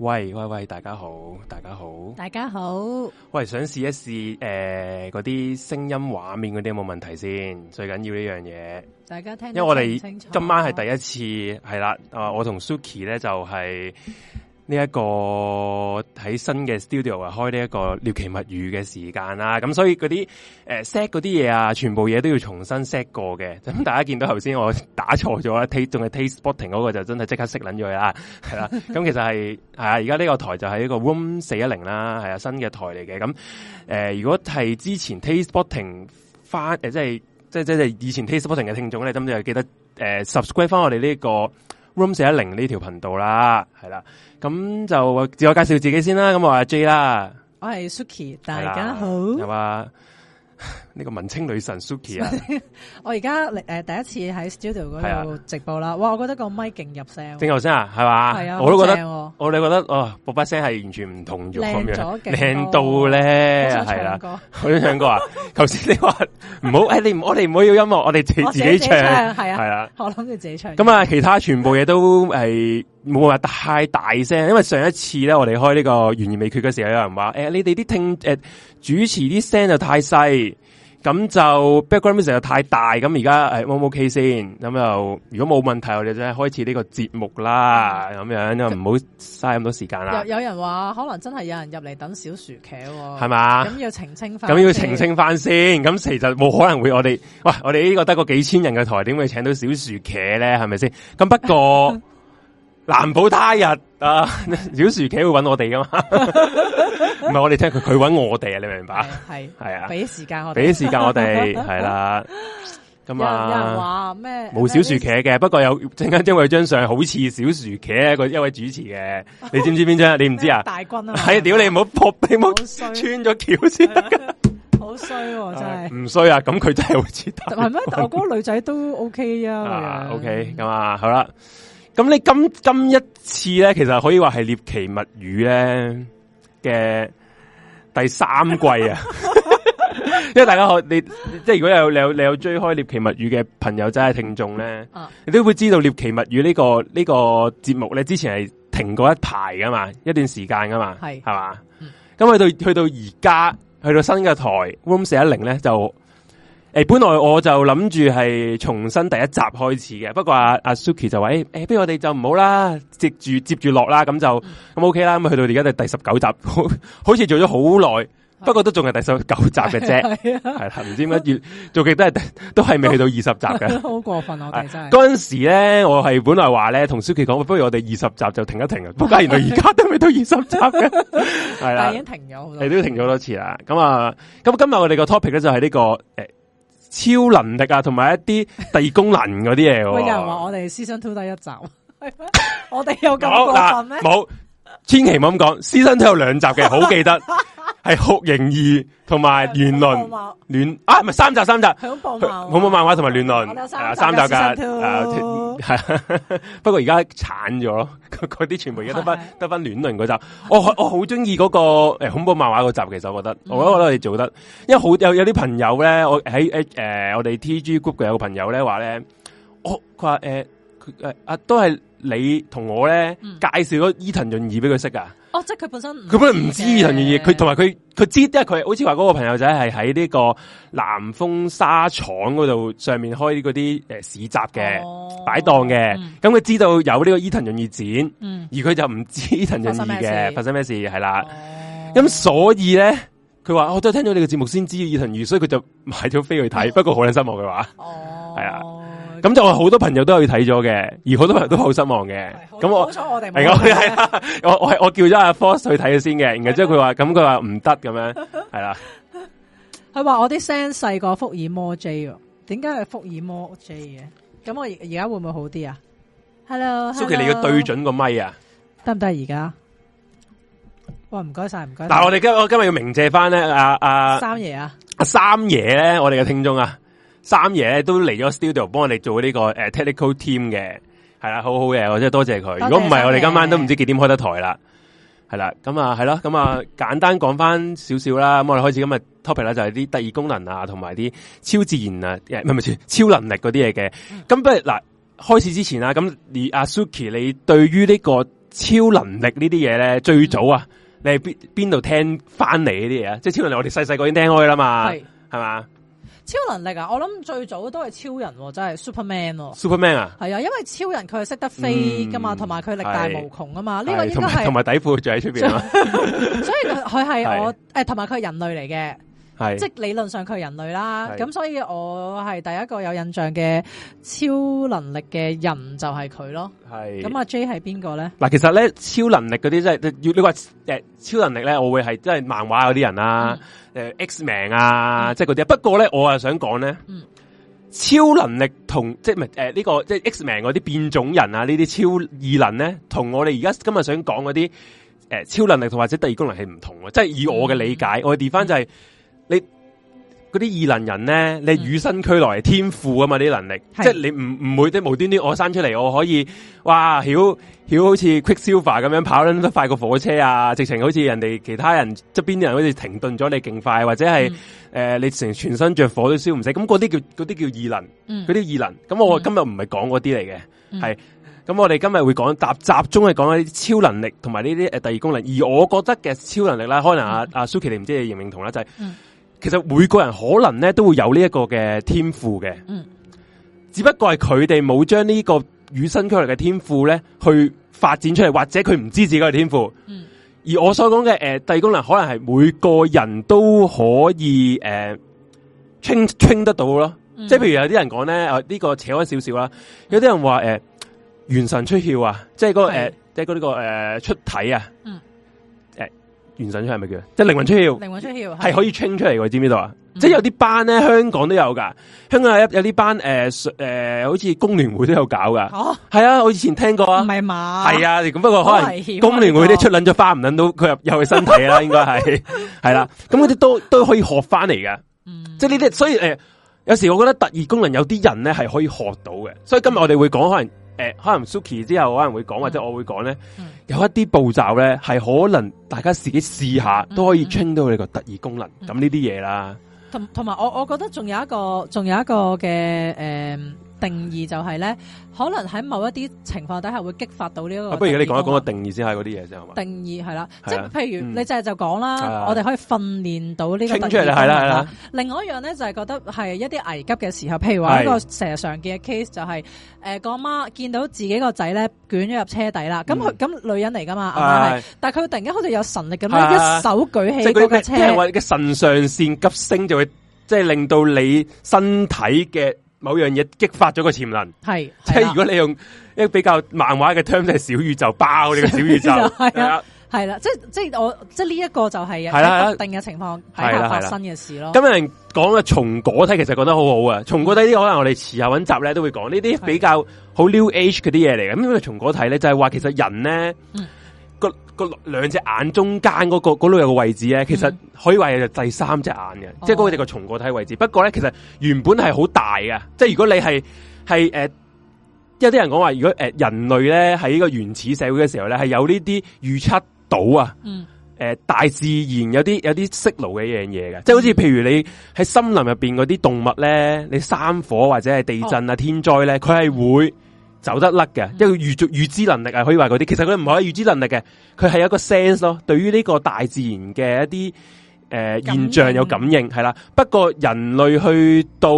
喂喂喂，大家好，大家好，大家好。喂，想試一試誒，嗰啲聲音、畫面嗰啲有冇問題先？最緊要呢樣嘢，大家聽清清，因為我哋今晚係第一次，係啦，啊，我同 Suki 咧就係呢一個喺新嘅 studio 啊，開呢一個獵奇物語嘅時間啦。咁所以嗰啲誒 set 嗰啲嘢啊，全部嘢都要重新 set 過嘅。咁大家見到頭先我。 打錯咗 t 仲係 Taste Spotting 嗰、那個就真係即刻識捻咗啦，係啦。咁、 嗯、其實係係啊，而家呢個台就係一個 Room 四一零，啦係啊，新嘅台嚟嘅。咁、嗯、誒、呃，如果係之前 Taste Spotting 翻，誒、呃，即係即係即係以前 Taste Spotting 嘅聽眾咧，咁就記得誒 subscribe 翻我哋呢個 Room 四一零呢條頻道啦，係啦。咁、嗯、就自我介紹自己先啦，咁、嗯、我阿 J 啦，我係 Suki，大家好。呢、這個文青女神 Suki 啊 我現在，我而家誒第一次喺 studio 嗰度直播啦，啊、哇！我覺得個麥勁入聲、啊，正頭先啊，係嘛？係啊，我都覺、啊、覺得，我哋覺得，哦、呃，播把聲係完全唔同咗，靚咗、啊，靚到咧，係啦，我都唱歌啊！頭 先你話唔好，誒、 哎，你我哋唔好要音樂，我哋自己我自己唱，係啊，係啊，我諗佢自己唱。咁啊，其他全部嘢都係。 是冇話太大聲，因為上一次咧，我哋開呢個懸而未決嘅時候，有人話，誒、欸，你哋啲聽誒、欸、主持啲聲就太細，咁就 background music 又太大，咁而家誒，O 唔 O K 先？咁又如果冇問題，我哋就開始呢個節目啦，咁、嗯、樣，就唔好嘥咁多時間啦。又有，有人話，可能真係有人入嚟等小薯茄、哦，係嘛吧？咁要澄清翻，咁要澄清翻 先。咁其實冇可能會我，我哋喂，我哋呢個得個幾千人嘅台，點會請到小薯茄咧？係咪先？咁不過。 難保他日啊！小薯茄會揾我哋噶嘛？唔 係我哋聽佢，佢揾我哋啊！你明唔明白？係係啊，俾時間我哋，俾時間我哋係啦。咁 啊，有，有人話咩？冇小薯茄嘅，不過有陣間張佢張相好似小薯茄個一位主持嘅、啊，你知唔知邊張？你唔知啊？大軍啊！係、哎，屌你唔好扑，你唔好穿咗橋先、啊。好衰、啊啊，真係唔衰啊！咁佢、啊、真係會知道。係咩？但係嗰女仔都 OK 啊。啊 OK，咁啊，好啦、啊。咁你今今一次咧，其實可以話係《獵奇物語》咧嘅第三季啊！ 因為大家好，你即係如果有你有你有追開《獵奇物語》嘅朋友仔係聽眾咧，你都會知道《獵奇物語》、這個、這個節目呢個呢個節目咧，之前係停過一排噶嘛，一段時間噶嘛，係係嘛。咁、嗯、去到去到而家，去到新嘅台 Room 四一零咧就。誒，本來我就諗住係重新第一集開始嘅，不過阿、啊、阿、啊、Suki 就話：誒、欸，不如我哋就唔好啦，接住接住落啦，咁就咁、嗯、OK 啦。咁去到而家就第十九集，好似做咗好耐，不過都仲係第十九集嘅啫。係啦，唔知乜月做極都係都係未去到二十集嘅。 好過分、啊，我嗰陣時咧，我係本來話咧，同 Suki 講，不如我哋二十集就停一停啊！不過原來而家都未到二十集嘅。 係啦，已經停咗好多，你都停咗多次啦。咁、嗯、啊、咁、嗯、今日我哋、個 topic 咧就係呢個誒。欸超能力啊，同埋一啲第二功能嗰啲嘢。有 人話我哋 Season 2第一集， 我哋有咁過分咩？冇 千祈唔好咁講， Season 2有兩集嘅好記得。 係酷刑二同埋亂倫戀啊，唔係三集三集恐怖恐怖漫畫同埋亂倫，三集嘅 不過而家鏟咗咯，啲全部而家得翻得翻亂倫嗰集。我我好中意嗰個誒、欸、恐怖漫畫個集，其實我覺得、嗯、我覺得我哋做得，因為好有有啲朋友咧，我喺誒誒我哋 T G Group 嘅有個朋友咧話咧，我佢話誒誒啊都係你同我咧介紹咗伊藤潤二俾佢識啊。哦，即係佢本身，佢本嚟唔知伊藤潤二，佢同埋佢佢知，因為佢好似話嗰個朋友仔係喺呢個南豐紗廠嗰度上面開嗰啲誒市集嘅擺檔嘅，咁、哦、佢、嗯、知道有呢個伊藤潤二展，嗯、而佢就唔知伊藤潤二嘅發生咩事係啦。咁、哦、所以咧，佢話我都係聽到你嘅節目先知伊藤潤二，所以佢就買咗飛去睇、嗯，不過好撚失望嘅話，係、哦、啊。咁 就好多朋友都去睇咗嘅，而好多朋友都好失望嘅。咁、啊嗯嗯嗯、我 我我，我，我叫咗阿 Force 去睇嘅先嘅，然之後佢話咁佢話唔得咁樣，係啦 。佢話我啲聲細過福爾摩 J 哦，點解係福爾摩 J 嘅？咁我而家會唔會好啲啊？Hello，蘇琪，你要對準個咪啊？得唔得而家？哇！唔該晒，唔該。嗱、啊啊啊，我哋今我今日要鳴謝翻咧，阿阿三爺啊，阿三爺咧，我哋嘅聽眾啊。三爺都嚟咗 studio 幫我哋做呢、這個誒、呃、technical team 嘅。係啦，好好嘅，我真係多謝佢。如果唔係，我哋今晚都唔知幾點開得台啦。係啦，咁、嗯、啊，係啦咁啊，簡單講翻少少啦。咁、嗯嗯、我哋開始今日 topic 啦，就係啲特異功能啊，同埋啲超自然啊，唔係唔係超能力嗰啲嘢嘅。咁、嗯、不如嗱，開始之前啊，咁而阿 Suki，你對於呢個超能力呢啲嘢咧，最早啊，你係邊邊度聽翻嚟呢啲嘢啊？即係超能力，我哋細細個已經聽開啦嘛，係嘛？超能力啊！我諗最早都係超人、啊，真係 Superman 喎、啊。Superman 啊，係啊，因為超人佢係識得飛噶嘛，同埋佢力大無窮啊嘛。呢、這個應該係，同埋底褲着喺出邊。 所以佢係我誒，同埋佢係人類嚟嘅，係即係理論上佢係人類啦。咁所以我係第一個有印象嘅超能力嘅人就係佢咯。係。咁阿 J 係邊個咧？嗱，其實咧超能力嗰啲真係要你話誒超能力咧，我會係即係漫畫嗰啲人啦。嗯誒，X-Men 啊，即係嗰啲。不過咧，我又想講咧、嗯，超能力同即係係誒呢個即係 X-Men 嗰啲變種人啊，這些超能呢啲超異能咧，同我哋而家今日想講嗰啲誒超能力同或者第二功能係唔同嘅。即、就、係、是、以我嘅理解，嗯、我哋跌翻就係、是嗯、你。嗰啲異能人咧，你與生俱來天賦啊嘛！啲能力，是即係你唔唔會即無端端我生出嚟，我可以哇，曉曉好似 Quicksilver 咁樣跑得快過火車啊！直情好似人哋其他人側邊啲人，好似停頓咗，你勁快，或者係誒、嗯呃，你成全身着火都燒唔死，咁嗰啲叫嗰啲叫異能，嗰啲異能。咁我今日唔係講嗰啲嚟嘅，係咁我哋今日會講集集中係講啲超能力同埋呢啲誒第二功能。而我覺得嘅超能力咧，可能阿阿 Suki 你唔知你認唔認同咧，就係、是。嗯其實每個人可能咧都會有呢一個嘅天賦嘅，嗯，只不過係佢哋冇將呢個與生俱來嘅天賦咧去發展出嚟，或者佢唔知自己嘅天賦，嗯。而我所講嘅誒第二功能，可能係每個人都可以誒清、呃、得到咯，嗯、即係譬如有啲人講咧，哦、呃、呢、這個扯開少少啦，有啲人話誒、呃、元神出竅啊，即係、那個誒、呃、即係嗰、那個誒、呃、出體啊，嗯。原神出係咪叫？即靈魂出竅，靈魂出竅係可以訓練出嚟嘅，知唔知道啊？嗯、即有啲班咧，香港都有噶，香港有啲班誒誒、呃呃，好似工聯會都有搞噶。哦、啊，係啊，我以前聽過啊，唔係嘛，係啊，咁不過可能工聯會啲出捻咗花，唔捻到佢入入去身體啦，應該係係啦。咁嗰啲都都可以學翻嚟嘅，嗯、即呢啲所以誒、呃，有時候我覺得特異功能有啲人咧係可以學到嘅，所以今日我哋會講可能。誒、呃，可能 Suki 之後可能會講，或者我會講咧、嗯，有一啲步驟咧，係可能大家自己試下、嗯嗯、都可以 change 到你個特異功能，咁呢啲嘢啦同。同同埋，我我覺得仲有一個，仲有一個嘅誒。嗯定義就係咧，可能喺某一啲情況底下會激發到呢一個、啊。不如而家你講一講個定義先，下嗰啲嘢先定義係啦、啊，即係譬如你淨係就講啦，我哋可以訓練到呢個。係啦係啦。另外一樣咧就係、是、覺得係一啲危急嘅時候，譬如話一個成日常見嘅 case 就係、是，誒個媽見到自己個仔咧捲咗入車底啦，咁、嗯、咁女人嚟噶嘛，是啊是啊、但係佢突然間好似有神力咁樣、啊，一手舉起那個車。即係佢嘅即係話嘅腎上腺急升就會，即、就、係、是、令到你身體嘅。某樣嘢激發咗個潛能，係即係如果你用一個比較漫畫嘅 term 就係小宇宙爆呢個小宇宙，係啊，係 啦，即係即係我即係呢一個就係一定嘅情況底下發生嘅事咯。今日講嘅松果體其實講得好好啊。松果體呢可能我哋遲下揾集咧都會講呢啲比較好 new age 嗰啲嘢嚟嘅。咁因為松果體咧就係話其實人咧。嗯個兩隻眼中間嗰、那個嗰度有個位置咧，其實可以話係第三隻眼嘅，嗯，即係嗰個叫個松果體位置。不過咧，其實原本係好大嘅，即係如果你係係誒，有啲人講話，如果誒，呃、人類咧喺個原始社會嘅時候咧，係有呢啲預測到啊，誒，嗯呃、大自然有啲有啲色路嘅一樣嘢嘅，即係好似譬如你喺森林入邊嗰啲動物咧，你山火或者係地震啊、哦、天災咧，佢係會。走得甩嘅，因為預預知能力啊，可以話嗰啲，其實佢唔可以預知能力嘅，佢係一個 sense 咯，對於呢個大自然嘅一啲誒、呃、現象有感應係啦。不過人類去到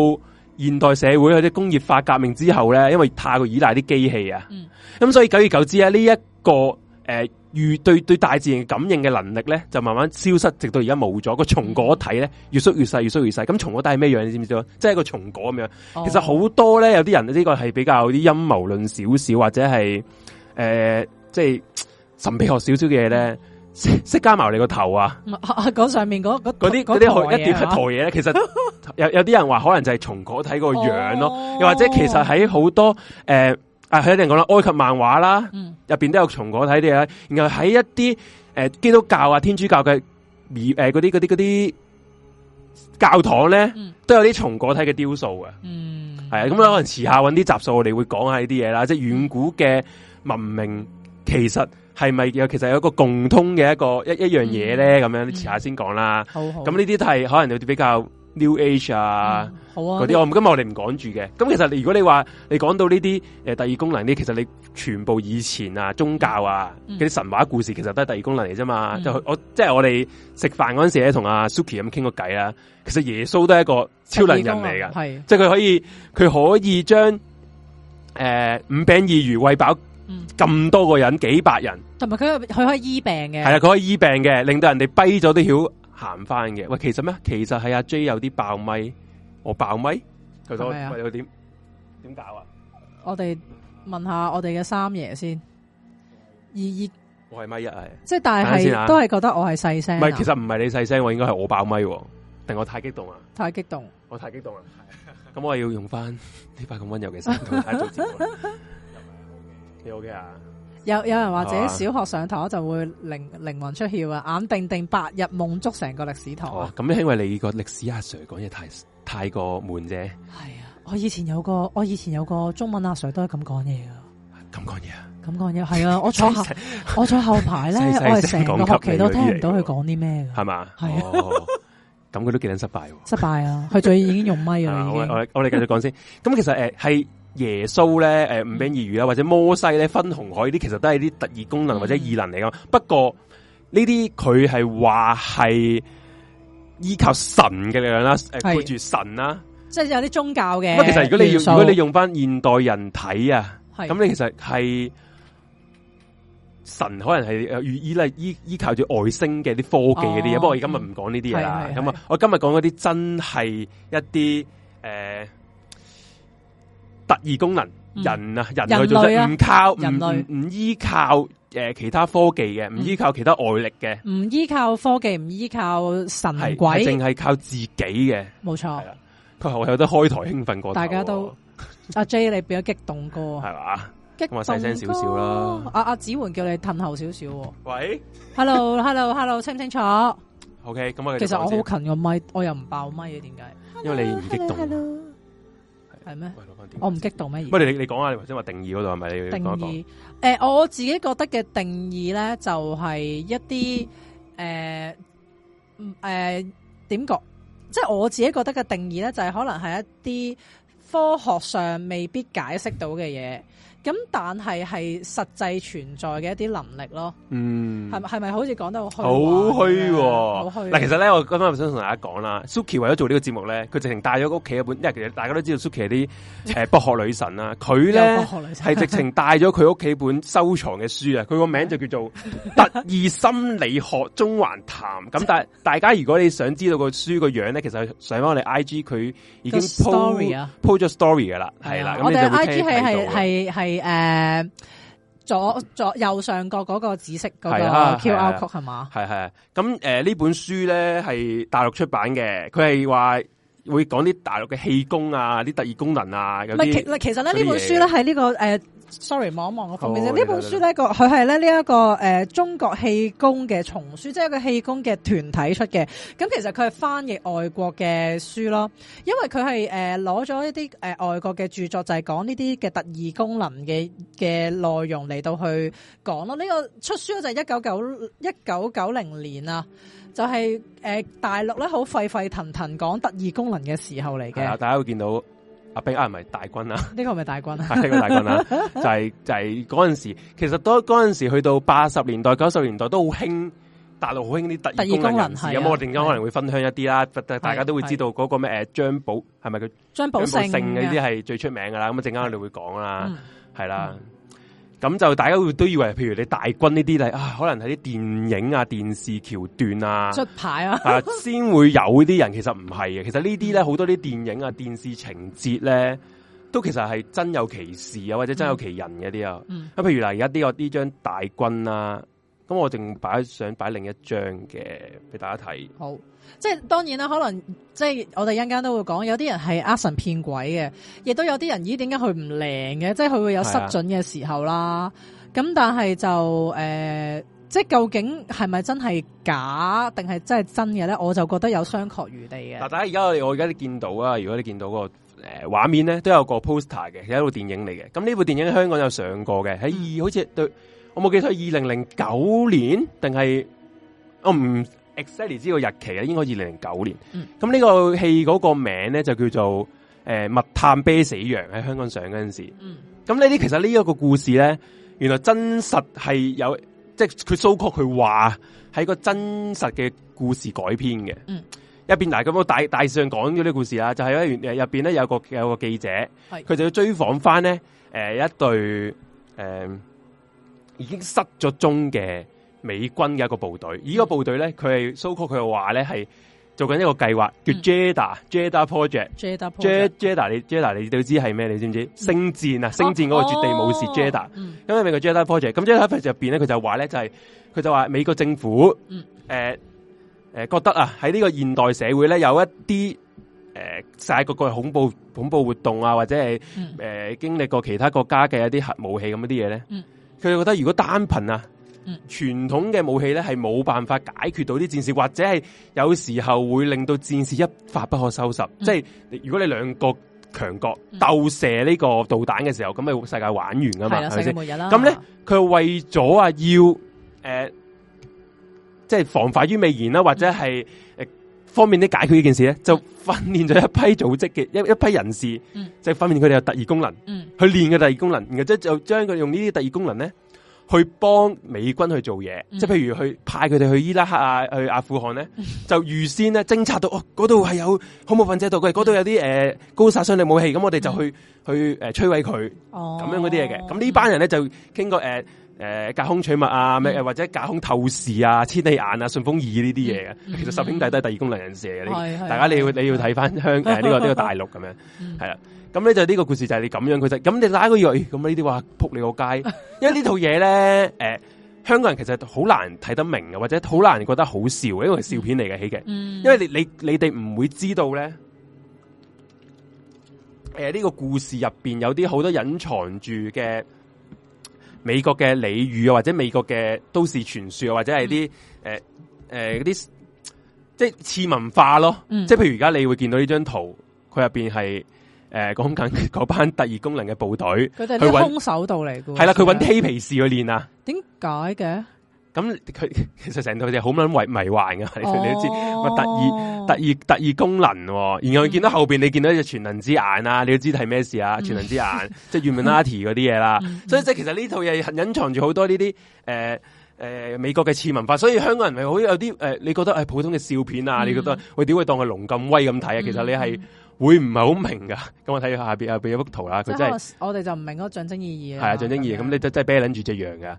現代社會，有啲工業化革命之後咧，因為太過依賴啲機器啊，咁、嗯嗯、所以久而久之啊，呢、這、一個。誒、呃，越對對大自然感應嘅能力咧，就慢慢消失，直到而家冇咗個松果體咧，越縮越細，越縮越細。咁松果體係咩樣？你知唔知道？即係個松果咁樣。其實好多咧，有啲人呢個係比較啲陰謀論少少，或者係誒，即係神秘學少少嘅嘢咧，識加埋你個頭啊！嗰上面嗰嗰嗰啲嗰啲一點一坨嘢咧，其實有有啲人話可能就係松果體個樣咯、啊，又、哦、或者其實喺好多誒。呃啊，佢一定講啦，埃及漫畫啦，入、嗯、邊都有松果體啲嘢。然後喺一啲誒、呃、基督教啊、天主教嘅誒啲、啲、呃、啲教堂咧、嗯，都有啲松果體嘅雕塑嘅。嗯，係啊，咁、嗯嗯嗯、可能遲下搵啲集數，我哋會講下呢啲嘢啦。即係遠古嘅文明，其實係咪有？其實有一個共通嘅一個一一樣嘢咧。咁、嗯、樣，你遲下先講啦。咁呢啲都係可能就比較。New Age 啊，嗰、嗯、啲、啊、我今日我哋唔講住嘅。咁其實如果你話你講到呢啲誒第二功能啲，其實你全部以前啊宗教啊嗰啲、嗯、神話故事，其實都係第二功能嚟啫嘛。嗯、就我即係我哋食飯嗰陣時咧，同阿、啊、Suki 咁傾個偈啦。其實耶穌都係一個超能人嚟㗎，即係佢可以佢可以將誒、呃、五餅二魚餵飽咁多個人，幾百人。同埋佢佢可以醫病嘅。係啊，佢可以醫病嘅，令到人哋跛咗啲。曉。行翻嘅喂，其實咩？其實係阿 J 有啲爆咪，我爆咪，佢我佢點點搞啊？我哋問下我哋嘅三爺先。二姨，我係咪一係？即係但係、啊、都係覺得我係細聲，唔係，其實唔係你細聲，我應該係我爆咪，定我太激動啊？太激動，我太激動啦！咁 我要用翻呢塊咁温柔嘅心嚟做節目，你 OK 啊？ 有有人話自己小學上堂就會靈靈、啊、魂出竅啊，眼定定，白日夢足成個歷史堂咁、啊啊、因為你這個歷史阿 Sir 講嘢太太過悶啫。係啊，我以前有個我以前有個中文阿 Sir 都係咁講嘢噶，咁講嘢啊，咁講嘢係啊！我坐後 我坐後排咧， 我係成個學期都聽唔到佢講啲咩噶，係嘛、啊哦？係啊，咁佢都幾等失敗， 失敗啊！佢最已經用咪了啊，已經啊！我我我哋繼 續講先。咁其實誒係。呃是耶穌咧，誒，五餅二魚啦，或者摩西咧，分紅海呢啲，其實都係啲特異功能或者異能嚟噶。嗯、不過呢啲佢係話係依靠神嘅力量啦，誒、呃，背住神啦、啊，即係有啲宗教嘅。其實如果你用如果你用翻現代人體啊，咁你其實係神可能係誒，依賴依依靠住外星嘅啲科技嗰啲嘢。哦、不過我而今日唔講呢啲嘢啦，咁啊，我今日講嗰啲真係一啲誒。呃特異功能人啊、嗯，人類做唔、啊、靠，唔唔依靠誒、呃、其他科技嘅，唔依靠其他外力嘅，唔、嗯、依靠科技，唔依靠神鬼，淨係靠自己嘅，冇錯。佢係有得開台興奮過的，大家都 阿 J 你變咗激動個係嘛？咁我細聲少少啦。阿阿、啊啊、子媛叫你褪後少少。喂，Hello，Hello，Hello， hello, hello, 清唔清楚。OK，咁其實我好近個咪，我又唔爆咪，嘅，點解？因為你唔激動。Hello, hello. 係咩？我唔激動咩？嘢？不如你你講下，你頭先話定義嗰度係咪？你定義誒，我自己覺得嘅定義咧，就係、是、一啲誒誒點講？即係我自己覺得嘅定義咧，就係、是、可能係一啲科學上未必解釋到嘅嘢。咁但係係實際存在嘅一啲能力咯，嗯，係咪係咪好似講得好虛？好虛喎，好、嗯、虛。嗱，其實咧，我今日想同大家講啦，Suki 為咗做呢個節目咧，佢直情帶咗屋企一本，因為其實大家都知道 Suki 啲誒博學女神啦，佢咧係直情帶咗佢屋企本收藏嘅書啊，佢 個名就叫做《得意心理學中環談》。咁 但係大家如果你想知道個書個樣咧，其實上翻我哋 IG 佢已經 story、那個、啊 post 咗 story 噶啦，係啦，咁你就可以睇到係係係。誒、呃，左左右上角嗰個紫色嗰個 QR code 係嘛？係係咁誒呢本書咧係大陸出版嘅，佢係話會講啲大陸嘅氣功啊，啲特異功能啊，唔係其實咧呢本書咧係呢個誒。呃 sorry 望一望我封面呢、哦、本書咧、這個佢係咧呢一個誒中國氣功嘅叢書，即係一個氣功嘅團體出嘅。咁其實佢係翻譯外國嘅書咯，因為佢係誒攞咗一啲誒、呃、外國嘅著作，就係講呢啲嘅特異功能嘅嘅內容嚟到去講咯。呢、這個出書就係一九九一九九零年啊，就係、是、誒、呃、大陸咧好沸沸騰騰講特異功能嘅時候嚟嘅。大家會見到。阿比 e 係咪大軍啊？呢、這個係咪大軍啊？係呢個大軍啊？就係就係嗰陣時候，其實都嗰陣時候去到八十年代、九十年代都好興，大陸好興啲特異功能人有冇、啊、我陣間可能會分享一啲啦、啊，大家都會知道嗰個咩誒張寶係咪佢張寶勝嘅呢啲係最出名噶啦。咁陣間我哋會講啦，係、嗯、啦。咁就大家會都以為，譬如你大軍呢啲，呢，啊可能係啲電影啊、電視橋段啊出牌啊， 啊，先會有啲人，其實唔係嘅。其實呢啲咧好多啲電影啊、電視情節咧，都其實係真有其事啊，或者真有其人嗰啲啊。咁、嗯啊、譬如嗱，而家呢個呢張大軍啊，咁我淨擺想擺另一張嘅俾大家睇。好。即係當然啦，可能即係我哋一陣間都會講，有啲人係呃神騙鬼嘅，亦都有啲人咦？點解佢唔靈嘅？即係佢會有失準嘅時候啦。咁但係就誒、呃，即係究竟係咪真係假，定係真係真嘅咧？我就覺得有商榷餘地嘅。嗱，大家而家我我而家你見到啊，如果你見到嗰個誒畫面咧，都有個 poster 嘅，係一部電影嚟嘅。咁呢部電影香港有上過嘅，喺二好似對，我冇記得係二零零九年定係我唔。exciting 呢個日期啊，應該二零零九年。咁呢個戲嗰個名咧就叫做誒《密、呃、探啤死羊》，喺香港上嗰陣時候。咁呢啲其實呢一個故事咧，原來真實係有，即係佢蘇括佢話係一個真實嘅故事改編嘅。入面，一邊嚟咁我大大事上講咗啲故事啦，就係、是、一完入邊咧有個有個記者，係佢就要追訪翻咧誒一對誒、呃、已經失咗蹤嘅。美軍嘅一個部隊，而這個部隊咧，佢係 so called 佢話咧係做緊一個計劃叫 Jada、嗯、Jada Project Jada Jada 你 Jada 你都知係咩？你知唔知？星、嗯、戰啊，星戰嗰個絕地武士 Jada，咁啊，美國 Jada Project，咁 Jada Project 入邊咧，佢就話咧就係、是、佢就話美國政府誒誒、嗯呃呃、覺得啊喺呢個現代社會咧有一啲誒、呃、世界各國恐怖恐怖活動啊，或者係誒、嗯呃、經歷過其他國家嘅一啲核武器咁一啲嘢咧，佢、嗯、覺得如果單憑啊。傳統嘅武器咧係冇辦法解決到啲戰士，或者係有時候會令到戰士一發不可收拾。嗯、即係如果你兩個強國鬥射呢個導彈嘅時候，咁、嗯、咪世界玩完㗎嘛，係咪先？咁咧，佢為咗啊要誒，即、呃、係、就是、防範於未然啦，或者係誒、嗯，方便啲解決呢件事咧，就訓練咗一批組織嘅一一批人士，即係訓練佢哋有特異功能，嗯、去練嘅特異功,、嗯、功能，然後即就將佢用呢啲特異功能咧。去幫美軍去做嘢，即係譬如去派佢哋去伊拉克啊，去阿富汗咧， 就預先咧偵察到哦，嗰度係有恐怖分子喺度嘅，嗰度有啲誒、呃、高殺傷力武器，咁我哋就去去誒、呃、摧毀佢，咁、哦、樣嗰啲嘢嘅。咁呢班人咧就經過誒。呃誒，隔空取物啊，咩誒，或者隔空透視啊，千里眼啊，順風耳呢啲嘢嘅，其實十兄弟都係第二功能人士嚟嘅。係，大家你要你要睇翻香誒呢個呢 個大陸咁樣，係啦。咁咧就呢、這個故事就係你咁樣，佢就咁你拉佢銳，咁呢啲話扑你個街。因為這東西呢套嘢咧，誒、 呃，香港人其實好難睇得明嘅，或者好難覺得好笑，因為係笑片嚟嘅喜劇。因為你你你哋唔會知道咧，誒、呃、呢、這個故事入邊有啲好多隱藏住嘅。美國嘅俚語啊，或者美國嘅都市傳說啊，或者係啲誒誒啲即係次文化咯，嗯、即係譬如而家你會見到呢張圖，佢入邊係誒講緊嗰班特異功能嘅部隊，佢哋係空手道嚟嘅，係啦，佢揾嬉皮士去練啊，點解嘅？咁、嗯、佢其實成套嘢好捻迷迷幻嘅，你都知、哦，特異特意特異功能，然後見到後邊你見到隻全能之眼啊，嗯、你都知係咩事啊？嗯、全能之眼 即係原明 n a 嗰啲嘢啦，嗯、所以即係其實呢套嘢隱藏住好多呢啲誒誒美國嘅次文化，所以香港人咪好有啲誒、呃，你覺得誒普通嘅笑片啊，嗯、你覺得我點會當佢龍咁威咁睇啊？其實你係會唔係好明噶？咁、嗯嗯、我睇下邊下邊有幅圖啦，佢真係我哋就唔明嗰象徵意義啊，係啊，象徵意義，咁、啊、你真真係 b 住隻羊噶。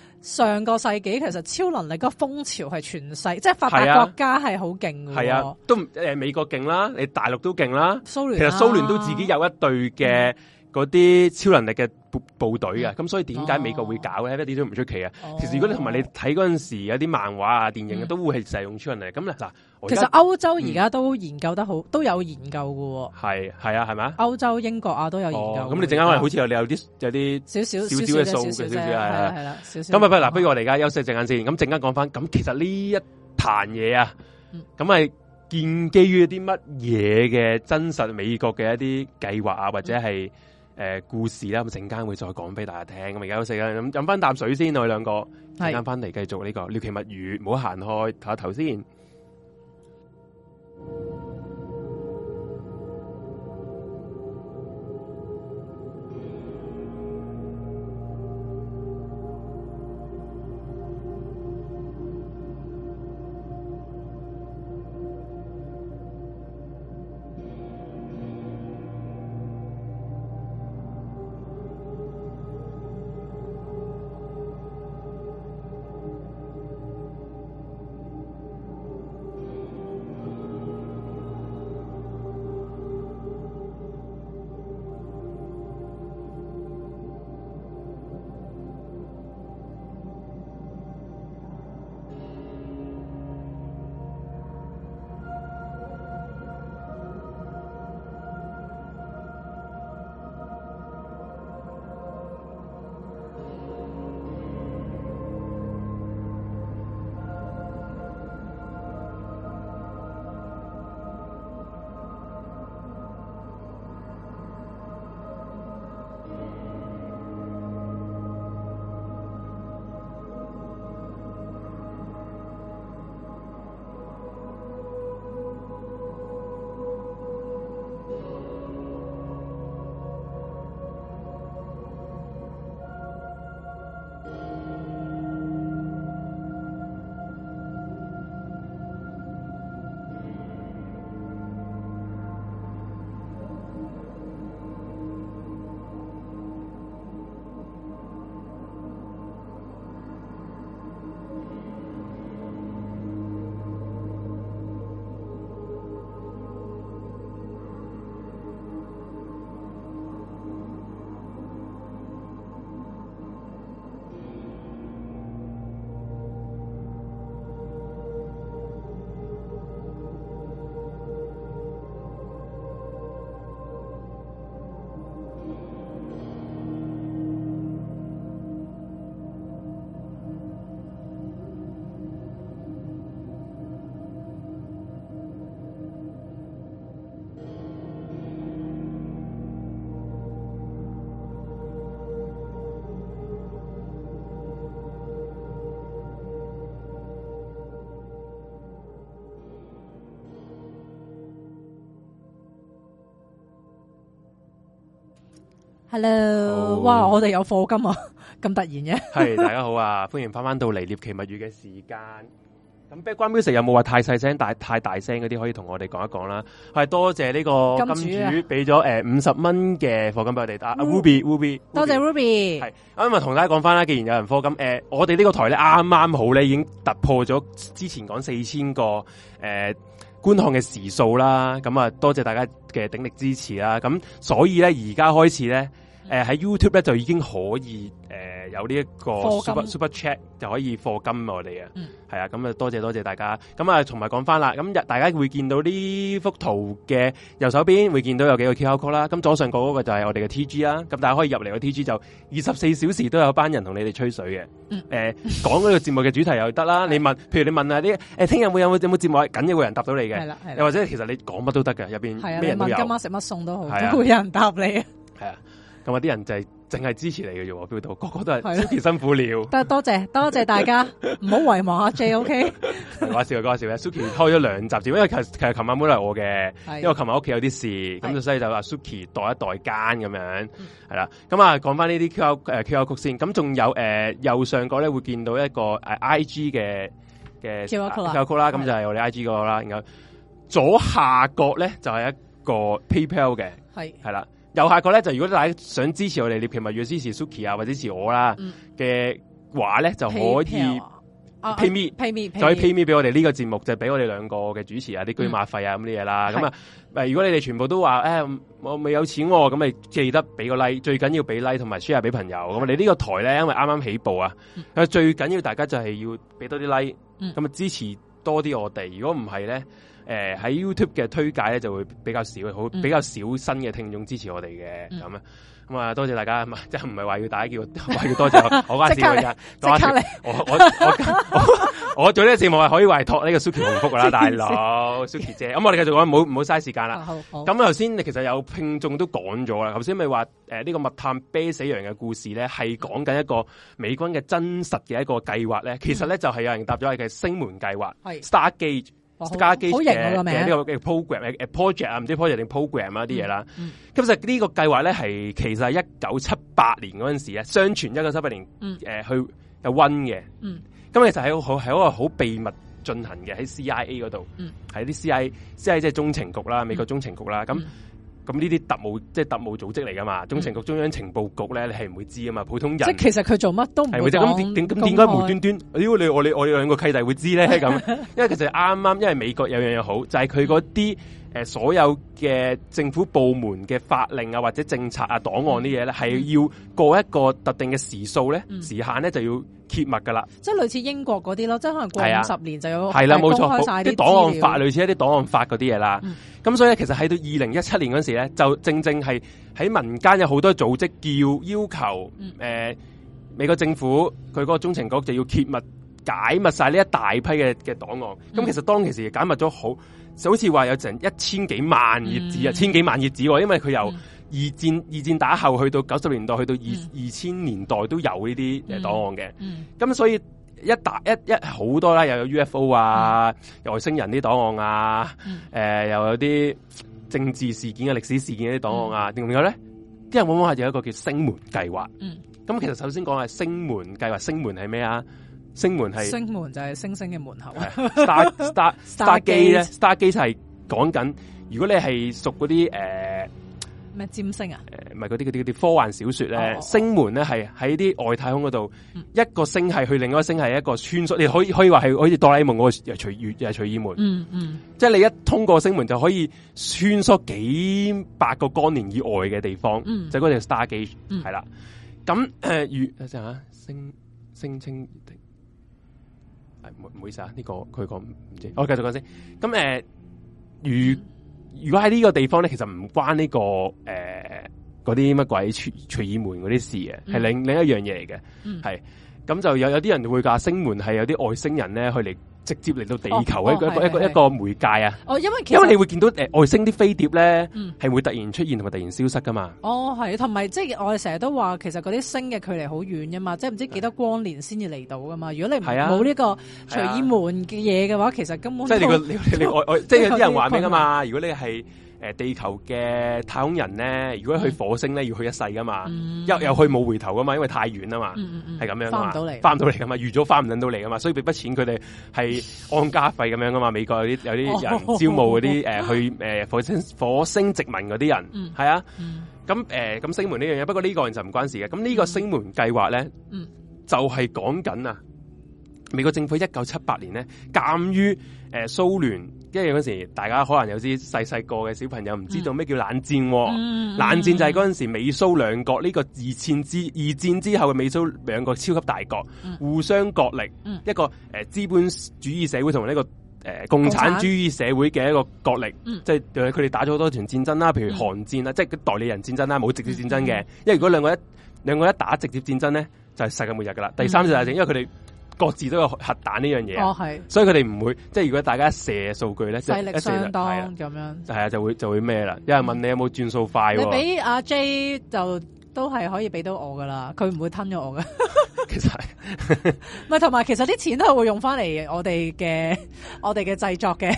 上個世紀其實超能力個風潮係全世即係發達國家係好勁嘅。係啊，都誒美國勁啦，你大陸都勁啦。蘇聯其實蘇聯都自己有一對嘅嗰啲超能力嘅。部部隊嘅，咁、嗯、所以點解美國會搞咧？一、哦、啲都唔出奇啊、哦！其實如果你同埋你睇嗰陣時有啲漫畫啊、電影啊，都會係使用出嚟。咁、嗯、嗱，其實歐洲而家都研究得好，都有研究嘅。係係啊，係咪啊？歐洲英國啊，都有研究的、哦。咁、啊哦、你陣間、嗯，好似有有啲有啲少少少少嘅數嘅少少，係係啦。咁嗱、啊啊啊啊啊啊啊啊啊，不如我哋而家休息一陣間先。咁陣間講翻，咁、嗯、其實呢一壇嘢啊，咁、嗯、係、嗯、建基於啲乜嘢嘅真實美國嘅一啲計劃啊、嗯，或者係。誒，故事啦，咁陣間會再講俾大家聽。咁而家休息啦，咁飲翻啖水先。我哋兩個，一陣間翻嚟繼續呢個獵奇物語，唔好行開。吓頭先。Hello, Hello，哇！我哋有課金啊，咁突然嘅。係大家好啊， 歡迎翻翻到嚟《獵奇物語》嘅時間。咁 Background Music 有冇話太細聲，大太大聲嗰啲可以同我哋講一講啦。係多謝呢個金主俾咗誒五十蚊嘅課金俾我哋。阿、啊啊啊、Ruby，Ruby，Ruby, 多謝 Ruby。係咁啊，同大家講翻啦。既然有人課金，誒、欸，我哋呢個台咧啱啱好咧已經突破咗之前講四千個誒。欸觀看嘅時數啦，咁啊多謝大家嘅鼎力支持啦，咁所以咧而家開始咧，誒、呃、喺 YouTube 咧就已經可以誒。呃有呢一個 super super chat 就可以課金我哋啊，係、嗯、啊，咁啊多謝多謝大家，咁啊同埋講翻啦，咁大家會見到呢幅圖嘅右手邊會見到有幾個 QR Code 啦，咁左上角嗰個就係我哋嘅 T G 啦，咁大家可以入嚟個 T G 就二十四小時都有班人同你哋吹水嘅，誒講嗰個節目嘅主題又得啦，嗯、你問， 譬如你問下啲誒聽日會有冇有冇節目，緊要嘅人答到你嘅，又或者其實你講乜都得㗎。入邊咩人都有，今晚食乜餸都好，都會有人答你嘅，係啊，咁啊啲人就係、是。淨係支持你嘅啫，表導個個都係 Suki 辛苦了，得多謝多謝大家，唔好遺忘阿 J，OK。唔該笑，唔 Suki 開咗兩集因為其其實琴晚本來我嘅，因為琴晚屋企有啲事，咁所以就話 Suki 代一代間咁樣係啦。咁啊，講翻呢啲 QR 誒 QR Code 先。咁仲有誒、呃、右上角咧會見到一個誒 I G 嘅嘅 QR Code 啦，咁、啊啊、就係我哋 I G 嗰、那個啦。然後左下角咧就係、是、一個 PayPal 嘅，係係啦。右下角咧就如果大家想支持我哋，你平日要支持 Suki 啊，或者支持我啦嘅、嗯、話咧，就可以、啊、pay me，pay me，以 pay me 俾、uh，我哋呢個節目，就俾、是、我哋兩個嘅主持啊啲車馬費啊咁啲嘢啦。咁啊，如果你哋全部都話誒我未有錢、啊，咁咪記得俾個 like，最緊要俾 like 同埋 share 俾朋友。咁你呢個台咧，因為啱啱起步啊，嗯、最緊要大家就係要俾多啲 like，咁、嗯、啊支持多啲我哋。如果唔係咧。誒、呃，喺 YouTube 嘅推介咧就會比較少，好比較少新嘅聽眾支持我哋嘅咁啊，咁、嗯、啊多謝大家，即係唔係話要大家叫唔要多謝我， 我關事我我 我我，我， 我做呢個節目係可以委託呢個 Suki 幸福噶啦，大佬 Suki 姐，咁我哋繼續講，唔 好唔好嘥時間啦。咁頭先，你其實有聽眾都講咗啦，頭先咪話誒呢個密探啤死羊嘅故事咧，係講緊一個美軍嘅真實嘅一個計劃咧，嗯、其實咧就係、是、有人答咗你嘅星門計劃，Star Gate。加基嘅呢個 program project 啊、嗯，唔知 project 定 program 啊啲嘢啦。咁實呢個計劃咧係其實係一九七八年嗰陣時咧，相傳一九七八年去溫嘅。咁其實係好係一個好秘密進行嘅喺 CIA 嗰度，喺啲 CIA 即係即係中情局啦，美國中情局啦咁。嗯嗯咁呢啲特務，即係特務組織嚟噶嘛？嗯、中情局、中央情報局咧，你係唔會知啊嘛？普通人即係其實佢做乜都唔會，會知。係咁點，咁點解無端端？如、哎、果你我哋我哋兩個契弟會知咧咁？ 因為其實啱啱，因為美國有樣嘢好就係佢嗰啲。呃、所有嘅政府部門嘅法令啊，或者政策啊、檔案啲嘢咧，係、嗯、要過一個特定嘅時數咧、嗯、時限咧，就要揭密噶啦。即係類似英國嗰啲咯，即係可能過五十年就要公開曬啲、啊啊、檔案法，類似一、啊、啲檔案法嗰啲嘢啦。咁、嗯嗯、所以咧，其實喺到二零一七年嗰時咧，就正正係喺民間有好多組織叫要求、嗯呃、美國政府佢嗰個中情局就要揭密解密曬呢一大批嘅嘅檔案。咁其實當其時解密咗好。嗯就好似話有成一千幾萬頁紙啊，千幾萬頁紙，因為佢由二戰、嗯、二戰打後去到九十年代，去到二、嗯、二千年代都有呢啲檔案嘅。咁、嗯嗯、所以一打一一好多啦，又有 UFO 啊，嗯、又有外星人啲檔案啊，誒、嗯呃、又有啲政治事件啊歷史事件啲檔案啊，點解咧？啲人往往係有一個叫星門計劃。咁、嗯、其實首先講係星門計劃，星門係咩啊？星門係、哎，星門就係星星嘅門口 Star Gate 咧，Star Gate 就係講緊，如果你係熟嗰啲誒咩占星啊，誒唔係嗰啲啲啲科幻小說咧，星門咧係喺啲外太空嗰度，一個星系去另一個星系一個穿梭，你可以可以話係好似哆啦 A 夢嗰個隨月誒隨意門。嗯嗯，即、就、係、是、你一通過星門就可以穿梭幾百個光年以外嘅地方。就嗰隻 Star Gate 係啦。咁誒、啊呃，如啊，星星清。星星星唔好意思啊，呢、這個佢講唔知，我、哦、繼續講先。咁誒、呃，如、嗯、如果喺呢個地方咧，其實唔關呢、這個誒嗰啲乜鬼隨意門嗰啲事嘅，係另、嗯、另一樣嘢嚟嘅。係、嗯、咁就有有啲人會話星門係有啲外星人咧去嚟。直接嚟到地球、哦、一個、哦、一個係係係一個係係係一個媒介啊！哦，因為因為你會見到誒外星啲飛碟咧，係、嗯、會突然出現同埋突然消失噶嘛。哦，係，同埋即係我哋成日都話，其實嗰啲星嘅距離好遠噶嘛，即係唔知幾多光年先至嚟到噶嘛。如果你冇呢個隨意門嘅嘢嘅話、啊，其實根本、啊、即係你個你你外即係有啲人玩咩噶嘛？如果你係。誒、呃，地球嘅太空人咧，如果去火星咧，嗯，要去一世噶嘛，一、嗯、有去冇回頭噶嘛，因為太遠啦嘛，係、嗯、咁、嗯嗯、樣㗎嘛，返唔到嚟翻唔到嚟預咗翻唔到嚟噶嘛，所以俾筆錢佢哋係安家費咁樣噶嘛。 美國有啲有啲人招募嗰啲誒去誒、呃、火星火星殖民嗰啲人，係、嗯、啊，咁誒咁星門呢樣嘢，不過個人個呢個就唔關事嘅。咁呢個星門計劃咧，就係講緊啊，美國政府一九七八年咧，鑒於誒蘇聯。呃因為嗰時，大家可能有啲細細個嘅小朋友唔知道咩叫冷戰、啊。嗯嗯嗯、冷戰就係嗰陣時美蘇兩國呢、這個二戰之二戰之後嘅美蘇兩個超級大國、嗯、互相角力，嗯、一個誒資、呃、本主義社會同埋呢個誒、呃、共產主義社會嘅一個角力。產即係佢哋打咗好多場戰爭啦，譬如韓戰啦，嗯、即係代理人戰爭啦，冇直接戰爭嘅。嗯嗯、因為如果兩個一兩個一打直接戰爭咧，就係世界末日噶啦。第三就係因為佢哋。各自都有核彈呢樣嘢，所以佢哋唔會，即係如果大家射數據咧，勢力相當咁樣，係啊，就會就會咩啦？有、嗯、人問你有冇轉數快，你俾阿 J 就都係可以俾到我噶啦，佢唔會吞咗我噶。其實係，同埋其實啲錢都係會用翻嚟，我哋嘅我哋嘅製作嘅，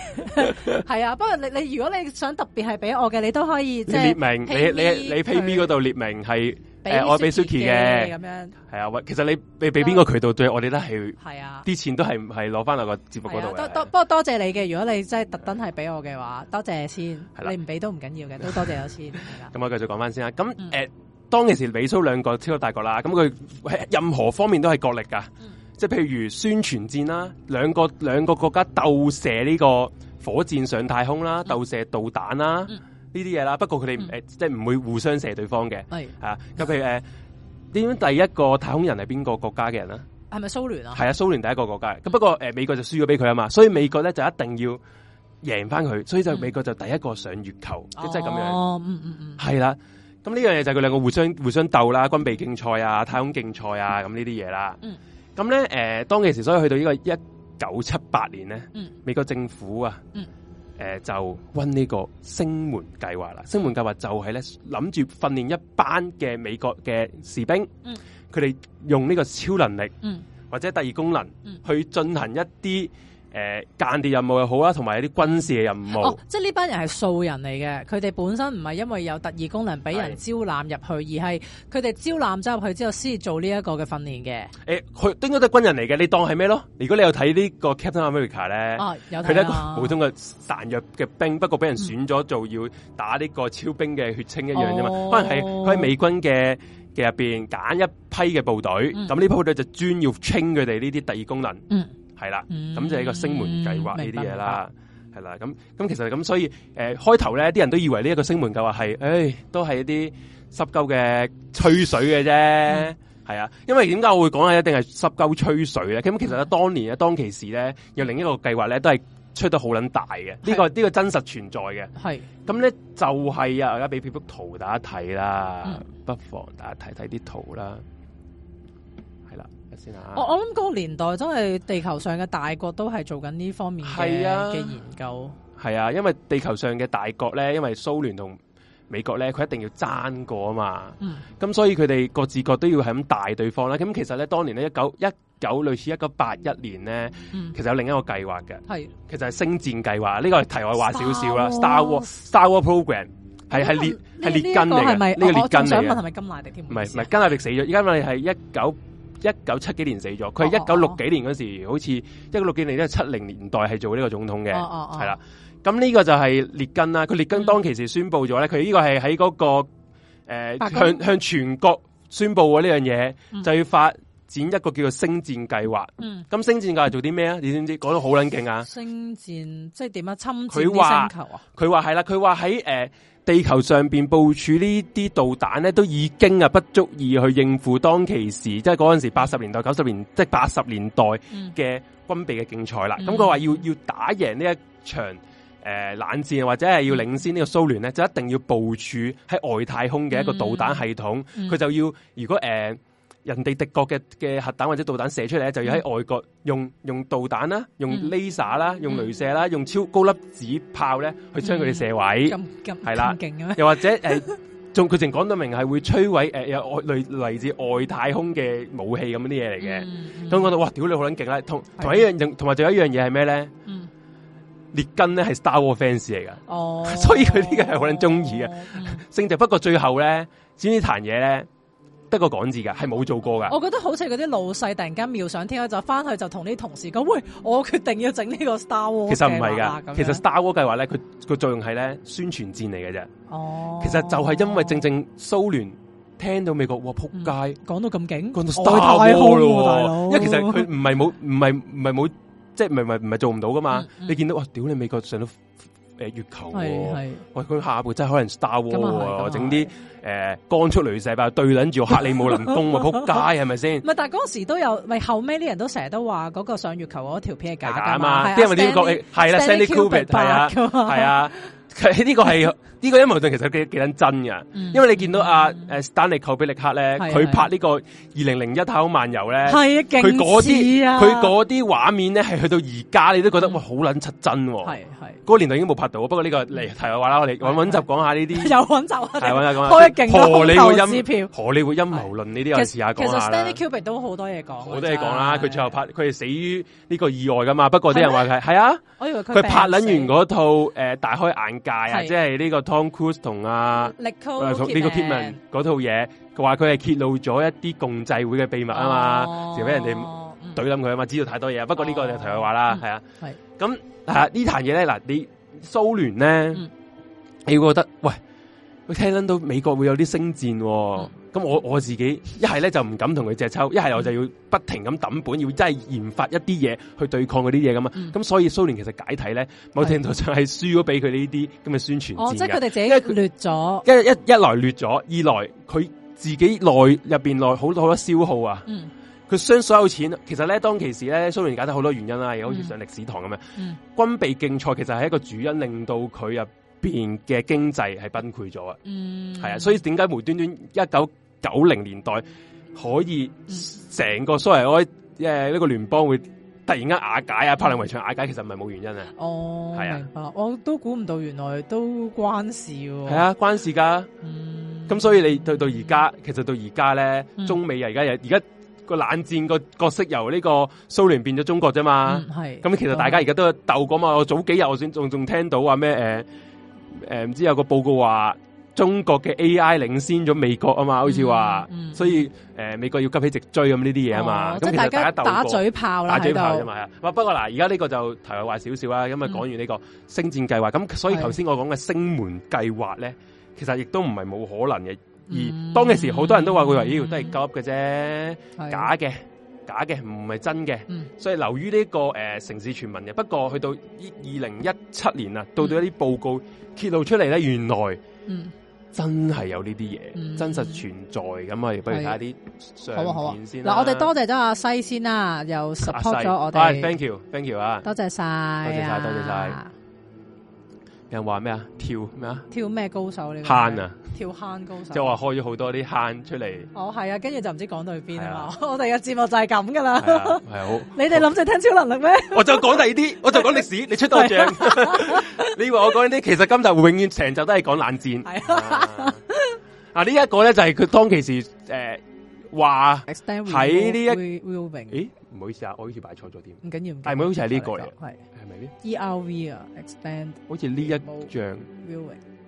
係啊。不過你你如果你想特別係俾我嘅，你都可以即係列明你你你 PayMe 嗰度列明係。誒、呃，我俾 Suki 嘅咁樣，係啊，喂，其實你你俾邊個渠道對我哋都係，係、嗯、啊，啲錢都係係攞翻嚟個節目嗰度嘅。多多，不過多謝你嘅，如果你真係特登係俾我嘅話、啊，多謝先。啊、你唔俾都唔緊要嘅，都多謝咗先。咁 啊啊、我繼續講翻先啦咁誒，當其時美蘇兩個超級大國啦，咁佢喺任何方面都係角力噶、嗯，即係譬如宣傳戰啦，兩個兩個國家鬥射呢個火箭上太空啦、嗯，鬥射導彈啦。嗯呢啲嘢啦，不過佢哋誒，即係唔會互相射對方嘅，係啊，咁譬如誒，點、呃、樣第一個太空人係邊個國家嘅人咧？係咪蘇聯啊？係啊，蘇聯、啊、第一個國家，咁、嗯、不過誒、呃，美國就輸咗俾佢啊嘛，所以美國咧就一定要贏翻佢，所以就美國就第一個上月球，即係咁樣。哦，嗯嗯，係啦，咁呢樣嘢就係佢兩個互相互相鬥啦，軍備競賽啊，太空競賽啊，咁呢啲嘢啦。嗯，咁咧誒，當其時所以去到呢個一九七八年咧，美國政府啊，嗯誒、呃，就温呢個星門計劃啦，星門計劃就係咧諗住訓練一班嘅美國嘅士兵，佢、嗯、哋用呢個超能力，嗯、或者特異功能、嗯、去進行一啲。誒、呃，間諜任務又好啦，同埋啲軍事嘅任務。哦，即係呢班人係素人嚟嘅，佢哋本身唔係因為有特異功能俾人招攬入去，而係佢哋招攬走入去之後先至做呢一個嘅訓練嘅。誒，佢應該都係軍人嚟嘅，你當係咩咯？如果你有睇呢個 Captain America 咧、啊，佢係、啊、一個普通嘅孱弱嘅兵，不過俾人選咗做要打呢個超兵嘅血清一樣啫嘛。哦、可能係佢喺美軍嘅嘅入邊揀一批嘅部隊，咁呢批部隊就專要清佢哋呢啲特異功能。嗯。係啦，咁就係一個星門計劃呢啲嘢啦，係啦，咁咁其實咁所以，誒開頭咧，啲人都以為呢、哎、一個星門計劃係，誒都係一啲濕鳩嘅吹水嘅啫，係、嗯、啊，因為點解我會講啊，一定係濕鳩吹水咧？咁其實當年啊，當其時咧，有另一個計劃咧，都係吹得好捻大嘅，呢、這個呢、嗯這個真實存在嘅，係。咁咧就係、是、啊，而家俾片幅圖大家睇啦、嗯，不妨大家睇睇啲圖啦。哦、我我諗嗰個年代真係地球上嘅大國都係做緊呢方面嘅嘅研究。係啊，啊，因為地球上嘅大國咧，因為蘇聯同美國咧，佢一定要爭過啊嘛。咁、嗯、所以佢哋各自各都要係咁大對方啦。咁其實咧，當年呢，一九一九類似一九八一年咧、嗯，其實有另一個計劃嘅，係其實係星戰計劃。呢、這個係題外話少少啦。Star War Program 係係列係列根嚟嘅。呢、這個列根係咪我想問係咪甘迺迪添？唔係唔係甘迺迪死咗，而家咪係一九。一九七幾年死咗，佢係一九六幾年嗰時候、哦哦，好似一九六幾年都七零年代係做呢個總統嘅，係、哦、啦。咁、哦、呢個就係列根啦。佢列根當其時宣布咗咧，佢、嗯、呢個係喺嗰個、呃、向向全國宣布嘅呢樣嘢，就要發展一個叫做星戰計劃。嗯，咁、嗯、星戰計劃做啲咩啊？你知唔知？講得好撚勁啊！星戰即係點啊？侵佢話星球啊？佢話係啦，佢話喺誒。地球上邊部署這些彈，呢啲導彈咧，都已經啊不足以去應付當其時，即係嗰陣時八十年代九十年，即係八十年代嘅、就是、軍備嘅競賽啦。咁佢話要要打贏呢一場誒、呃、冷戰，或者係要領先這個蘇聯，呢個蘇聯咧，就一定要部署喺外太空嘅一個導彈系統。佢、嗯、就要如果誒。呃人哋敵國嘅嘅核彈或者導彈射出嚟咧，就要喺外國用、嗯、用，用導彈啦，用 laser 啦，嗯、用鐳射啦，用超高粒子炮咧去將佢哋射位。咁咁咁勁嘅咩？又或者誒，仲佢仲講到明係會摧毀誒有外嚟自外太空嘅武器咁啲嘢嚟嘅。咁、嗯、我話哇，屌你好捻勁啦！同同一樣同埋仲有一樣嘢係咩咧？列、嗯、根咧係 Star Wars fans 嚟噶、哦，所以佢呢個係好捻中意嘅性質。不、哦、過、嗯、 最後咧，知唔知壇嘢咧？得個講字噶，係冇做過噶。我覺得好似嗰啲老細突然間妙想天開，就翻去就同啲同事講：，喂，我決定要整呢個 Star、啊。其實唔係噶，其實 Star 計劃咧，佢佢作用係咧宣傳戰嚟嘅啫。哦，其實就係因為正正蘇聯聽到美國，哇！仆街，講到咁勁，講到 Star 咯、啊，大佬。因為其實佢唔係冇，唔係唔係冇，即係唔係唔係做唔到噶嘛、嗯嗯？你見到哇，屌你美國上到。誒，月球、哦，喂，佢下一步真係可能是 Star War，整啲誒光速雷射炮對捻住克里姆林宮，扑街係咪先？唔 係，但嗰時候都有，咪後尾啲人都成日都話嗰個上月球嗰條片係假噶嘛？因為啲國係啦 Stanley Kubrick 係啊，係啊。是 是的 呢、這個係呢、這個陰謀論其實幾幾撚真嘅，因為你見到阿誒 Stanley Kubrick 咧，佢拍這個 2001, 呢個二零零一太空漫遊咧，佢嗰啲佢嗰啲畫面咧係去到而家你都覺得哇好撚出真喎、啊，嗰年代已經冇拍到。不過呢、這個嚟題外話啦，我哋揾集講下呢啲，有揾集啊，講下開 荷里活陰謀論呢啲又試下講下其實，實 Stanley Kubrick 都好多嘢講，好多嘢講啦。佢最後拍佢係死於呢個意外㗎嘛。不過啲人話佢係啊，我以為佢拍撚完嗰套、呃、大開眼界啊，是即係呢個 Tom Cruise 同啊呢個 Kidman 嗰套嘢，佢話佢係揭露咗一啲共濟會嘅秘密啊嘛，就、哦、俾人哋懟冧佢啊嘛，嗯、知道太多嘢。不過呢個就同佢話啦，係、哦、啊。咁啊，啊，啊，啊這東西呢壇嘢咧，嗱你蘇聯咧，你會、嗯、覺得喂，我聽聽到美國會有啲星戰、啊。嗯咁我我自己一係咧就唔敢同佢借抽。一係我就要不停咁抌本，要真係研發一啲嘢去對抗嗰啲嘢咁啊！咁、嗯、所以蘇聯其實解體咧，某程度上係輸咗俾佢呢啲咁嘅宣傳戰、哦、即係佢哋自己劣咗，一一來劣咗，二來佢自己內入邊內好多好，好多消耗啊！佢、嗯、將所有錢，其實咧當其時咧，蘇聯解體好多原因啦、啊，好似上歷史堂咁樣嗯。嗯，軍備競賽其實係一個主因，令到佢入邊嘅經濟係崩潰咗啊！嗯，係啊，所以點解無端端一九九零年代可以成個蘇維埃誒呢、這個聯邦會突然間瓦解啊，柏林圍牆瓦解其實唔係冇原因、哦、係啊，係啊，我都估唔到原來都關事、啊，係啊關事噶，咁、嗯、所以你對到而家，其實到而家咧，中美啊而家有而家個冷戰個角色由呢個蘇聯變咗中國啫嘛，係、嗯，咁其實大家而家都有鬥過嘛，我早幾日我先仲仲聽到話咩誒誒唔知有個報告話。中國嘅 AI 領先咗美國啊嘛，嗯、好似話、嗯，所以誒、呃、美國要急起直追咁呢啲嘢啊嘛。咁、哦、其實大家打嘴炮啦，打嘴炮啫嘛、嗯。不過嗱，而家呢個就題外話少少啦。咁、嗯、啊，講完呢個星戰計劃，咁所以頭先我講嘅星門計劃咧，其實亦都唔係冇可能嘅、嗯。而當嘅時，好多人都話會話，妖、嗯哎、呢條都係急嘅啫、嗯，假嘅，假嘅，唔係真嘅、嗯。所以流於呢、這個誒、呃、城市傳聞嘅。不過去到二零一七年啊，到到一啲報告揭露出嚟咧，原來嗯。真係有呢啲嘢，真實存在咁、啊啊，我哋不如睇下啲相，好啊好啊先。嗱，我哋多謝咗阿西先啦、啊，又 support 咗我哋。係、啊哎，thank you，thank you 啊，多謝晒、啊，多謝晒，多謝晒。人話咩啊？跳咩啊？跳咩高手呢？慳啊！跳慳高手。即係話開咗好多啲慳出嚟。哦，係啊，跟住就唔知講到去邊啊，啊！我哋嘅節目就係咁噶啦。係好。你哋諗住聽超能力咩？我就講第二啲，我就講歷史。 你出多獎。啊、 你以為我講呢啲？其實今集永遠成集都係講冷戰。係啊。呢、啊啊這個呃、一個咧就係佢當其時誒話喺呢一誒，唔、 哎、好意思啊，我好似擺錯咗添。唔緊要，唔緊要。唔好意思，係呢個嚟。E.R.V 啊，expand，好似呢一張，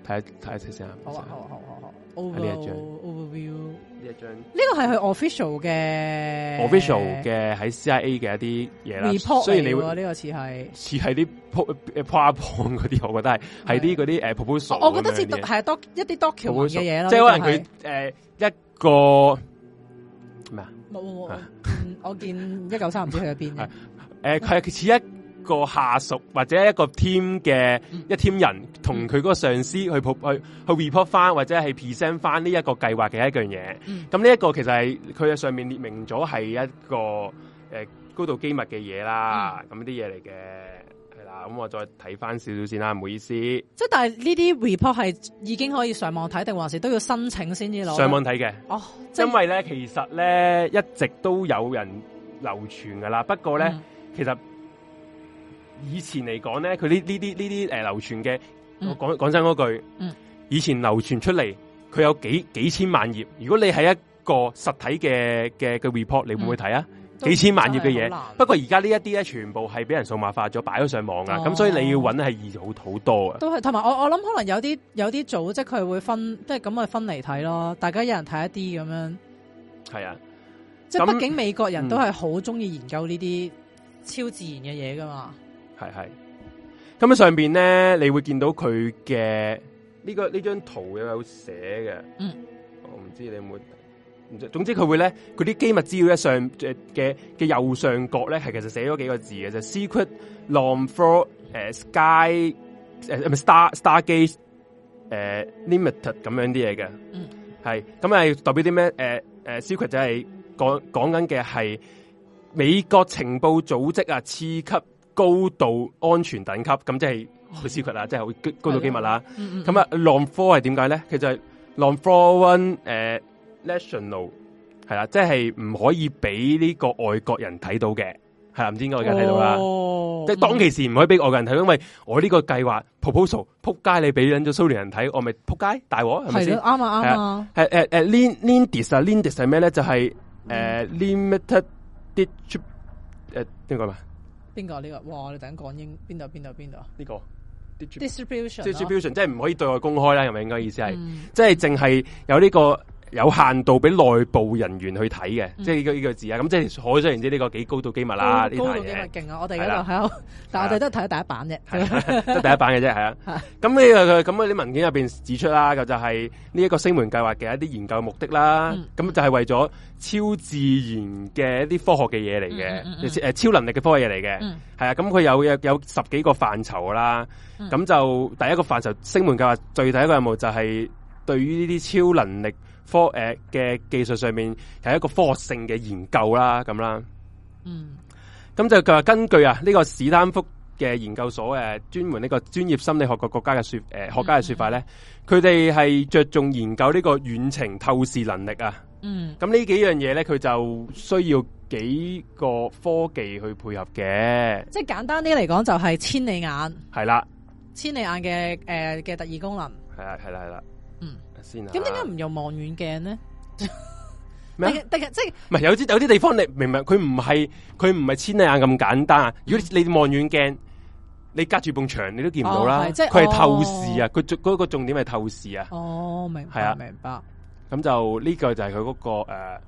睇睇睇先啊，好啊，好好好好 o v e r v i e w 呢 e v i e w 一張，呢個係佢 official 嘅，official 嘅喺 C.I.A 嘅一啲嘢啦所 e p o r t 呢個似係，似係啲 o 誒跨磅嗰啲，我覺得係係啲嗰啲誒 proposal，我覺得似係多一啲 document 嘅嘢咯，即係、這個就是、可能佢誒、呃、一個咩啊，冇，我， 我見一九三唔知去咗邊嘅，誒、 呃，佢似一。個下屬或者一個 team 嘅一 team 人，同佢嗰個上司去 report 去去 report 翻，或者係 present 翻呢一個計劃嘅一樣嘢。咁呢一個其實係佢喺上面列明咗係一個誒高度機密嘅嘢啦，咁啲嘢嚟嘅係啦。咁我再睇翻少少先啦，唔好意思。即係但係呢啲 report 係已經可以上網睇，定還是都要申請先至攞？上網睇嘅哦、就是，因為咧其實咧一直都有人流傳噶啦，不過咧其實、嗯。以前嚟講咧，佢呢呢啲呢啲誒流傳嘅，我講講真嗰句、嗯，以前流傳出嚟，佢有幾幾千萬頁。如果你係一個實體嘅嘅嘅 report，你會唔會睇啊、嗯？幾千萬頁嘅嘢，不過而家呢一啲咧，全部係俾人數碼化咗，擺咗上網噶。咁、哦、所以你要搵係易好好多啊。都係，同埋我我諗可能有啲有啲組織佢會分，即係咁啊分嚟睇咯。大家有人睇一啲咁樣，係啊，即係畢竟美國人都係好中意研究呢啲超自然嘅嘢噶嘛。係係，咁喺上邊咧，你會見到佢嘅呢個呢張圖又有寫嘅。嗯，我唔知你有冇，唔知總之佢會咧，佢啲機密資料咧上嘅嘅右上角咧係其實寫咗幾個字嘅，就 secret long for 誒 sky 誒、mm-hmm. star star gate 誒、呃、limited 咁樣啲嘢嘅。嗯，係，咁係代表啲咩？誒誒 secret 就係講講緊嘅係美國情報組織啊，次級。高度安全等級，咁即係好私密啦，哦、即係好高度機密啦。咁啊，long four 係點解咧？其實係 long four one，national 係、呃、啦，即係唔可以俾呢個外國人睇到嘅，係啊，唔知點解、哦、外國人睇到啦。即係當其時唔可以俾外國人睇，因為我呢個計劃 proposal，撲街你俾撚咗蘇聯人睇，我咪撲街大鑊，係咪先？啱啊，啱啊。係誒 LIM LIMDIS 啊 LIMDIS 係咩咧？就係、是嗯嗯、limited，誒點講啊？邊個呢個？哇！你等講英邊度邊度邊度啊？呢個 distribution，distribution，即係唔可以對外公開啦，係咪應該意思係？嗯，即係淨係有呢個。有限度俾內部人員去睇嘅、嗯，即係呢個呢個字啊。咁即係可想而知呢個幾高度機密啦。高度機密勁啊！我哋係啦， 但我哋都睇咗第一版啫，得 第一版嘅啫。係啊。咁呢、 呢個咁啲文件入面指出啦，就係呢一個星門計劃嘅一啲研究目的啦。咁、嗯、就係為咗超自然嘅一啲科學嘅嘢嚟嘅，嗯嗯、超能力嘅科學嘢嚟嘅。係、嗯、啊。咁佢有有十幾個範疇啦。咁、嗯、就第一個範疇星門計劃最第一個任務就係對於呢啲超能力。科誒嘅、呃、技術上面係一個科學性嘅研究啦，咁啦，嗯，咁就佢話根據啊呢、這個史丹福嘅研究所誒、啊、專門呢個專業心理學嘅國家嘅說誒、呃、學家嘅說法咧，佢哋係着重研究呢個遠程透視能力啊，嗯，咁呢幾樣嘢咧，佢就需要幾個科技去配合嘅，即係簡單啲嚟講就係千里眼，係啦，千里眼嘅誒嘅特異功能，係啊係啦係啦，嗯。咁點解唔用望遠鏡咧？第日即係唔係有啲有啲地方你明唔明，佢唔係佢唔係千里眼咁簡單。嗯、如果你望遠鏡，你隔住埲牆你都見唔到啦。即係佢係透視啊！佢、哦、嗰個重點係透視啊！哦，明白，係啊，明白。咁就呢個就係佢嗰個誒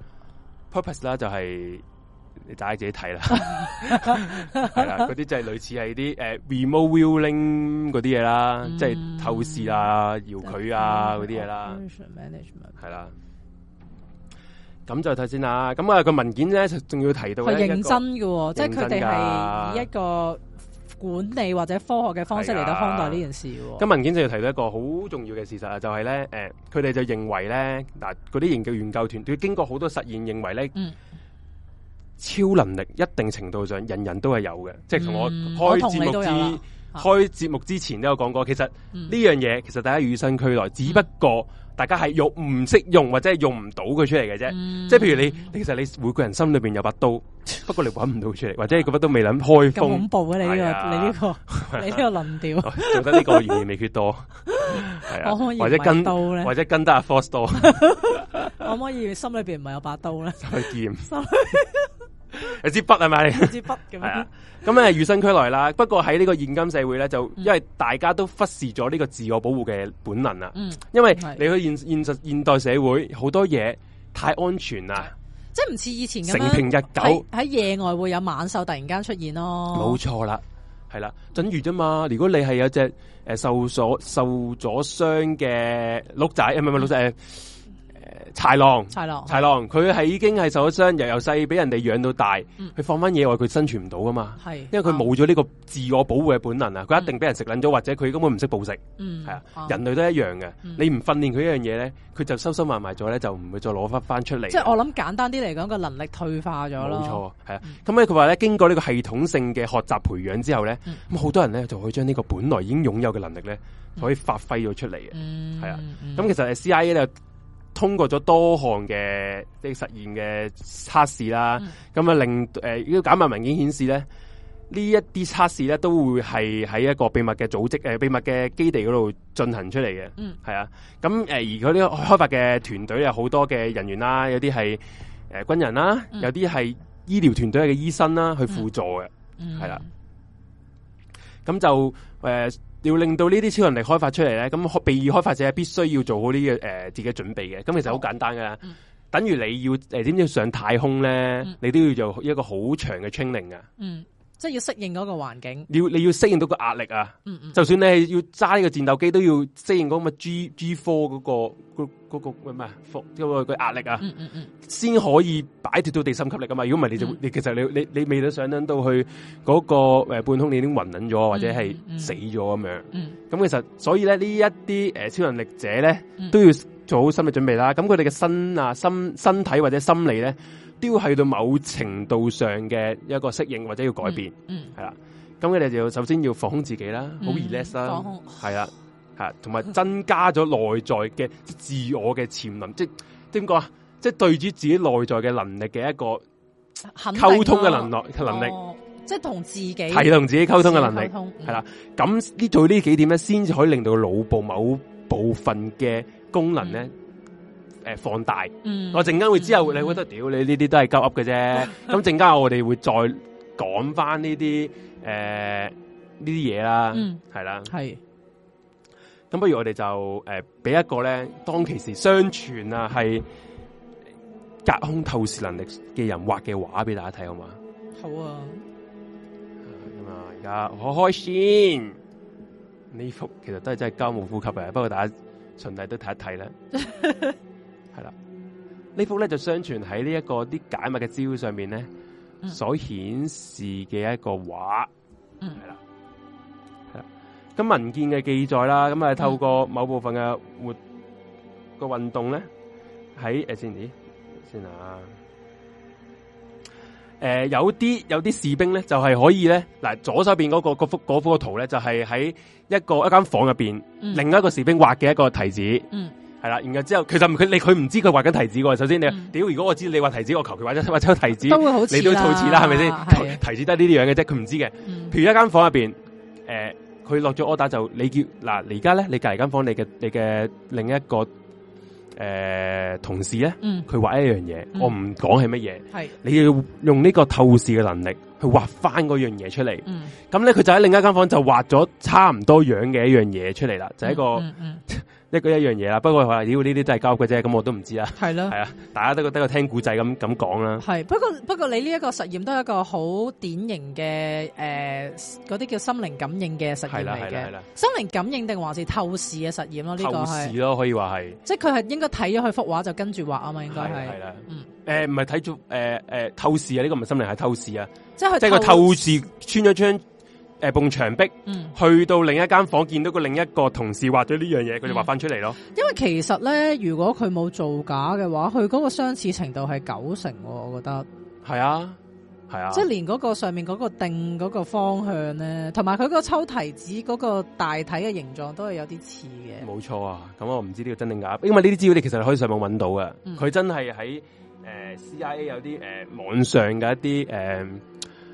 purpose 啦，就係、是。你大家自己睇、 uh, 啦，係啦，嗰啲就係類似係啲誒 remote viewing 嗰啲嘢啦，即係透視啊、遙佢啊嗰啲嘢啦，係啦。咁就睇先啦。咁啊個文件咧，仲要提到係認真嘅、哦，即係佢哋係以一個管理或者科學嘅方式嚟到看待呢件事、啊。咁文件就要提到一個好重要嘅事實、就是、呢啊，就係咧，誒，佢哋就認為咧嗱，嗰啲研究研究團隊經過好多實驗，認為咧。嗯超能力一定程度上，人人都係有嘅、嗯，即係同我開節目之開節目之前都有講過。其實呢樣嘢，其實大家與生俱來、嗯，只不過大家係用唔識用或者係用唔到佢出嚟嘅啫。即係譬如你、嗯，其實你每個人心裏邊有把刀， 不過你搵唔到出嚟，或者你嗰把刀未諗開鋒。恐怖啊！你呢、這個哎這個，你呢個，你呢個論調，做得呢個仍然未缺多。係 啊我可以，或者跟，刀或者跟得阿 Force 多。可 唔可以心裏邊唔係有把刀咧？收去劍。有一支筆係咪？是一支筆咁樣！咁啊，與生俱來啦。不過喺呢個現今社會咧，就因為大家都忽視咗呢個自我保護嘅本能啦。嗯，因為你去現現實現代社會，好多嘢太安全啦，即係唔似以前咁成平日久喺野外會有猛獸突然間出現咯。冇錯啦，係啦，等於啫嘛。如果你係有隻誒、呃、受咗受咗傷嘅鹿仔，唔係唔係老細。呃豺狼，豺狼，豺狼，佢係已經係受咗傷，由由細俾人哋養到大，佢、嗯、放翻野外佢生存唔到噶嘛，係，因為佢冇咗呢個自我保護嘅本能啊，佢一定俾人食撚咗，或者佢根本唔識捕食，係啊、嗯，人類都一樣嘅、嗯，你唔訓練佢一樣嘢咧，佢就收收埋埋咗咧，就唔會再攞翻翻出嚟。即、嗯、係、就是、我諗簡單啲嚟講，個能力退化咗咯。冇錯，係啊，咁咧佢話咧，嗯嗯嗯嗯嗯、經過呢個系統性嘅學習培養之後咧，咁、嗯、好、嗯嗯、多人咧就可以將呢個本來已經擁有嘅能力咧，可以發揮咗出嚟嘅，係、嗯、啊，咁其實 CIA 咧。通過咗多項嘅即實驗嘅測試啦，咁啊令誒呢個解密文件顯示咧，呢一啲測試咧都會係喺一個秘密嘅組織誒、呃，秘密嘅基地嗰度進行出嚟嘅。嗯，係啊，咁、呃、誒而佢呢個開發嘅團隊有好多嘅人員啦，有啲係誒軍人啦，嗯、有啲係醫療團隊嘅醫生啦去輔助嘅，係、嗯、啦，咁、啊嗯啊、就誒。呃要令到呢啲超能力開發出嚟咧，咁被議開發者係必須要做好呢個誒自己準備嘅。咁其實好簡單噶啦，哦嗯、等於你要誒點知要上太空咧，嗯、你都要做一個好長嘅 training 噶。嗯即係要適應嗰個環境，你要你要適應到個壓力啊！就算你係要揸呢個戰鬥機，都要適應嗰咁 G G Four 嗰個嗰嗰個喂咩嗰個個壓力啊！先可以擺脫到地心吸力噶嘛？如果唔係，你就、嗯、你其實你你你未到上到去嗰個誒半空，你已經暈暈咗或者係死咗咁樣。咁其實所以咧呢一啲誒超能力者咧都要做好心理準備啦。咁佢哋嘅身啊身身體或者心理咧。都去到某程度上嘅一個適應或者要改變，係、嗯、啦，咁我哋就要首先要放空自己啦，好、嗯、relax 啦，係啦，係，同埋增加咗內在嘅自我嘅潛能，即係點講啊？即係對住自己內在嘅能力嘅一個溝通嘅能力，啊哦、係能力，即係同自己係同自己溝通嘅能力，係、嗯、啦。咁呢做呢幾點咧，先至可以令到腦部某部分嘅功能咧。嗯誒，放大，嗯、我陣間會之後你覺得屌、嗯，你呢啲都係鳩噏嘅啫。咁陣間我哋會再講返呢啲誒呢啲嘢啦，係、嗯、啦，係。咁不如我哋就誒俾、呃、一個咧，當其時相傳啊，係隔空透視能力嘅人畫嘅畫俾大家睇好嘛？好啊，咁啊，而家好開心。呢幅其實都係真係交冇呼吸嘅，不過大家循例都睇一睇啦。 係、嗯、啦，呢幅咧就相傳喺呢一個啲解密嘅資料上面咧，所顯示嘅一個畫，嗯係啦，係啦。咁文件嘅記載啦，咁啊透過某部分嘅活、嗯、活個運動咧，喺誒、啊、先先啊，誒、呃、有啲有啲士兵咧就係、是、可以咧嗱，左手邊嗰個嗰幅嗰幅嘅圖咧就係、是、喺一個一間房入邊、嗯，另一個士兵畫嘅一個提子，嗯。係啦，然後之後其實佢你佢唔知佢畫緊提子嘅。首先你屌，嗯、如果我知你畫提子，我求佢畫一畫抽提子，你都會好似啦，啦，係咪先？提子得呢啲樣嘅啫，佢唔知嘅。嗯、譬如一間房入邊，誒、呃，佢落咗 order 就你叫嗱，而家咧你隔籬間房，你嘅你嘅另一個誒、呃、同事咧，佢、嗯、畫一樣嘢，嗯、我唔講係乜嘢，係、嗯、你要用呢個透視嘅能力去畫翻嗰樣嘢出嚟。咁咧佢就喺另一間房就畫咗差唔多樣嘅一樣嘢出嚟啦，就一個。嗯嗯嗯 一個一樣嘢啦，不過話，妖呢啲都係交嘅啫，咁我都唔知係啦。係咯，係啊，大家都覺得個聽古仔咁咁講啦。係，不過不過你呢一個實驗都係一個好典型嘅誒，嗰、呃、啲叫心靈感應嘅實驗嚟嘅，係啦，係啦，係啦，心靈感應定還是透視嘅實驗咯？呢、這個係透視咯，可以話係。即係佢係應該睇咗佢幅畫就跟住畫啊嘛，應該係。係啦，啦，嗯、呃。誒，唔係睇住誒誒，透視啊，呢、這個唔係心靈，係透視啊。即係即係個透視穿咗穿。誒、呃，埲牆壁、嗯，去到另一間房間，見到個另一個同事畫咗呢樣嘢，佢就畫翻出嚟咯、嗯。因為其實咧，如果佢冇造假嘅話，佢嗰個相似程度係九成嘅，我覺得。係啊，係啊，即係連嗰個上面嗰個定嗰個方向咧，同埋佢個抽提子嗰個大體嘅形狀都係有啲似嘅。冇錯啊，咁我唔知呢個真定假，因為呢啲資料你其實可以上網揾到嘅。佢、嗯、真係喺誒 CIA 有啲誒、呃、網上嘅一啲誒、呃、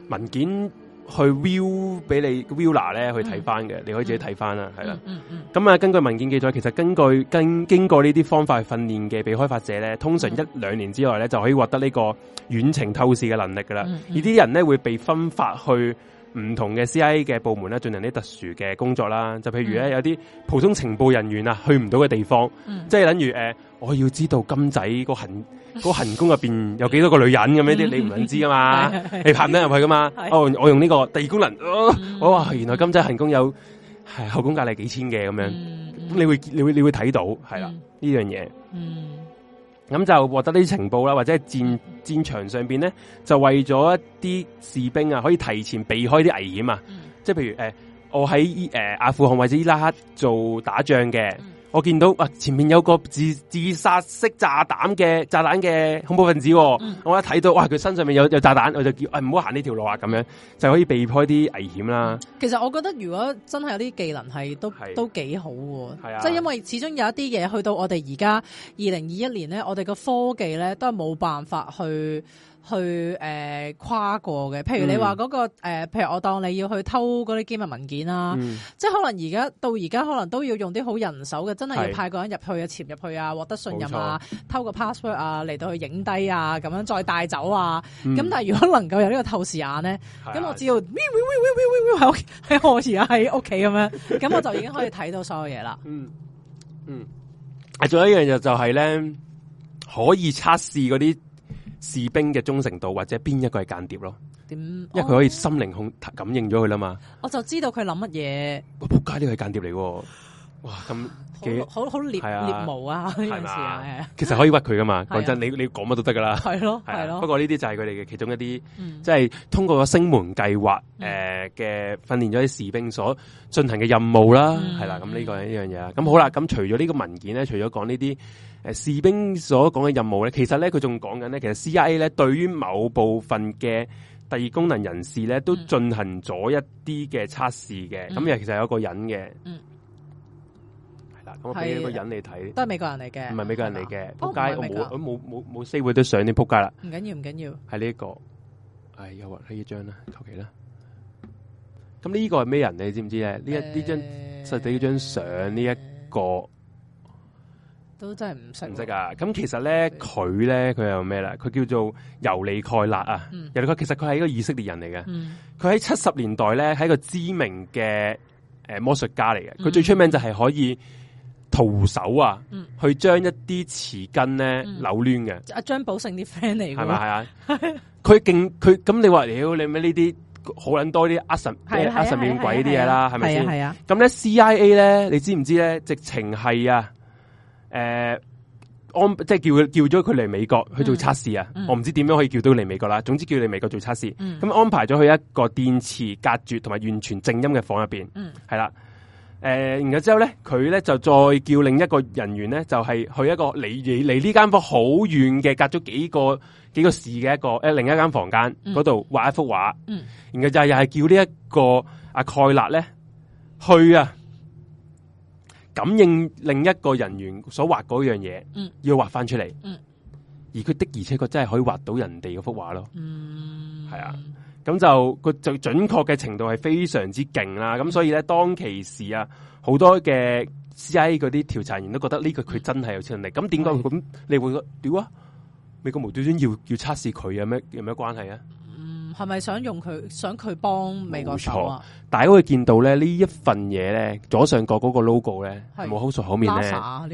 文件。去 view 俾你 viewer 咧，去睇翻嘅。你可以自己睇翻啦，係啦。咁、嗯、啊、嗯嗯，根據文件記載，其實根據跟經過呢啲方法訓練嘅被開發者咧，通常一、嗯、兩年之內咧，就可以獲得呢個遠程透視嘅能力噶啦、嗯嗯。而啲人咧，會被分發去唔同嘅 CIA 嘅部門咧，進行啲特殊嘅工作啦，就譬如咧，有啲普通情報人員啊去唔到嘅地方，嗯、即係等於誒。呃我要知道金仔行 嗰個行個行宮入邊有幾多個女人咁，一啲你唔想知啊嘛？嗯、你拍唔得入去噶嘛、嗯？哦，我用呢、呢個地功能，我、呃、話、嗯哦、原來金仔行宮有係後宮佳麗幾千嘅咁樣，咁、嗯、你會你會你會睇到係啦呢樣嘢。咁、嗯、就獲得呢啲情報啦，或者戰戰場上邊咧，就為咗一啲士兵啊，可以提前避開啲危險啊。嗯、即係譬如誒、呃，我喺誒、呃、阿富汗或者伊拉克做打仗嘅。嗯我見到啊，前面有個自自殺式炸彈嘅炸彈嘅恐怖分子、哦，嗯、我一睇到，哇！佢身上面有有炸彈，我就叫，哎，唔好行呢條路啊，咁樣就可以避開啲危險啦。其實我覺得，如果真係有啲技能係都都幾好，即係因為始終有一啲嘢去到我哋而家二零二一年咧，我哋個科技咧都係冇辦法去。去誒跨過嘅，譬如你話嗰，那個誒，嗯、譬如我當你要去偷嗰啲機密文件啦，啊，嗯，即係可能而家到而家可能都要用啲好人手嘅，真係要派個人去入去啊，潛入去啊，獲得信任啊，偷個 password 啊，嚟到去影低啊，咁樣再帶走啊。咁，嗯，但係如果能夠有呢個透視眼咧，咁，嗯，我只要喺喺我而家喺屋企咁樣，咁我就已經可以睇到所有嘢啦。嗯嗯，啊，仲有一樣嘢就係咧，可以測試嗰啲，士兵嘅忠誠度或者邊一個係間諜咯？點、哦？因為佢可以心靈控感應咗佢啦嘛。我就知道佢諗乜嘢。撲街，呢個係間諜嚟嘅。哇，咁幾好好獵獵、啊、毛啊呢件事啊。其實可以屈佢噶嘛？講真、啊，你你講乜都得噶啦。係咯、啊，係咯、啊啊啊。不過呢啲就係佢哋嘅其中一啲，即、嗯、係、就是、通過個星門計劃誒嘅訓練咗啲士兵所進行嘅任務啦。係、嗯、啦，咁呢個係呢樣嘢啊。咁、嗯、好啦，咁除咗呢個文件咧，除咗講呢啲。誒，士兵所講嘅任務咧，其實咧佢仲講緊咧，其實 CIA 咧對於某部分嘅特異功能人士咧，都進行咗一啲嘅測試嘅。咁、嗯、又其實有個人嘅，係啦，咁我俾一個人的、嗯、給你睇，都係美國人嚟嘅，唔係美國人嚟嘅，仆街，我冇冇冇冇 save 都上啲仆街啦。唔緊要，唔緊要，係、這個、知知呢、呃這張實這張呃、這一個，係又話呢一張啦，求其啦。咁呢？呢個係咩人你知唔知咧？呢一呢張實際呢張相呢一個。都真係唔識唔識啊！咁其實咧，佢咧佢有咩啦？佢叫做尤里蓋勒啊！尤里蓋其實佢係一個以色列人嚟嘅。佢喺七十年代咧，係一個知名嘅，誒魔術家嚟嘅。佢、嗯、最出名就係可以徒手啊，嗯、去將一啲匙羹咧扭亂嘅、嗯啊 啊啊。阿張寶勝啲 friend 嚟嘅係咪？係啊？佢勁佢咁你話，妖你咩呢啲好捻多啲阿神阿神面鬼啲嘢啦？係咪先？係啊！咁咧、啊啊、CIA 咧，你知唔知咧？直情係啊！誒、呃，安即係叫佢叫咗佢嚟美國去做測試啊！我唔知點樣可以叫到佢嚟美國啦。總之叫佢嚟美國做測試，咁、嗯、安排咗去一個電池隔絕同埋完全靜音嘅房入邊，係、嗯、啦。誒、呃，然後之後咧，佢咧就再叫另一個人員咧，就係、是、去一個離離呢間房好遠嘅隔咗幾個幾個市嘅一個誒另一間房間嗰度畫一幅畫、嗯。嗯，然後就又係叫、這個啊、蓋勒呢一個阿蓋勒呢咧去啊。感應另一個人員所畫嗰樣嘢，要畫翻出嚟，而佢的而且確真係可以畫到人哋幅畫咯。係、嗯、啊，咁就個最準確嘅程度係非常之勁啦。咁、嗯、所以咧，當其時啊，好多嘅 CIA 嗰啲調查員都覺得呢個佢真係有超能力。咁點解咁？你會屌啊？美國無端端要要測試佢有咩有咩關係啊？係咪想用佢？想佢幫美國佬啊？大家會見到咧，呢一份嘢咧，左上角嗰個 logo 咧，我好熟口面咧，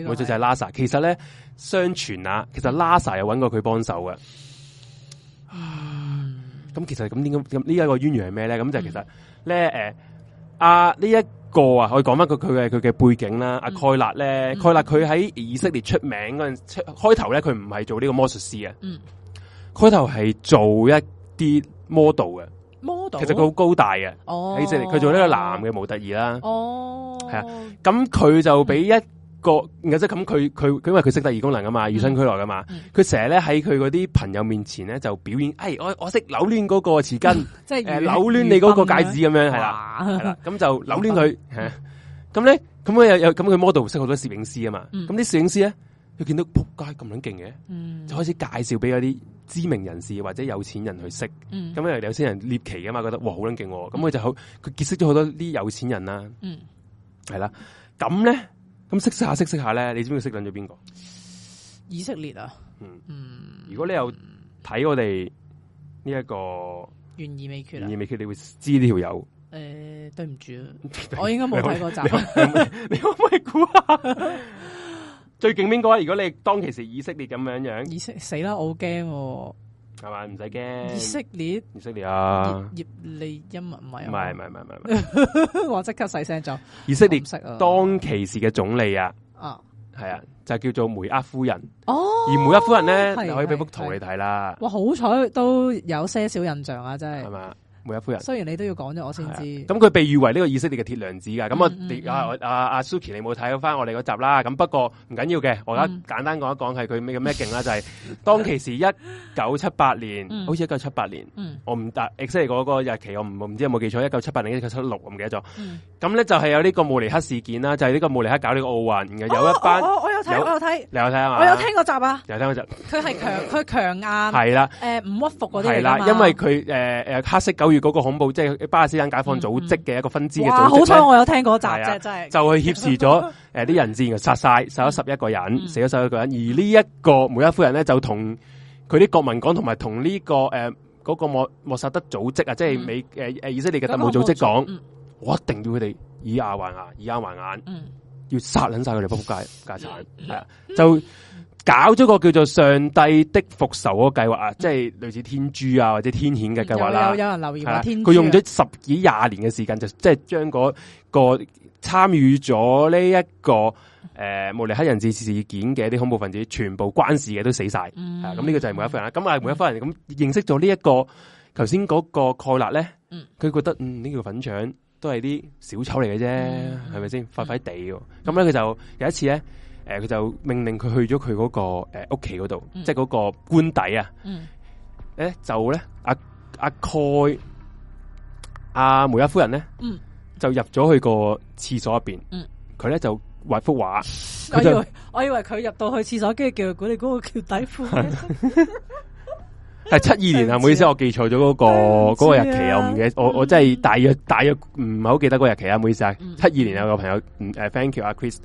或者就係 NASA。其實咧，相傳啊，其實 NASA 又搵過佢幫手嘅。咁、嗯、其實咁、這個、呢咁、嗯、呢、呃啊、一個淵源係咩咧？咁就其實咧，誒，呢一個啊，可以講翻佢佢嘅佢嘅背景啦。阿蓋勒咧，蓋勒佢喺以色列出名嗰陣，開頭咧佢唔係做呢個魔術師啊，嗯，開頭係做一啲。model 嘅 model，其實佢好高大嘅，哦，佢做呢個男嘅模特兒啦，哦、oh.，係、oh. 啊，咁佢就俾一個，即係咁佢佢佢因為佢識第二功能噶嘛，與生俱來噶嘛，佢成日咧喺佢嗰啲朋友面前咧就表演，誒、嗯哎，我我識扭攣嗰個匙羹即係誒扭攣你嗰個戒指咁樣係啦，係啦，咁就扭攣佢，咁、嗯、咧，咁佢又又咁佢 model 識好多攝影師啊嘛，咁啲攝影師咧。佢見到扑街咁撚勁嘅，就開始介紹俾嗰啲知名人士或者有錢人去識。咁因為有啲人獵奇啊嘛，覺得哇好撚勁，咁佢、嗯、就好，佢結識咗好多啲有錢人啦、啊。係、嗯、啦，咁咧，咁識識下，識識下咧，你知唔知識捻咗邊個？以色列啊，嗯嗯。如果你有睇我哋呢一個懸、嗯意、啊、意未決，懸疑未決你會知呢條友。誒、呃，對唔住， 我應該冇睇過集，你可唔可以估下？ 最勁邊個啊？如果你當其時以色列咁樣樣，以色列死啦！我好驚、喔，係嘛？唔使驚，以色列，以色列啊，葉利音文唔係，唔係，唔係，唔係，唔係，我即刻細聲咗。 以色列當其時嘅總理啊，啊，係啊，就係、叫做梅厄夫人哦、啊。而梅厄夫人咧、哦，就可以俾幅圖你睇啦。哇，好彩都有些少印象啊，真係。雖然你都要講咗，我先知。咁佢被譽為呢個以色列嘅鐵娘子噶。咁啊，啊啊，阿 Suki，你冇睇翻我哋嗰集啦。咁不過唔緊要嘅，我而家簡單講一講係佢咩咁咩勁啦。就係當其時一九七八年，好似一九七八年，我唔達以色列嗰個日期，我唔唔知有冇記錯，一九七八年，一九七六，我唔記得咗。咁咧就係有呢個慕尼黑事件啦，就係呢個慕尼黑搞呢個奧運嘅，有一班我我有睇，我有睇，你有睇啊？我有聽嗰集啊，有聽嗰集。佢係強，佢強硬，係啦，誒，唔屈服嗰啲，係啦，因為佢誒誒黑色九月。嗰、那個恐怖，即係巴勒斯坦解放組織嘅一個分支嘅組織。好彩我有聽過一集啫、啊，真係就係挾持咗誒啲人質，就殺晒殺咗十一個人，死咗十一個人。嗯、而呢、這個、一個梅哈夫人咧，就同佢啲國民講，同埋同呢個誒、呃那個莫莫薩德組織啊，嗯、即係美誒誒、呃、以色列嘅特務組織講、嗯，我一定要佢哋以牙還牙，以眼還眼，眼還眼嗯、要殺捻晒佢哋仆仆街街慘係啊！就、嗯搞咗個叫做上帝的復仇嗰個計劃啊、嗯，即係類似天誅啊或者天譴嘅計劃啦。有，有人留意佢、啊、用咗十幾廿年嘅時間，就即係將嗰個參與咗呢一個誒慕、這個呃、尼黑人質事件嘅啲恐怖分子，全部關事嘅都死晒。咁、嗯、呢、啊、個就係每一人。啦、嗯。咁啊，每一人咁認識咗、這個嗯、呢一個頭先嗰個蓋勒咧，佢、嗯、覺得嗯，腸嗯是是呢條粉腸都係啲小丑嚟嘅啫，係咪先？廢廢哋咁咧，佢、嗯、就有一次咧。誒、呃，佢就命令佢去咗佢嗰個誒屋企嗰度，呃裡那裡嗯、即係嗰個官邸啊。誒、嗯欸，就咧阿阿蓋阿梅亞夫人咧、嗯嗯，就入咗去個廁所入邊。佢咧就畫幅畫。我以為我以為佢入到去廁所，跟住叫佢你嗰個叫底褲。 係 七二年啊，唔好意思，我記錯咗嗰個、嗰個日期，我唔記得、嗯我，我我真係大約大約唔係好記得嗰個日期啊，唔好意思，嗯、七二年有個朋友，誒、嗯、uh, thank you，阿 Chris，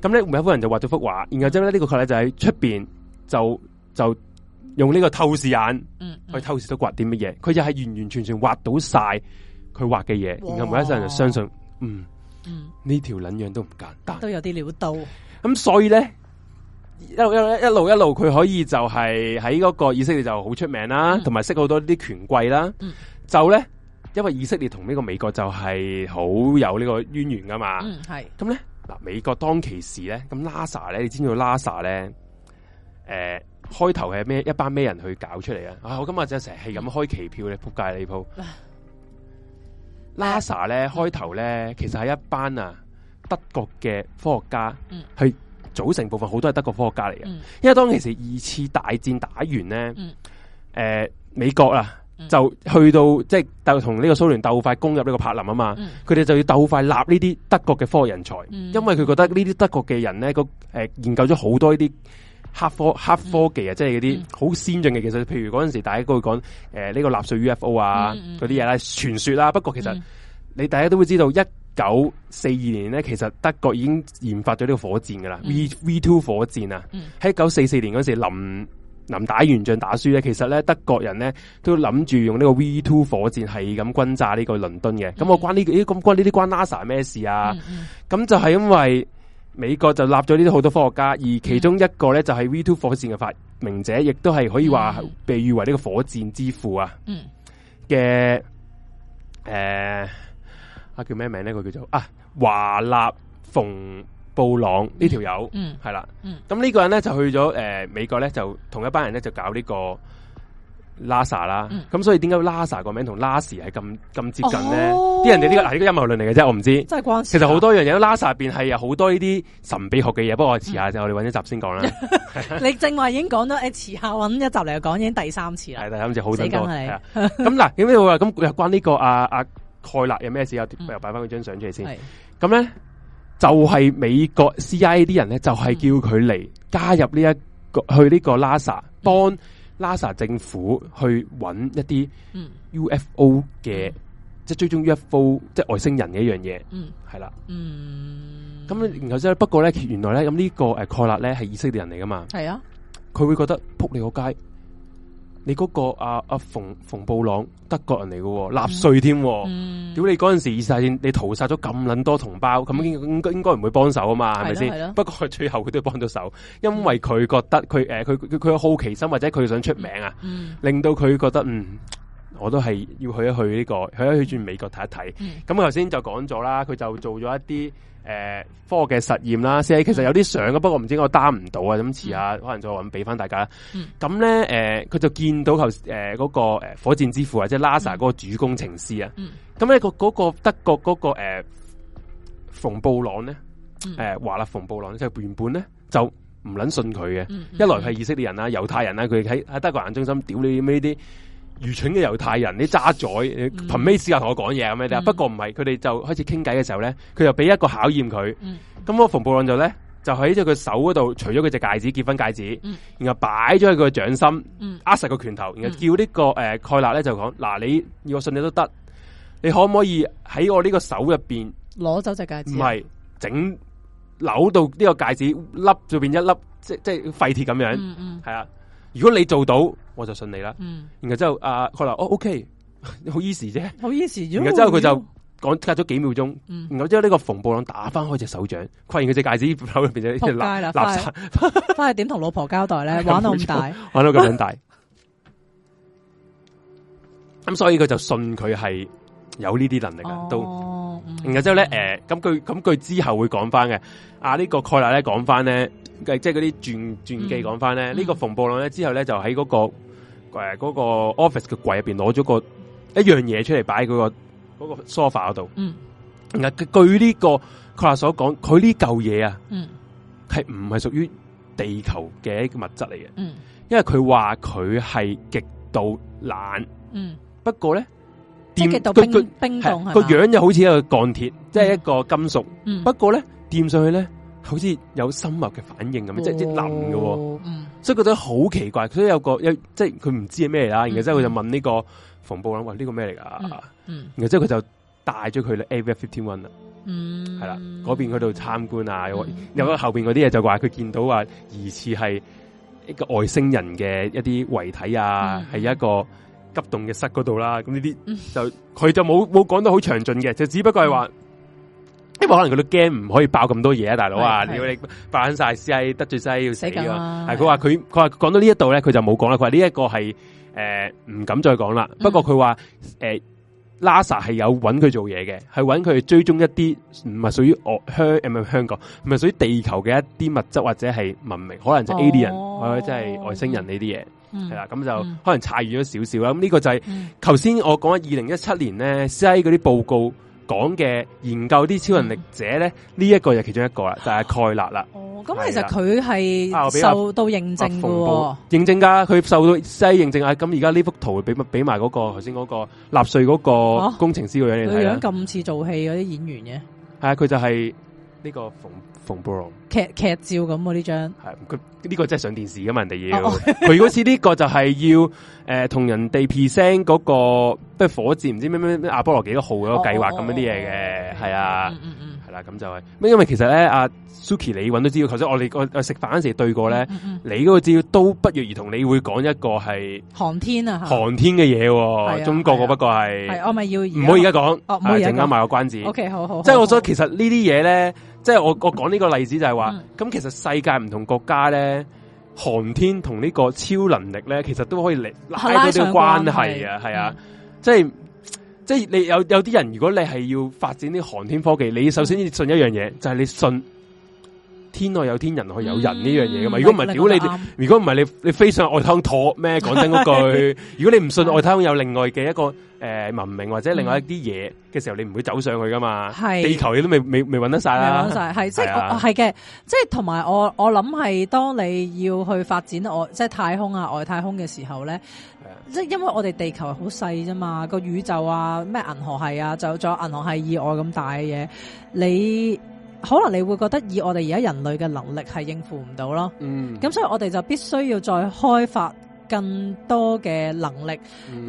咁咧，有一伙人就畫咗幅畫，然後之後咧呢、嗯、個佢咧就喺出邊就就用呢個透視眼去、嗯嗯、透視到刮啲乜嘢，佢就係完完全全畫到畫到晒佢畫嘅嘢，然後每一般人就相信，嗯、呢、嗯、條捻樣都唔簡單，都有啲料到，咁所以咧。一、一、一路、一路，佢可以就係喺嗰個以色列就好出名啦，同、嗯、埋識好多啲權貴啦。嗯，就咧，因為以色列同呢個美國就係好有呢個淵源噶嘛。嗯，係。咁咧，嗱，美國當其時咧，咁 Lasa 咧，你知唔知道 Lasa 咧？誒、呃，開頭係咩？一班咩人去搞出嚟啊？啊，我今日就成日係咁開期票咧，撲街你鋪。Lasa 咧開頭咧，其實係一班啊德國嘅科學家、嗯、去。組成部分好多係德國科學家嚟嘅，嗯、因為當其時二次大戰打完咧，誒、嗯呃、美國啊、嗯、就去到即係就同呢個蘇聯鬥快攻入呢個柏林啊嘛，佢、嗯、哋就要鬥快立呢啲德國嘅科學人才，嗯、因為佢覺得呢啲德國嘅人咧個誒研究咗好多呢啲黑科黑科技啊，嗯、即係嗰啲好先進嘅技術，譬如嗰陣時大家都會講誒呢個納粹 UFO 啊嗰啲嘢啦傳說啦、啊，不過其實你大家都會知道、嗯、一。九四二年咧，其實德國已經研發咗呢個火箭噶啦，V V two 火箭啊。喺一九四四年嗰時臨，臨臨打完仗打輸咧，其實咧德國人咧都諗住用呢個 V two 火箭係咁轟炸呢個倫敦嘅。咁、嗯、我關呢、這個，咦，咁關呢啲關 NASA 咩事啊？咁、嗯嗯、就係因為美國就立咗呢啲好多科學家，而其中一個咧就係 V two 火箭嘅發明者，亦都係可以話被譽為呢個火箭之父啊。嘅、嗯、誒。啊、叫咩名咧？佢叫做啊華納馮布朗呢條友，嗯係啦，咁、嗯、呢、嗯嗯嗯、個人咧就去咗誒、呃、美國咧，就同一班人咧就搞呢個拉薩啦。咁、嗯啊、所以點解拉薩個名同拉斯係咁咁接近咧？啲、哦、人哋呢、這個係呢、啊這個陰謀論嚟嘅啫，我唔知。真係、啊、其實好多樣嘢，拉薩入邊係有好多呢啲神秘學嘅嘢。不過我遲下就我哋揾一集先講啦。嗯、 你正話已經講咗誒，遲、欸、下揾一集嚟講已經第三次啦。係第咁就好多咁嗱，咁咩話啊，咁關呢個啊啊。蓋勒有咩事啊？不擺翻佢張相出嚟先。咁、嗯、咧就係、是、美國 CIA 啲人咧，就係、是、叫佢嚟加入呢、這、一個去呢個拉薩、嗯，幫拉 a 政府去揾一啲 UFO 嘅、嗯，即係追蹤 UFO，即係外星人嘅一樣嘢。嗯，係啦。嗯，咁然後之後不過咧，原來咧咁呢這個誒蓋納咧係以色列人嚟噶嘛？係啊，佢會覺得扑你個街。你嗰、那個阿阿、啊啊、馮,馮布朗德國人嚟嘅，納稅添，屌、嗯、你嗰陣時二戰你屠殺咗咁撚多同胞，咁應、嗯、應該唔會幫手啊嘛，係咪先？不過最後佢都幫到手，因為佢覺得佢誒佢佢佢有好奇心或者佢想出名啊，嗯、令到佢覺得嗯。我都係要去一去呢、這個，去一去轉美國睇一睇。咁我頭先就講咗啦，佢就做咗一啲誒、呃、科學嘅實驗啦。即係其實有啲相嘅，嗯、我不過唔知我擔唔到啊。咁遲下可能再搵俾翻大家。咁咧誒，佢、呃、就見到頭誒嗰個誒火箭之父或者拉薩嗰個主工程師啊。咁、嗯、咧、那個嗰、那個德國嗰、那個誒馮、呃、布朗咧，誒華立馮布朗就是、原本咧就唔捻信佢嘅。嗯嗯，一來係以色列人啦，猶太人啦，佢喺喺德國眼中心屌你呢啲。愚蠢嘅猶太人，啲渣你憑咩資格同我講嘢咁樣不過唔係，佢哋就開始傾偈嘅時候咧，佢就俾一個考驗佢。咁、嗯嗯、我馮布朗就咧，就喺即佢手嗰度，除咗佢隻戒指，結婚戒指，嗯、然後擺咗喺佢掌心，握實個拳頭，然後叫呢、這個誒蓋勒咧就講：嗱，你要我信你都得，你可唔可以喺我呢個手入邊攞走隻戒,、啊、戒指？唔係，整扭到呢個戒指粒就變一粒，即即係廢鐵咁樣。係、嗯、啊、嗯。如果你做到。我就信你啦、嗯，然後之後阿蓋納哦，OK 好 easy 啫，好 easy。然後之後佢就講，隔咗幾秒鐘，嗯、然後之後呢個馮布朗打翻開隻手掌，發現佢隻戒指喺入邊只垃圾、垃圾，翻去點同老婆交代咧？ 玩到咁大，玩到咁樣大，咁 所以佢就信佢係有呢啲能力啊，都、哦。然後之後咧，誒、嗯，咁佢咁佢之後會講翻嘅，啊、這個、呢個蓋納咧講翻咧。嘅即係嗰啲傳傳記講翻咧，呢個馮布朗咧之後咧就喺嗰個誒嗰個 office 嘅櫃入邊攞咗個一樣嘢出嚟，擺喺嗰個嗰個 sofa 嗰度。嗯，然據呢、這個夸所講，佢呢舊嘢啊，嗯，係唔係屬於地球嘅一個物質嚟嘅？嗯，因為佢話佢係極度冷。嗯，不過咧，凍結到冰冰凍係個樣又好似一個鋼鐵，即、嗯、係、就是、一個金屬。嗯，不過咧，掂上去咧。好似有深密嘅反應咁、哦，即係啲㗎嘅，所以覺得好奇怪。所以有個，有即係佢唔知係咩嚟啦。然之後，佢就問呢個防暴啦，喂，呢個咩嚟噶？然後之後佢就帶咗佢去 A V F Fifty One 啦。嗯，係啦，嗰邊去到參觀啊，又覺得後邊嗰啲嘢就話佢、嗯嗯、見到話疑似係一個外星人嘅一啲遺體啊，係、嗯、一個急凍嘅室嗰度啦。咁呢啲就佢、嗯、就冇冇講到好詳盡嘅，就只不過係話。因為可能佢都驚唔可以爆咁多嘢啊，大佬啊，你要你爆晒 CIA 得罪 CIA 要死啊，死啊是！係佢話佢佢話講到這裡呢一度咧，佢就冇講啦。佢話呢一個係誒唔敢再講啦。嗯、不過佢話誒拉 NASA 係有搵佢做嘢嘅，係搵佢追蹤一啲唔係屬於澳香，唔係香港，唔係屬於地球嘅一啲物質或者係文明，可能就 alien，或者即係外星人呢啲嘢係啦。咁、嗯嗯嗯、就可能差遠咗少少啦。咁呢個就係頭先我講二零一七年咧 CIA 嗰啲報告。講嘅研究啲超能力者咧，呢、嗯、一個就其中一個啦，就係蓋納啦。哦，咁其實佢係受到認證噶、啊啊，認證噶，佢受到即係認證啊！咁而家呢幅圖俾俾埋嗰個頭先嗰個納粹嗰個工程師個樣，咁似做戲嗰啲演員嘅，係啊，佢就係、是。呢、這個馮馮波龍劇劇照咁喎、啊，呢張係佢呢個真係上電視噶、啊、嘛？人哋要佢、oh、嗰次呢個就係要誒同、呃、人哋 present 嗰個，即係火箭唔知咩咩咩阿波羅幾多號嗰個計劃咁啲嘢嘅，係、oh oh 嗯、啊，係、嗯、啦、嗯啊，咁就係。嗯、因為其實咧，阿、啊、Suki 你都知道，頭先我哋食飯嗰時對過咧，oh、你嗰個資料都不約而同，你會講一個係航天啊，航、啊、天嘅嘢、啊，啊、中國個、啊、不過係、啊、我咪要唔好而家講，哦、啊，唔係陣間賣個關子，O、okay, K，好好，即係我所以其實呢啲嘢咧。即係我我講呢個例子就係話，咁其實世界唔同國家咧，航天同呢個超能力咧，其實都可以嚟，拉到啲關係啊，係、嗯、啊，即係即係你有有啲人如果你係要發展啲航天科技，你首先要信一樣嘢，嗯、就係你信。天外有天，人外有人呢樣嘢噶嘛？如果唔係，如果你如果唔係你你，你，你飛上外太空咩？講真嗰句， 如果你唔信外太空有另外嘅一個誒、呃、文明或者另外一啲嘢嘅時候，嗯、你唔會走上去噶嘛？係地球你都未未未搵得晒啦、啊，係即係嘅，即係同埋我我諗係當你要去發展外即係、就是、太空啊外太空嘅時候咧，即係因為我哋地球好細啫嘛，個宇宙啊咩銀河系啊，就仲有銀河系以外咁大嘅嘢，你。可能你會覺得以我哋而家人類嘅能力係應付唔到咯，咁、嗯、所以我哋就必須要再開發更多嘅能力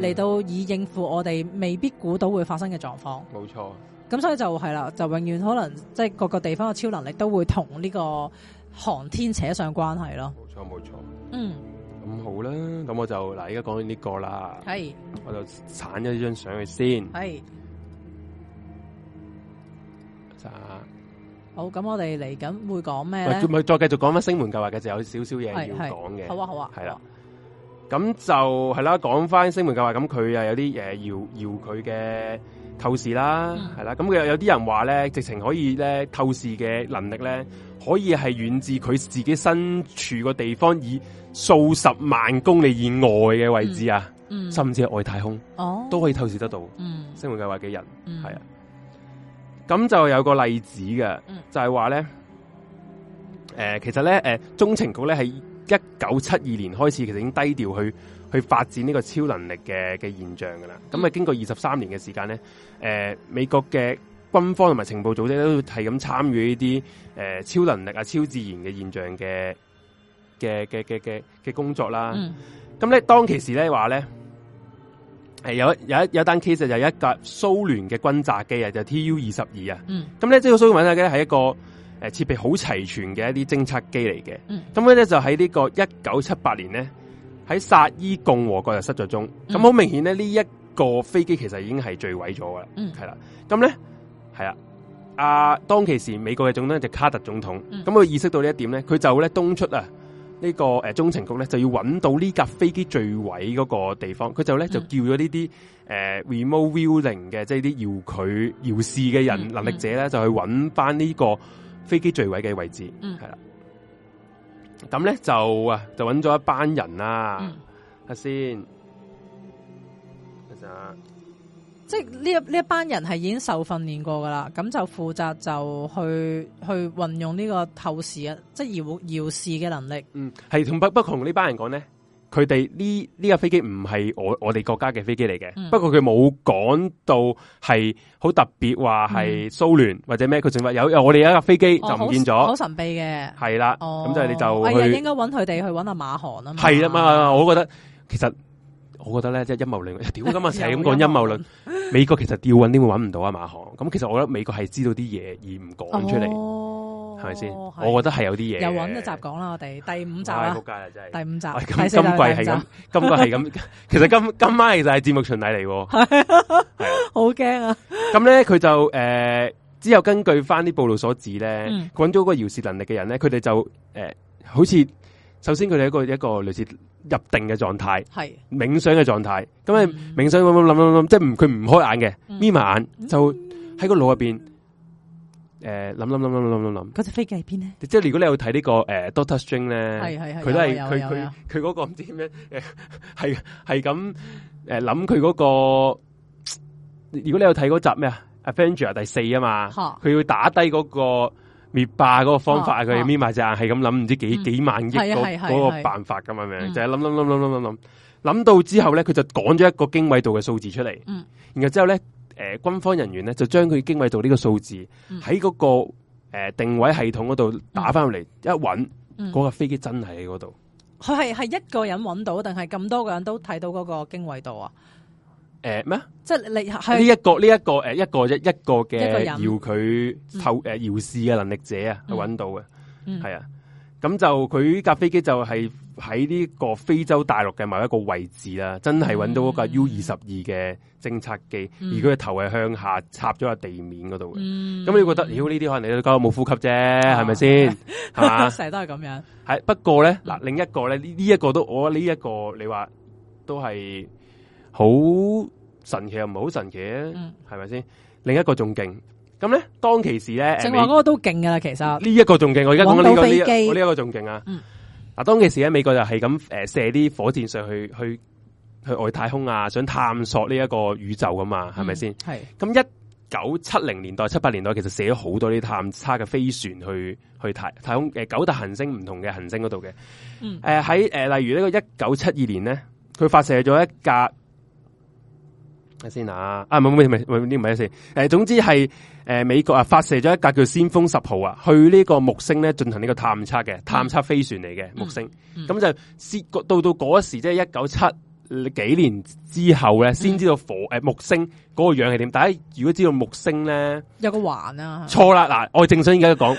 嚟、嗯、到以應付我哋未必估到會發生嘅狀況。冇錯，咁所以就係啦，就永遠可能即係、就是、各個地方嘅超能力都會同呢個航天扯上關係咯。冇錯，冇錯。嗯，咁好啦，咁我就嗱，而家講完呢個啦，係，我就鏟咗張相去先，係。好，咁我哋嚟緊會講咩咧？咪再繼續講翻《星門計劃》嘅，就有少少嘢要講嘅。好啊，好啊。係啦，咁、啊、就係啦，講翻《星門計劃》，咁佢啊有啲誒，遙遙佢嘅透視啦，係、嗯、啦。咁佢有有啲人話咧，直情可以咧透視嘅能力咧，可以係遠至佢自己身處個地方以數十萬公里以外嘅位置啊、嗯嗯，甚至係外太空哦，都可以透視得到。嗯，教《星門計劃》嘅人係啊。咁就有個例子嘅，就係話咧，誒、呃，其實咧，誒、呃，中情局咧係一九七二年開始，其實已經低調去去發展呢個超能力嘅嘅現象噶啦。咁啊，經過二十三年嘅時間咧，誒、呃，美國嘅軍方同埋情報組織都係咁參與呢啲誒超能力啊、超自然嘅現象嘅嘅嘅嘅嘅嘅工作啦。咁、嗯、咧，當其時咧話咧。誒，有有一有單 case 就係一架蘇聯嘅轟炸機啊，就 T U 二十二啊。嗯。咁、嗯、咧，呢個蘇聯轟炸機係一個誒設、呃、備好齊全嘅一啲偵察機嚟嘅。咁、嗯、咧、嗯，就喺呢個一九七八年咧，喺薩伊共和國就失咗蹤。咁、嗯、好、嗯、明顯咧，呢、這、一個飛機其實已經係墜毀咗噶啦。嗯。係啦。咁咧，係啊。啊，當其時美國嘅總統就卡特總統。咁、嗯、佢、嗯、意識到呢一點咧，佢就咧東出啊。呢、這個誒、呃，中情局咧就要揾到呢架飛機墜毀嗰個地方，佢就咧就叫咗呢啲誒 remote viewing 嘅，即係啲遙距遙視嘅人、嗯、能力者咧、嗯，就去揾翻呢個飛機墜毀嘅位置。嗯，係啦，咁咧就啊，就揾咗一班人啦。啊、嗯、先，阿陳。看看即係呢一呢一班人係已經受訓練過噶啦，咁就負責就去去運用呢個透視即係遙遙視嘅能力嗯、這個。嗯，係同北北韓呢班人講咧，佢哋呢呢架飛機唔係我我哋國家嘅飛機嚟嘅。不過佢冇講到係好特別話係蘇聯或者咩，佢正話有我哋有一架飛機就唔見咗、哦，好神秘嘅。係啦，咁、哦、就係你就、哎、應該揾佢哋去揾阿馬航啊嘛。係啊嘛，我覺得其實。我覺得咧即係陰謀論，屌、就是、今日成日咁講陰謀論。美國其實吊揾點會揾唔到啊，馬航。咁其實我覺得美國係知道啲嘢而唔講出嚟，係咪先？我覺得係有啲嘢。又揾一集講啦，我哋第五集啦、哎啊哎，第五集。今季係咁，今季係咁。 其實今今晚其實就係節目巡禮嚟，喎，好驚啊！咁咧佢就誒、呃，之後根據翻啲報道所指咧，揾、嗯、咗個遙視能力嘅人咧，佢哋就誒、呃，好似。首先佢哋一個一個類似入定嘅狀態，係冥想嘅狀態。咁啊冥想諗諗諗諗諗，即係唔佢唔開眼嘅，眯埋眼就喺個腦入邊誒諗諗諗諗諗諗諗諗。嗰隻飛機喺邊咧？即係如果你有睇呢個誒 Doctor Strange 咧，係係係，佢都係佢佢佢嗰個唔知點樣誒，係係咁誒諗佢嗰個。如果你有睇嗰集咩啊，Avengers 第四啊嘛，佢會打低嗰個。滅霸嗰個方法，佢瞇埋隻眼，係咁諗，唔知幾幾萬億嗰、嗯那個那個辦法咁咪樣，就係諗諗諗諗諗諗諗，嗯、到之後咧，佢就講咗一個經緯度嘅數字出嚟、嗯，然後之後咧，誒、呃，軍方人員咧就將佢經緯度呢個數字喺嗰、那個誒、嗯呃、定位系統嗰度打返嚟，一搵嗰、嗯那個飛機真係喺嗰度，佢係係一個人搵到，定係咁多個人都睇到嗰個經緯度啊？誒、呃、咩？即係你係呢、這個這個呃、一個呢一個誒一個一一個嘅搖佢透，誒搖、呃、視嘅能力者、嗯嗯、啊，去揾到嘅，係啊。咁就佢架飛機就係喺呢個非洲大陸嘅某一個位置啦，真係揾到一架 U 二十二嘅偵察機，嗯、而佢嘅頭係向下插咗喺地面嗰度嘅。咁、嗯嗯、你覺得，妖呢啲可能你都搞到冇呼吸啫，係咪先？成日 是吧 都係咁樣。係不過咧，嗱、嗯、另一個咧呢呢一、這個都我呢一、這個你話都係好。神奇又唔係好神奇啊，係咪先？另一個仲勁，咁咧當其時咧，正話嗰個都勁噶啦。其實呢一、這個仲勁，我而家講緊呢個呢、這個仲勁啊。嗱、嗯，當其時咧，美國就係咁誒射啲火箭上去去去外太空啊，想探索呢一個宇宙噶嘛，係咪先？係咁一九七零年代、七八年代，其實射咗好多啲探測嘅飛船去去太太空誒、呃、九大行星唔同嘅行星嗰度嘅。誒喺誒例如1972呢個一九七二年咧，佢發射咗一架。先啊，啊！啊，唔唔唔唔呢唔係先，誒，總之係誒美國啊發射咗一架叫先鋒十號啊，去呢個木星咧進行呢個探測嘅探測飛船嚟嘅木星、嗯，咁、嗯嗯、就先到到嗰時即係一九七幾年之後咧，先知道火誒、嗯呃、木星嗰個樣係點。大家如果知道木星咧，有個環啊錯，錯啦！嗱，我正想而家講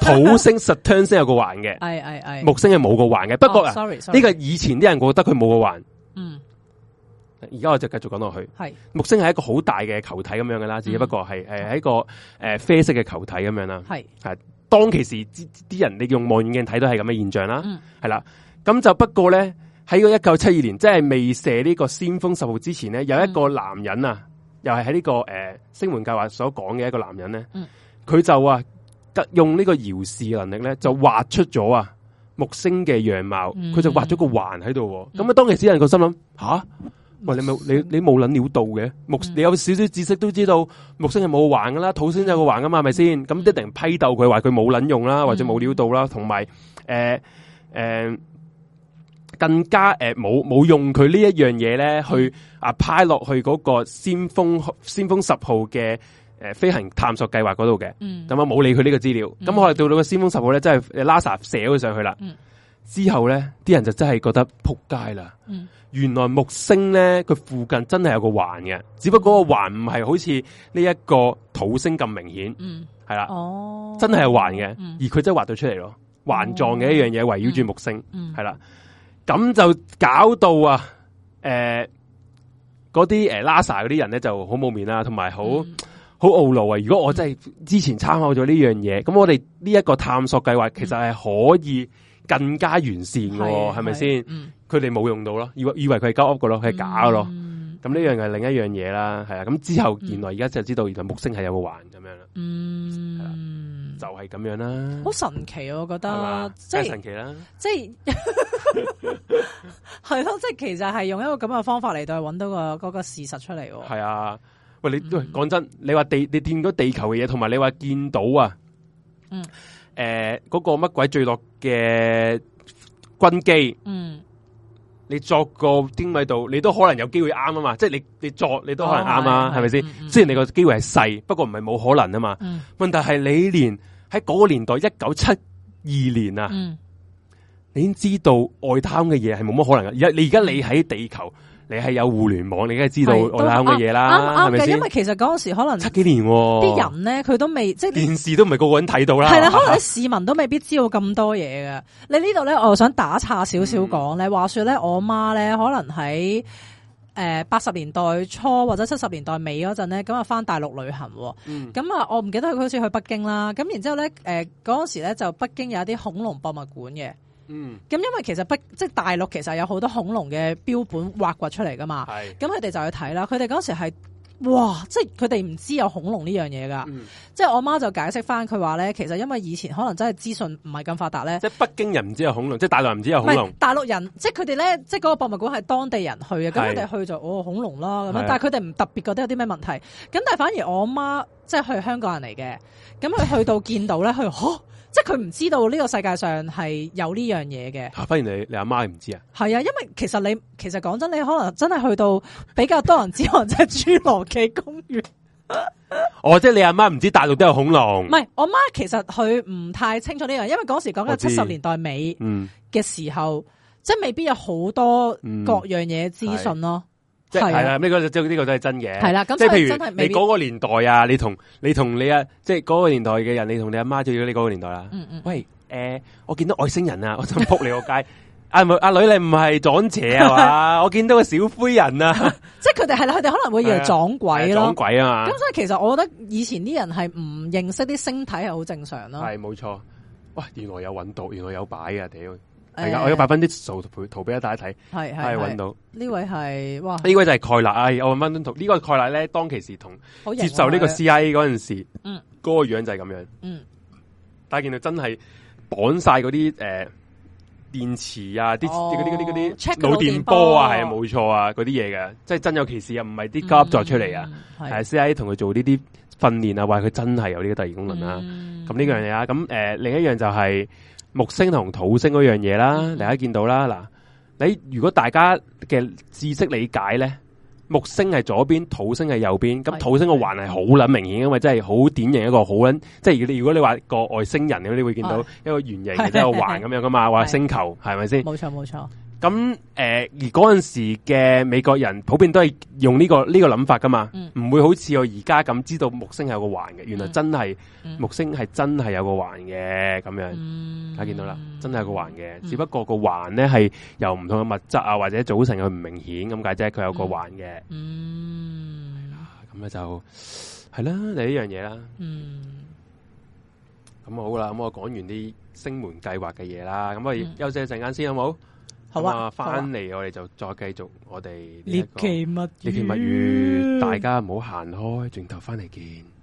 土星實際 星有個環嘅，係係係木星係冇個環嘅。不過 sorry，呢、哦、個以前啲人覺得佢冇個環，嗯。而家我就繼續講落去，係木星係一個好大嘅球體咁樣嘅啦，只不過係誒、嗯呃、個個誒、呃、啡色嘅球體咁樣啦。係係當其時啲人，你用望遠鏡睇到係咁嘅現象、嗯、啦。係啦，咁就不過咧喺個一九七二年，即係未射呢個先鋒十號之前咧，有一個男人啊、嗯，又係喺呢個誒、呃、星門計劃所講嘅一個男人咧，佢、嗯、就啊用呢個遙視能力咧就畫出咗啊木星嘅樣貌，佢就畫咗個環喺度。咁、嗯嗯、啊，當其時人個心諗吓。喂，你冇你你冇撚料到嘅木,你有少少知識都知道木星係冇環噶啦，土星就有個環噶嘛，係咪先？咁一定批鬥佢，話佢冇撚用啦，或者冇料到啦，同埋誒誒更加誒冇冇用佢呢一樣嘢咧去啊派落去嗰個先鋒先鋒十號嘅誒、呃、飛行探索計劃嗰度嘅，咁啊冇理佢呢個資料。咁我哋到到個先鋒十號咧，真係拉撒射咗上去啦、嗯。之後咧，啲人就真係覺得撲街啦。嗯原來木星咧，佢附近真係有個環嘅，只不過個環唔係好似呢一個土星咁明顯，係、嗯、啦、哦，真係有環嘅，而佢真係畫到出嚟咯，環狀嘅一樣嘢圍繞住木星，係、哦、啦，咁、嗯、就搞到啊，誒、呃，嗰啲誒拉薩嗰啲人咧就好冇面啦，同埋好好懊惱啊！如果我真係之前參考咗呢樣嘢，咁、嗯、我哋呢一個探索計劃其實係可以更加完善嘅，係咪先？佢哋冇用到咯，以以為佢係交屋個咯，佢係假咯。咁呢樣係另一樣嘢啦，係啊。咁之後原來而家、嗯、就知道，原來木星係有個環咁樣啦。嗯，是就係、是、咁樣啦。好神奇，啊，我覺得係真係神奇啦。即係，係咯，即係 其實係用一個咁嘅方法嚟到揾到個個事實出嚟。係啊，喂，你講、嗯、真，你話地你見到地球嘅嘢，同埋你話見到啊，嗯，誒、呃，嗰、那個乜鬼墜落嘅軍機，嗯。你作個經緯度，你都可能有機會啱啊嘛！即係你你作，你都可能啱啊，係咪先？雖然你個機會係細，不過唔係冇可能啊嘛、嗯。問題係你連喺嗰個年代一九七二年啊、嗯，你已經知道外貪嘅嘢係冇乜可能嘅。而你而家你喺地球。你係有互聯網，你梗係知道我啱嘅嘢啦，啱啱嘅，因為其實嗰陣時可能七幾年、啊，啲人咧佢都未即係電視都唔係個個人睇到啦。係啦，可能啲市民都未必知道咁多嘢嘅。 你呢度咧，我又想打岔少少講咧。嗯、話說咧，我媽咧可能喺誒八十年代初或者七十年代尾嗰陣咧，咁啊翻大陸旅行。咁啊，我唔記得佢好似去北京啦。咁然之後咧，誒嗰陣時咧就北京有一啲恐龍博物館嘅。嗯，咁因為其實北即係大陸其實有好多恐龍嘅標本挖掘出嚟噶嘛，咁佢哋就去睇啦。佢哋嗰時係哇，即係佢哋唔知有恐龍呢樣嘢噶。即係我媽就解釋翻佢話咧，其實因為以前可能真係資訊唔係咁發達咧，即係北京人唔知有恐龍，即係大陸人唔知有恐龍。大陸人即係佢哋咧，即係嗰個博物館係當地人去嘅。咁佢哋去就哦恐龍啦咁樣，但係佢哋唔特別覺得有啲咩問題。咁但係反而我媽即係去香港人嚟嘅，咁佢去到見到咧，佢 即係佢唔知道呢個世界上係有呢樣嘢嘅，反而你你阿媽唔知啊？係啊，啊，因為其實你其實講真，你可能真係去到比較多人知，可能就係侏羅紀公園。哦，即係你阿媽唔知大陸都有恐龍。唔係，我媽其實佢唔太清楚呢樣，因為嗰時講緊七十年代尾嘅時候，嗯、即係未必有好多各樣嘢資訊咯、嗯。即係啦，呢、啊啊這個就呢、這個這個都係真嘅。係啦、啊，咁即係譬如你嗰個年代啊，你同你同你啊即係嗰個年代嘅人，你同你阿媽就要你嗰個年代啦、啊。嗯嗯喂，誒、欸，我見到外星人啊，我就撲你個街。阿阿女，你唔係撞邪啊嘛？我見到個、啊、 小灰人啊。 即係佢哋係佢哋可能會以為撞鬼咯、啊。啊啊鬼啊嘛。咁所以其實我覺得以前啲人係唔認識啲星體係好正常咯、啊。係冇錯。哇！原來有揾到，原來有擺啊！屌。係、哎、噶、哎，我有擺翻啲圖圖俾大家睇，係係揾到呢位係哇，呢位就係蓋納啊！我揾翻張圖，呢個蓋納咧當其時同接受呢個 CIA 嗰陣時，嗯，個樣就係咁樣，嗯，但係見到真係綁晒嗰啲誒電池啊，啲啲嗰啲嗰啲腦電波啊，係冇錯啊，嗰啲嘢嘅，即係真有其事啊，唔係啲炒作出嚟啊，係 CIA 同佢做呢啲訓練啊，話佢真係有呢個第二功能啦，咁呢樣嘢啊，咁誒，另一樣就係、是。木星同土星嗰樣嘢啦，大家見到啦，嗱，你如果大家嘅知識理解咧，木星係左邊，土星係右邊，咁土星個環係好捻明顯，因為真係好典型一個好捻，即係如果你話個外星人，你會見到一個圓形嘅一個環咁樣噶嘛，話星球係咪先？冇錯冇錯。咁誒、呃，而嗰陣時嘅美國人普遍都係用呢、這個呢、這個諗法噶嘛，唔、嗯、會好似我而家咁知道木星係有個環嘅，原來真係、嗯、木星係真係有個環嘅咁樣，嗯、大家見到啦，真係有個環嘅、嗯，只不過個環咧係由唔同嘅物質啊或者組成佢唔明顯咁解啫，佢有個環嘅。嗯，係啦，咁咧就係啦，第一樣嘢啦。嗯。咁好啦，咁我講完啲星門計劃嘅嘢啦，咁我休息一陣間先好唔好？好啊，翻嚟、啊、我哋就再繼續、啊、我哋呢期物語，獵奇物語，大家唔好行開，轉頭翻嚟見。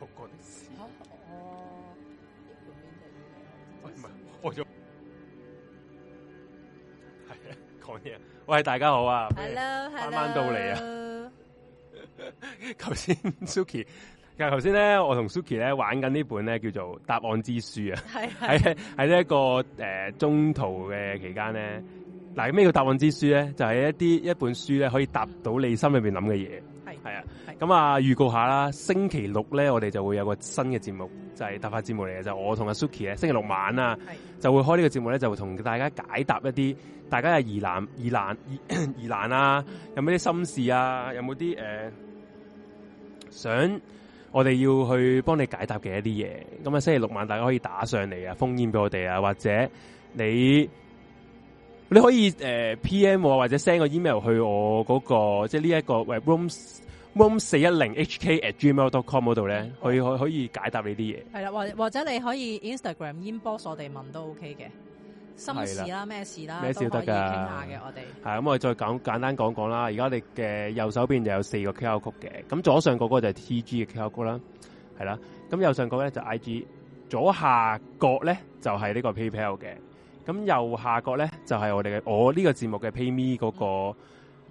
我過事。唔係啊，講嘢。喂，大家好啊。係咯，係咯、啊。慢慢到嚟啊。頭先 Suki，其實頭先咧，我同 Suki 咧玩緊呢本咧叫做《答案之書》啊、yes. 係喺呢一個誒、呃、中途嘅期間咧，嗱、mm-hmm. 咩叫答案之書咧？就係、是、一啲一本書咧，可以答到你心裏邊諗嘅嘢。係、yes. 係啊。咁啊，預告下啦！星期六咧，我哋就會有個新嘅節目，就係特發節目嚟嘅，就是、我同阿 Suki 咧，星期六晚啊，就會開呢個節目咧，就會同大家解答一啲大家嘅疑難、疑難、疑難啊！有冇啲心事啊？有冇啲、呃、想我哋要去幫你解答嘅一啲嘢？咁啊，星期六晚大家可以打上嚟啊，封煙俾我哋啊，或者你你可以、呃、P. M.、啊、或者 send 個 email 去我嗰、嗰個即係呢一個喂 Rooms。四一零 hk at gmail dot com 嗰度咧，佢可以可,以可以解答你啲嘢。係啦，或或者你可以 Instagram Inbox 我哋問都 OK 嘅。心事啦，咩事啦，咩事得噶？傾下嘅，我哋係咁，我哋再講簡單講講啦。而家你嘅右手邊就有四個 QR code 嘅，咁左上角嗰個就係 TG 嘅 QR code 啦，係啦。咁右上角咧就是、IG，左下角咧就係、是、呢個 PayPal 嘅，咁右下角咧就係我哋嘅我呢個節目嘅 PayMe 嗰個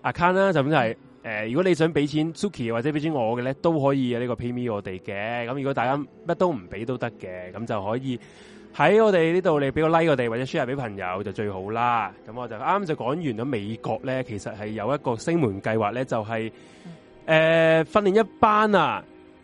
account 啦，就咁即係。誒、呃，如果你想俾錢 Suki 或者俾錢我嘅咧，都可以有呢個 PM 我哋嘅。咁如果大家乜都唔俾都得嘅，咁就可以喺我哋呢度，你俾個 like 我哋，或者 share 俾朋友就最好啦。咁我就啱啱就講完咗美國咧，其實係有一個星門計劃咧，就係誒訓練一班啊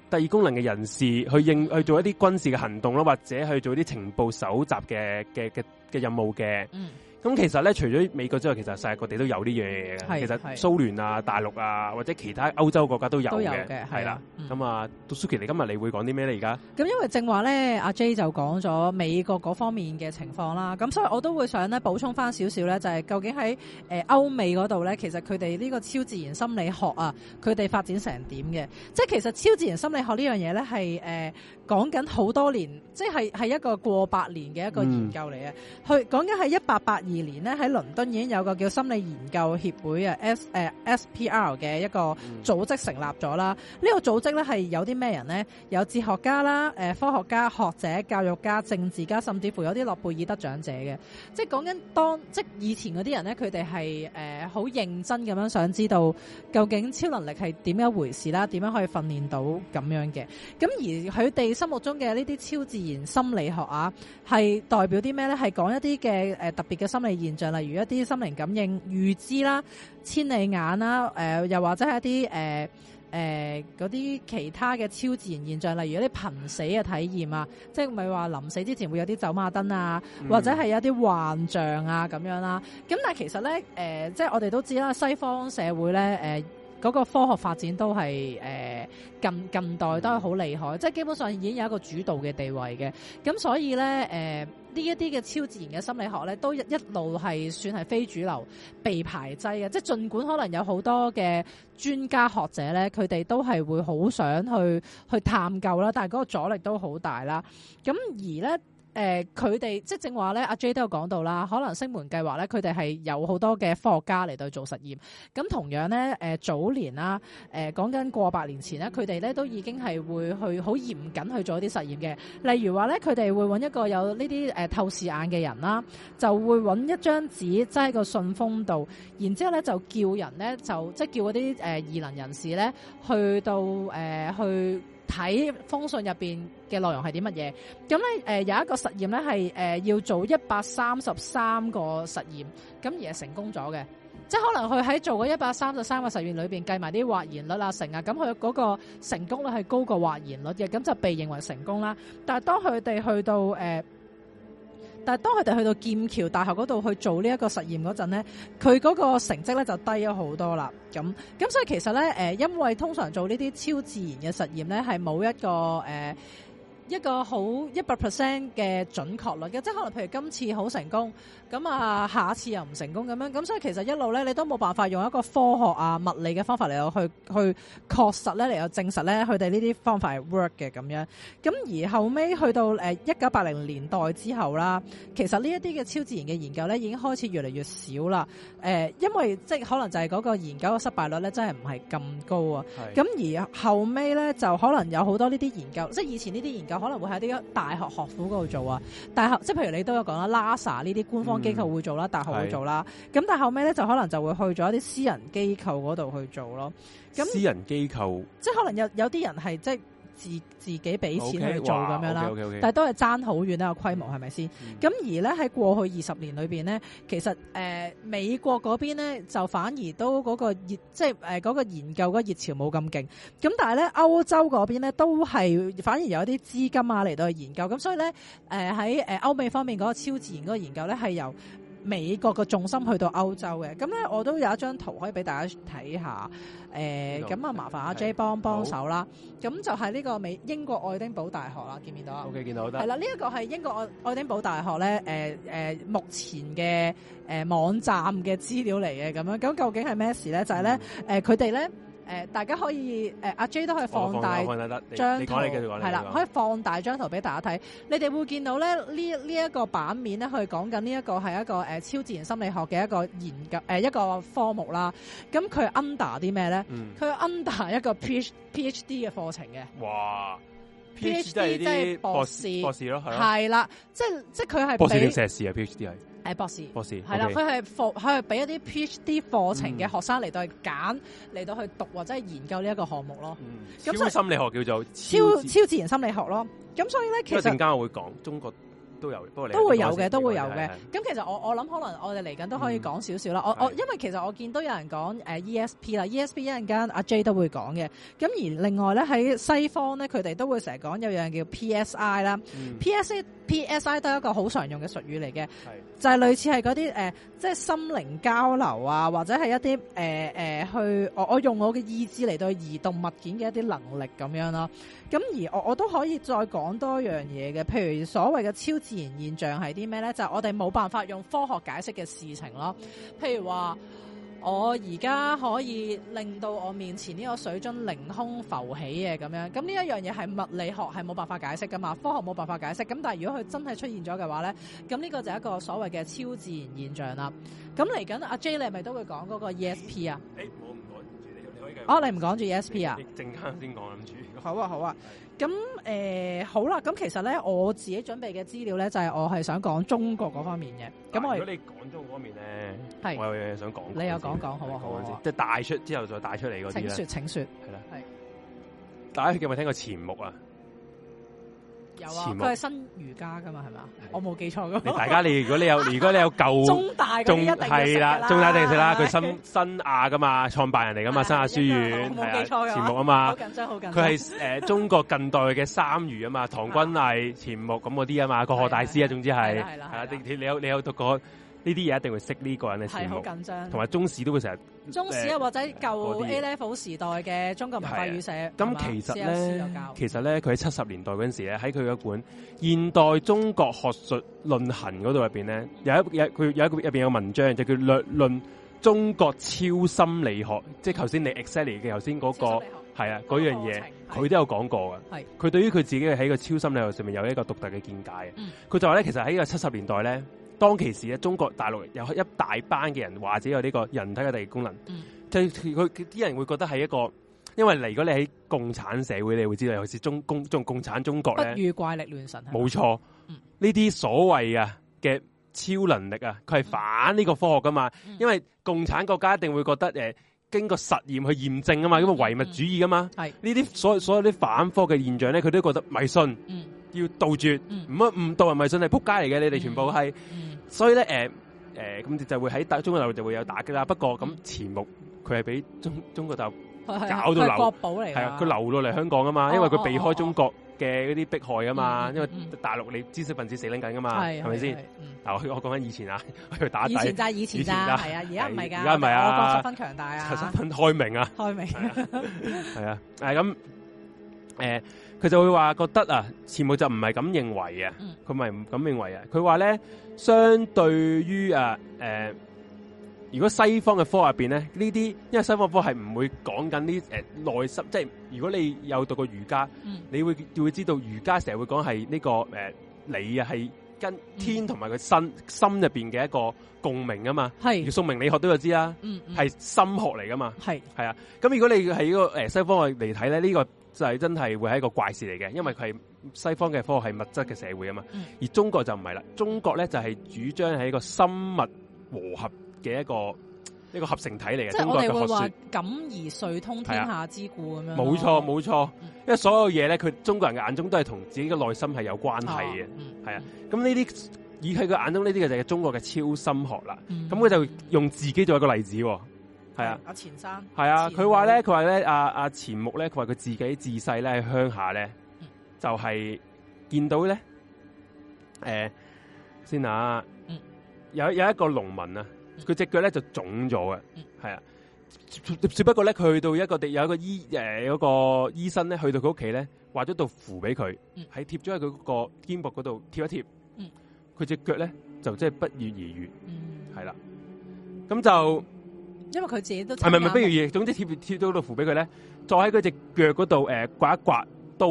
第二功能嘅人士去應去做一啲軍事嘅行動啦，或者去做啲情報搜集嘅嘅嘅嘅任務嘅。嗯咁其實咧，除咗美國之外，其實世界各地都有呢樣嘢嘅。其實蘇聯啊、大陸啊，或者其他歐洲國家都有嘅。係啦，咁啊，琪，嗯、到 Suki, 你今日你會講啲咩咧？而家咁因為正話咧，阿 J 就講咗美國嗰方面嘅情況啦。咁所以我都會想咧補充翻少少咧，就係究竟喺誒歐美嗰度咧，其實佢哋呢個超自然心理學啊，佢哋發展成點嘅？即係其實超自然心理學呢樣嘢咧，係誒講緊好多年，即係係一個過百年嘅一個研究嚟嘅。去講緊係一八八二年呢，喺倫敦已經有個叫心理研究協會啊，S、呃、S P R 嘅一個組織成立咗啦。呢、嗯、個組織呢，係有啲咩人呢？有哲學家啦，誒、呃、科學家、學者、教育家、政治家，甚至乎有啲諾貝爾得獎者嘅。即係講緊當即以前嗰啲人呢，佢哋係誒好認真咁樣想知道究竟超能力係點樣回事啦，點樣可以訓練到咁樣嘅。咁而佢哋你心目中嘅呢啲超自然心理學啊，係代表啲咩咧？係講一啲嘅誒特別嘅心理現象，例如一啲心靈感應預知啦、千里眼啦，誒、呃、又或者係一啲誒誒嗰啲其他嘅超自然現象，例如一啲瀕死嘅體驗啊，即係咪話臨死之前會有啲走馬燈啊、嗯，或者係一啲幻象啊咁樣啦、啊。咁但係其實咧，誒、呃、即係我哋都知啦，西方社會咧，誒、呃。嗰、那個科學發展都係誒、呃、近近代都係好厲害，即係基本上已經有一個主導嘅地位嘅，咁所以咧誒呢一啲嘅超自然嘅心理學咧，都一一路係算係非主流、被排擠嘅，即係儘管可能有好多嘅專家學者咧，佢哋都係會好想去去探究啦，但係嗰個阻力都好大啦，咁而咧。誒佢哋即係正話咧，阿 J 都有講到啦。可能星門計劃咧，佢哋係有好多嘅科學家嚟到做實驗。咁同樣咧、呃，早年啦，講、呃、緊過百年前咧，佢哋咧都已經係會去好嚴謹去做一啲實驗嘅。例如話咧，佢哋會揾一個有呢啲、呃、透視眼嘅人啦，就會揾一張紙擠喺個信封度，然之後咧就叫人咧就即叫嗰啲誒異能人士咧去到誒、呃、去。睇封信入邊嘅內容係啲乜嘢？咁咧，誒有一個實驗咧係誒要做一百三十三個實驗，咁而係成功咗嘅。即係可能佢喺做嗰一百三十三個實驗裏邊計埋啲或然率啊、成啊，咁佢嗰個成功率係高過或然率嘅，咁就被認為成功啦。但係當佢哋去到誒。但係當佢哋去到劍橋大學嗰度去做呢一個實驗嗰陣咧，佢嗰個成績咧就低咗好多啦。咁咁所以其實咧，誒因為通常做呢啲超自然嘅實驗咧，係冇一個誒一個好一百 percent 嘅準確率嘅，即係可能譬如今次好成功。咁啊，下一次又唔成功咁樣，咁所以其實一路咧，你都冇辦法用一個科學啊、物理嘅方法嚟到去去確實咧，嚟到證實咧佢哋呢啲方法係 work 嘅咁樣。咁而後尾去到誒一九八零年代之後啦，其實呢一啲嘅超自然嘅研究咧，已經開始越嚟越少啦。誒因為即係可能就係嗰個研究嘅失敗率咧，真係唔係咁高啊。咁而後尾咧，就可能有好多呢啲研究，即係以前呢啲研究可能會喺啲大學學府嗰度做啊。大學即係譬如你都有講啦 Lhasa 呢啲官方、嗯。機構會做啦，大學會做啦，咁但後尾咧就可能就會去咗一啲私人機構嗰度去做咯。咁私人機構即係可能有有啲人係即。自自己俾錢去做咁樣啦，但都係爭好遠啦，個規模係咪先？咁、嗯嗯、而咧喺過去二十年裏面咧，其實誒、呃、美國嗰邊咧就反而都嗰、嗰個熱，即係嗰個研究嗰個熱潮冇咁勁。咁但係咧歐洲嗰邊咧都係反而有一啲資金啊嚟到去研究。咁所以咧誒喺誒歐美方面嗰個超自然嗰個研究咧係由美國嘅重心去到歐洲嘅，咁咧我都有一張圖可以俾大家睇下，誒、呃，咁啊，麻煩阿 J 幫幫手啦，咁就係呢個美英國愛丁堡大學啦，見唔見到啊？OK，見到得。係啦，呢一個係英國愛愛丁堡大學咧，誒、呃、誒、呃、目前嘅誒、呃、網站嘅資料嚟嘅，咁樣咁究竟係咩事咧？就係、是、咧，誒佢哋咧。呃誒、呃、大家可以誒阿 J 都可以放大張圖，係、哦、啦，可以放大張圖俾大家睇。你哋會見到咧呢呢一、這個版面咧，佢講緊呢一個係一個誒超自然心理學嘅一個研究誒、呃、一個科目啦。咁佢 under 啲咩咧？佢、嗯、under 一個 PhD 嘅課程嘅。哇！PhD 即係博、就是、博士，博士咯，係啦，即係即係佢係博士定碩士啊？PhD 係誒博士，博士係啦，佢係、okay、課，佢係俾一啲 PhD 課程嘅學生嚟到去揀，嚟到去讀或者係研究呢一個項目咯。咁所以心理學叫做超超自然心理學咯。咁所以咧，其實一陣間我會講中國都有，不過嚟都會有嘅，都會有嘅。咁其實我我諗可能我哋嚟緊都可以講少少啦。我我因為其實我見到有人講誒 ESP 啦，ESP 一陣間阿 J 都會講嘅。咁而另外咧喺西方咧，佢哋都會成日講有樣叫 PSI 啦、嗯、，PSI。Psi 都係一個好常用嘅術語嚟嘅，就係、係、類似係嗰啲即係心靈交流啊，或者係一啲、呃呃、去我我用我嘅意志嚟到移動物件嘅一啲能力咁樣咯。咁而我我都可以再講多樣嘢嘅，譬如所謂嘅超自然現象係啲咩咧？就係、係、我哋冇辦法用科學解釋嘅事情咯，譬如話。我而家可以令到我面前呢個水樽凌空浮起嘅咁樣，咁呢一樣嘢係物理學係冇辦法解釋噶嘛，科學冇辦法解釋。咁但係如果佢真係出現咗嘅話咧，咁呢個就係一個所謂嘅超自然現象啦。咁嚟緊阿 J 你係咪都會講嗰個 ESP 啊？誒、欸欸，我唔講住你，你可以繼續。哦、啊，你唔講住 ESP 啊？正間先講啦，唔好。啊，好啊。咁誒、啊呃，好啦、啊。咁其實咧，我自己準備嘅資料咧，就係、是、我係想講中國嗰方面嘅。咁我如果你方面咧，我有嘢想講，你有講講好唔、啊、好即係帶出之後再帶出嚟嗰啲咧。請說，請說。係啦，係。大家記有冇聽過錢穆啊？有啊，佢係新儒家噶嘛，係嘛？我冇記錯噶。大家如你如果你，如果你有，啊、如果你有舊中大仲係啦，中大定識啦。佢新新亞噶嘛，創辦人嚟噶嘛，新亞書院。我冇記錯錢穆啊嘛，佢係誒中國近代嘅三儒啊嘛，唐君毅、錢穆咁嗰啲啊嘛，國學大師啊，總之係係你有你有讀過。呢啲嘢，一定會識呢個人嘅，好緊張。同埋，中史都會成日中史啊，或者舊 A level 時代嘅中國文化與社。咁其實咧，其實咧，佢喺七十年代嗰陣時咧，喺佢嗰本《現代中國學術論衡》嗰度入邊咧，有一有佢有一入邊有文章就叫《略論中國超心理學》，即係頭先你 Excel 嘅頭先嗰、嗰個係啊嗰樣嘢，佢都有講過嘅係，佢對於佢自己喺個超心理學上面有一個獨特嘅見解。佢、嗯、就話咧，其實喺個七十年代咧。當其時咧，中國大陸有一大班嘅人或者有呢個人體嘅特異功能，即係佢啲人會覺得係一個，因為嚟如果你喺共產社會，你會知道，尤其是中共仲共產中國咧，不如怪力亂神，冇錯，呢、嗯、啲所謂啊嘅超能力啊，佢係反呢個科學噶嘛。嗯、因為共產國家一定會覺得誒、呃，經過實驗去驗證噶嘛，因為唯物主義噶嘛，係呢啲所所有啲反科嘅現象咧，佢都覺得迷信，嗯、要杜絕，唔啊唔杜啊迷信係撲街嚟嘅，你哋全部係。嗯嗯所以咧，誒、嗯、誒，咁、嗯嗯嗯嗯嗯、就會喺大中國大陸就會有打擊啦。不過咁前目佢係俾中中國大陸搞到流，係啊，佢、啊、流落嚟香港啊嘛，因為佢避開中國嘅嗰啲迫害啊嘛、嗯，因為大陸你知識分子在死拎緊啊嘛，係、嗯、咪先？嗱、嗯嗯，我講緊以前啊，去打以前就係以前咋，係啊，而家唔係㗎，我國十分強大啊，十分開明啊，開明係啊，係咁誒。 佢就會話覺得啊，前母就唔係咁認為啊，佢咪唔咁認為啊？佢話咧，相對於啊，誒、呃，如果西方嘅科入邊咧，呢啲因為西方科係唔會講緊呢誒內心，即係如果你有讀過儒家、嗯，你會會知道儒家成日會講係呢個誒、呃、理啊，係跟天同埋個心心入邊嘅一個共鳴啊嘛，係，宋明理學都有知啦、啊，係、嗯嗯、心學嚟噶嘛，係，係啊，咁如果你喺呢、這個誒、呃、西方嘅嚟睇咧，呢、這個。就係、是、真係會係一個怪事嚟嘅，因為佢係西方嘅科學係物質嘅社會啊嘛、嗯，而中國就唔係啦。中國咧就係、是、主張係一個心物和合嘅一個一個合成體嚟嘅。即係我哋會話感而遂通天下之故咁樣。冇錯，冇錯，因為所有嘢咧，佢中國人嘅眼中都係同自己嘅內心係有關係嘅。係啊，咁呢啲以佢佢眼中呢啲就係中國嘅超心學啦。咁、嗯、佢就用自己做一個例子、哦。係啊，阿錢生係啊，佢話咧，佢話咧，阿阿、啊啊、錢木咧，佢話佢自己自細咧喺鄉下咧、嗯，就係、是、見到咧，誒、欸，先啊，嗯、有有一個農民啊，佢、嗯嗯啊、隻腳咧就腫咗嘅，係啊，只不過咧佢去到一個地有一個醫誒、呃那個醫生咧去到佢屋企咧畫咗道符俾佢，喺貼咗喺佢嗰個肩膊嗰度貼一貼，佢隻腳咧就即係不藥而愈，係、嗯、啦，咁、啊、就。因為佢自己都係咪咪不如意，總之貼貼到嗰度符俾佢咧，再喺嗰隻腳嗰度誒刮一刮，到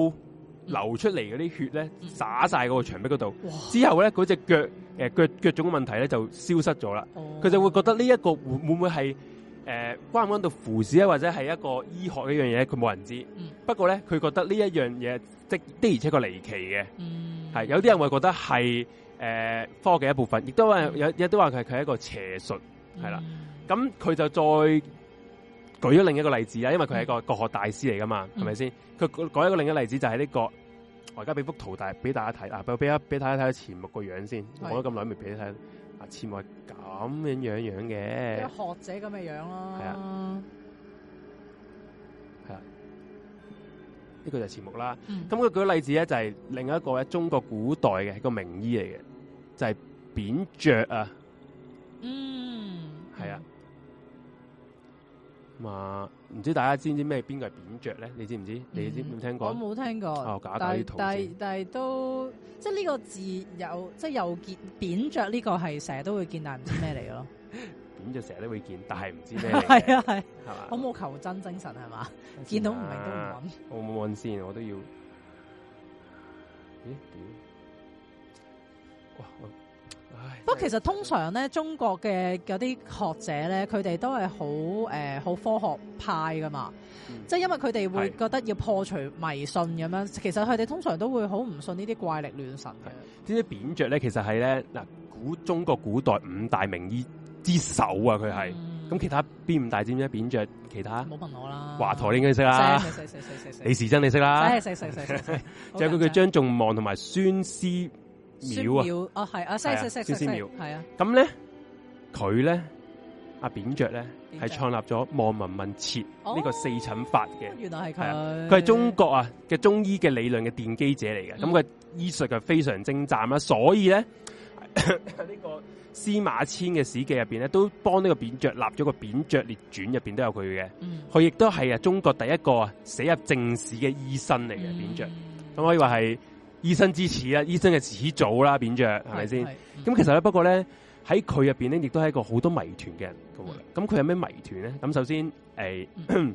流出嚟嗰啲血咧灑晒嗰個牆壁嗰度，之後咧嗰隻腳誒腳腳腫問題咧就消失咗啦。佢、哦、就會覺得呢一個會唔會係誒、呃、關唔關到符事咧，或者係一個醫學一樣嘢，佢冇人知、嗯。不過咧，佢覺得呢一樣嘢即的而且確離奇嘅，係、嗯、有啲人會覺得係誒、呃、科學嘅一部分，亦都話有有都話佢係佢一個邪術，係、嗯、啦。咁佢就再舉咗另一個例子啦，因為佢係一個國學大師嚟噶嘛，係咪先？佢舉舉一個另一個例子就係呢、這個，我而家俾幅圖大俾大家睇啊！俾俾啊俾睇一睇錢穆個樣先，我咁耐未俾你睇，啊錢穆咁樣樣樣嘅，學者咁嘅樣咯，係啊，係啊，呢、啊這個就係錢穆啦。咁、嗯、佢舉個例子咧就係另一個咧，中國古代嘅係個名醫嚟嘅，就係、是、扁鵲啊，嗯。嘛，唔知大家知唔知咩邊個係扁鵲咧？你知唔知？你知唔、嗯、聽過？我冇聽過。假、哦、但係但係都即係呢個字有，即係又見扁鵲呢個係成日都會見，但係唔知咩嚟嘅咯。扁鵲成日都會見，但係唔知咩。係啊係。係嘛？我冇求真精神係嘛？等等見到唔明都唔揾。我冇揾先，我都要。咦？點！哇！不過其實通常咧，中國嘅有啲學者咧，佢哋都係好誒，好、呃、科學派噶嘛，嗯、即係因為佢哋會覺得要破除迷信咁樣。其實佢哋通常都會好唔信呢啲怪力亂神嘅。扁著呢啲扁鵲咧，其實係咧嗱，古中國古代五大名醫之首啊，佢係。咁、嗯、其他邊五大知唔知扁鵲？其他？冇問我華佗啦。華、嗯、佗你應該識啦。李時珍你識啦。係係係。仲 有嗰個張仲望同埋孫思。廟啊，哦係啊，西西廟係啊，咁咧佢咧阿扁鵲咧係創立咗望聞問切呢、哦這個四診法嘅，原來係佢，佢係、啊、中國啊嘅中醫嘅理論嘅奠基者嚟嘅，咁、嗯、佢醫術係非常精湛啦、啊，所以咧呢 個司馬遷嘅史記入邊咧都幫呢個扁鵲立咗個扁鵲列傳入邊都有佢嘅，佢亦都係啊中國第一個啊寫入正史嘅醫生嚟嘅扁鵲，咁可以話係。醫生之始啊，醫生嘅始祖啦，扁鵲，係咪先？咁其實咧，不過咧喺佢入邊咧，亦都係一個好多謎團嘅人咁。佢有咩謎團咧？咁首先，誒、哎、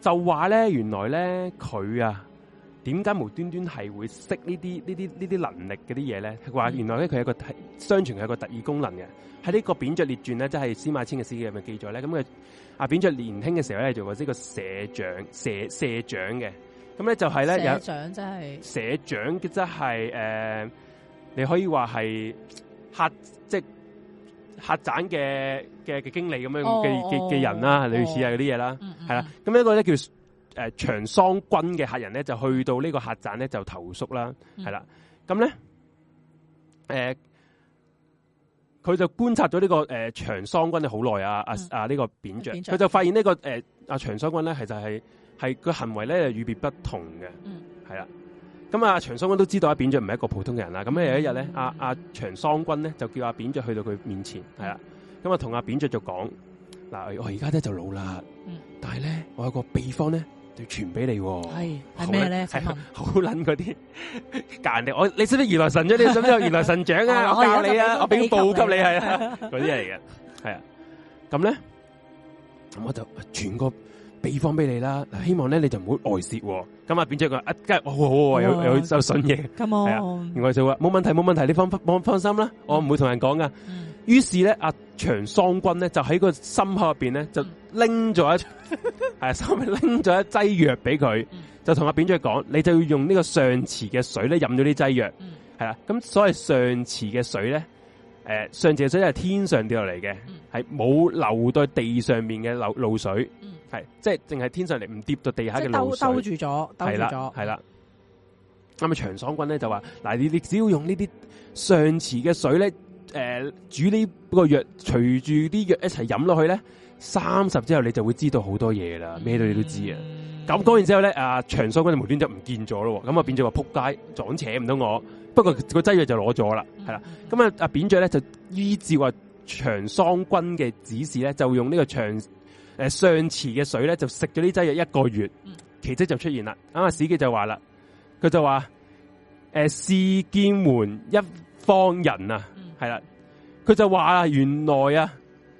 就話咧，原來咧佢啊，點解無端端係會識呢啲呢啲呢啲能力嗰啲嘢咧？話、嗯、原來咧佢係個傳相傳係個特異功能嘅。喺呢個《扁鵲列傳》咧，即係司馬遷嘅史記入面記載咧。咁、嗯、佢，阿扁鵲年輕嘅時候咧，就做咗個社長，社社長嘅。咁咧就係咧有社長、就是，即係社長嘅、就是，即係誒，你可以話係客即客棧嘅嘅嘅經理咁樣嘅嘅嘅人啦，類似下嗰啲嘢啦，係、哦、啦。咁、哦嗯嗯、呢個咧叫誒、呃、長桑君嘅客人咧，就去到呢個客棧咧就投宿啦，係、嗯、啦。咁咧誒，佢、呃、就觀察咗呢、這個誒、呃、長桑君好耐啊啊啊！呢、這個扁鵲，佢就發現呢、這個誒阿、呃啊、長桑君咧，其實係。係個行為咧，係與別不同嘅。係、嗯、啦，咁、啊、阿長桑君都知道阿、啊、扁鵲唔係一個普通嘅人啦。咁啊有一日咧，阿、嗯、阿、啊啊、長桑君咧就叫阿、啊、扁鵲去到佢面前，係、嗯、啦。咁啊同阿扁鵲就講：嗱、啊，我而家咧就老啦，嗯、但係咧我有個秘方咧，就傳俾你。係係咩咧？係好捻嗰啲教人哋。我你識唔識如來神掌、啊？ 你識唔識如來神掌啊？ 我教你啊！我俾秘笈你係啊，嗰啲嚟嘅。係 啊是的，咁 咧，咁我就傳個。秘方俾你啦，嗱，希望咧你就唔好外泄。咁、嗯嗯、啊，扁鵲話：一今好好喎，有有有、啊、有信嘢，係啊。我就話冇問題，冇問題，你放放放心啦，我唔會同人講噶。於、嗯、是咧，阿、啊、長桑君咧就喺個心口入邊咧就拎咗一係，稍微拎咗一劑藥俾佢，就同阿扁鵲講：你就要用呢個上池嘅水咧，飲咗啲劑藥。係、嗯、啦，咁、啊、所謂上池嘅水咧，誒、呃，上池嘅水係天上掉落嚟嘅，係、嗯、冇流到地上面嘅露，露水。係，即係淨係天上嚟，唔跌到地下嘅露水，兜兜住咗，係啦，係啦。咁啊，嗯、長桑君咧就話：嗱，你你只要用池呢啲上池嘅水咧，誒、呃，煮個藥個藥呢個藥，隨住啲藥一齊飲落去咧，三十之後你就會知道好多嘢啦，咩都你都知嘅。咁、嗯、講完之後咧，阿、啊、長桑君就無端端唔見咗咯，咁啊變咗話扑街，撞扯唔到我。不過個劑藥就攞咗啦，係啦。咁、嗯嗯、啊，阿扁鵲咧就依照阿長桑君嘅指示咧，就用呢個長。誒、呃，上池嘅水咧就食咗呢劑藥一個月，嗯、奇蹟就出現啦。啊，史記就話啦，佢就話誒，視見垣一方人啊，係、嗯、啦，佢就話原來啊，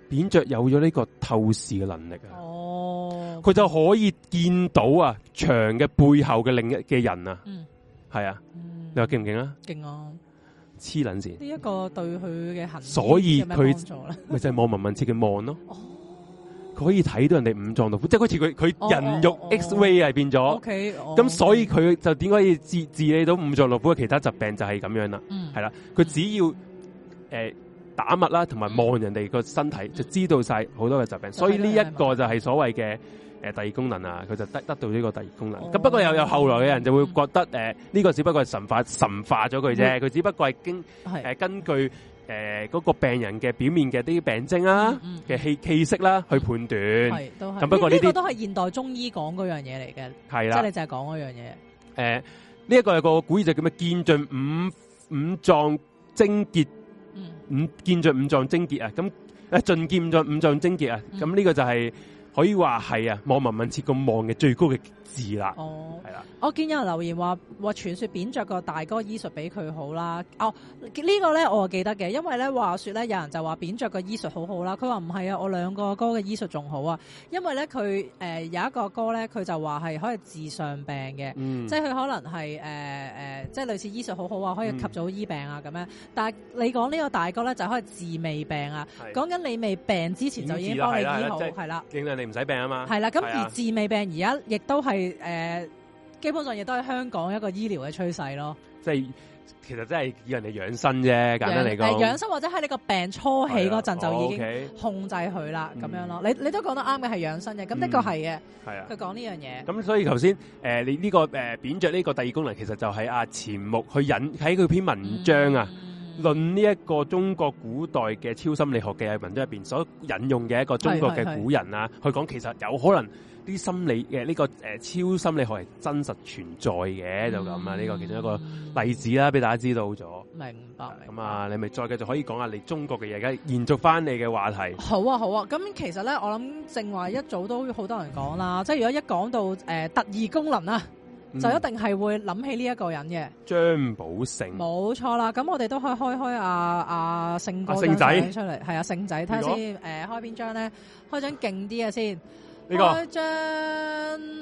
扁鵲有咗呢個透視嘅能力啊，哦，佢就可以見到啊牆嘅背後嘅另一嘅人啊，嗯，係、嗯、啊，你話勁唔勁啊？勁啊！黐撚線呢一個對佢嘅行，所以佢咪就係望聞問切嘅望咯。哦佢可以睇到人哋五臟六腑，即係好似佢佢人肉 X-ray 係變咗，咁、oh, oh, oh, oh. okay, oh, okay. 所以佢就點可以治治理到五臟六腑嘅其他疾病就係咁樣啦，係、mm. 啦，佢只要誒、呃、打脈啦，同埋望人哋個身體、mm. 就知道晒好多嘅疾病，所以呢一個就係所謂嘅誒第二功能啊，佢就得得到呢個第二功能。咁、oh. 不過又有，有後來嘅人就會覺得誒呢、呃這個只不過係神化神化咗佢啫，佢、mm. 只不過係經誒、呃、根據。誒、呃，嗰、那個病人嘅表面嘅啲病徵啊，嘅氣氣息啦、啊嗯，去判斷。係、嗯這個、都係。咁不過呢啲都係現代中醫講嗰樣嘢嚟嘅。係啦，即係你就係講嗰樣嘢。誒、呃，呢、這個、一個係個古語就叫咩？見盡五五臟精結，嗯，五見盡五臟精結啊。咁誒，盡見五五臟精結啊。咁呢個就係、是。可以話係啊望聞問切咁望嘅最高嘅字啦。哦，係啦。我見有人留言話話傳說扁鵲個大哥醫術比佢好啦。哦，這個、呢個咧我記得嘅，因為咧話說咧有人就話扁鵲個醫術好好啦。佢話唔係啊，我兩個哥嘅醫術仲好啊。因為咧佢誒有一個哥咧，佢就話係可以治上病嘅、嗯呃呃，即係佢可能係誒誒，即係類似醫術好好啊，可以及早醫病啊咁、嗯、樣。但係你講呢個大哥咧就可以治未病啊，講緊你未病之前就已經幫你醫好，係啦。你唔使病啊嘛，係啦。咁而治未病，而家亦都係誒、呃，基本上亦都係香港一個醫療嘅趨勢咯。即、就、係、是、其實真係要人哋養生啫，簡單嚟講，養生或者喺你個病初起嗰陣就已經控制佢啦，咁、哦 okay、樣咯。你你都講得啱嘅係養生嘅，咁的確係嘅。係、嗯、啊，佢講呢樣嘢。咁所以頭先誒，你呢、這個誒、呃、扁着呢個第二功能，其實就係阿、啊、錢穆去引喺佢篇文章啊。嗯論呢一個中國古代嘅超心理學嘅文章入面所引用嘅一個中國嘅古人啊，去講其實有可能啲心理嘅呢個超心理學係真實存在嘅，就咁啊！呢個其中一個例子啦，俾大家知道咗。明白。咁啊，你咪再繼續可以講下你中國嘅嘢，而家延續翻你嘅話題。好啊，好啊！咁其實咧，我諗正話一早都好多人講啦，嗯、即係如果一講到誒特異功能啊。就一定係會諗起呢一個人嘅張寶勝，冇錯啦。咁我哋都可以開開阿阿勝哥嘅出嚟，係啊，勝、啊啊、仔，睇下、啊、先。誒、呃，開邊張咧？開張勁啲嘅先。呢、這個張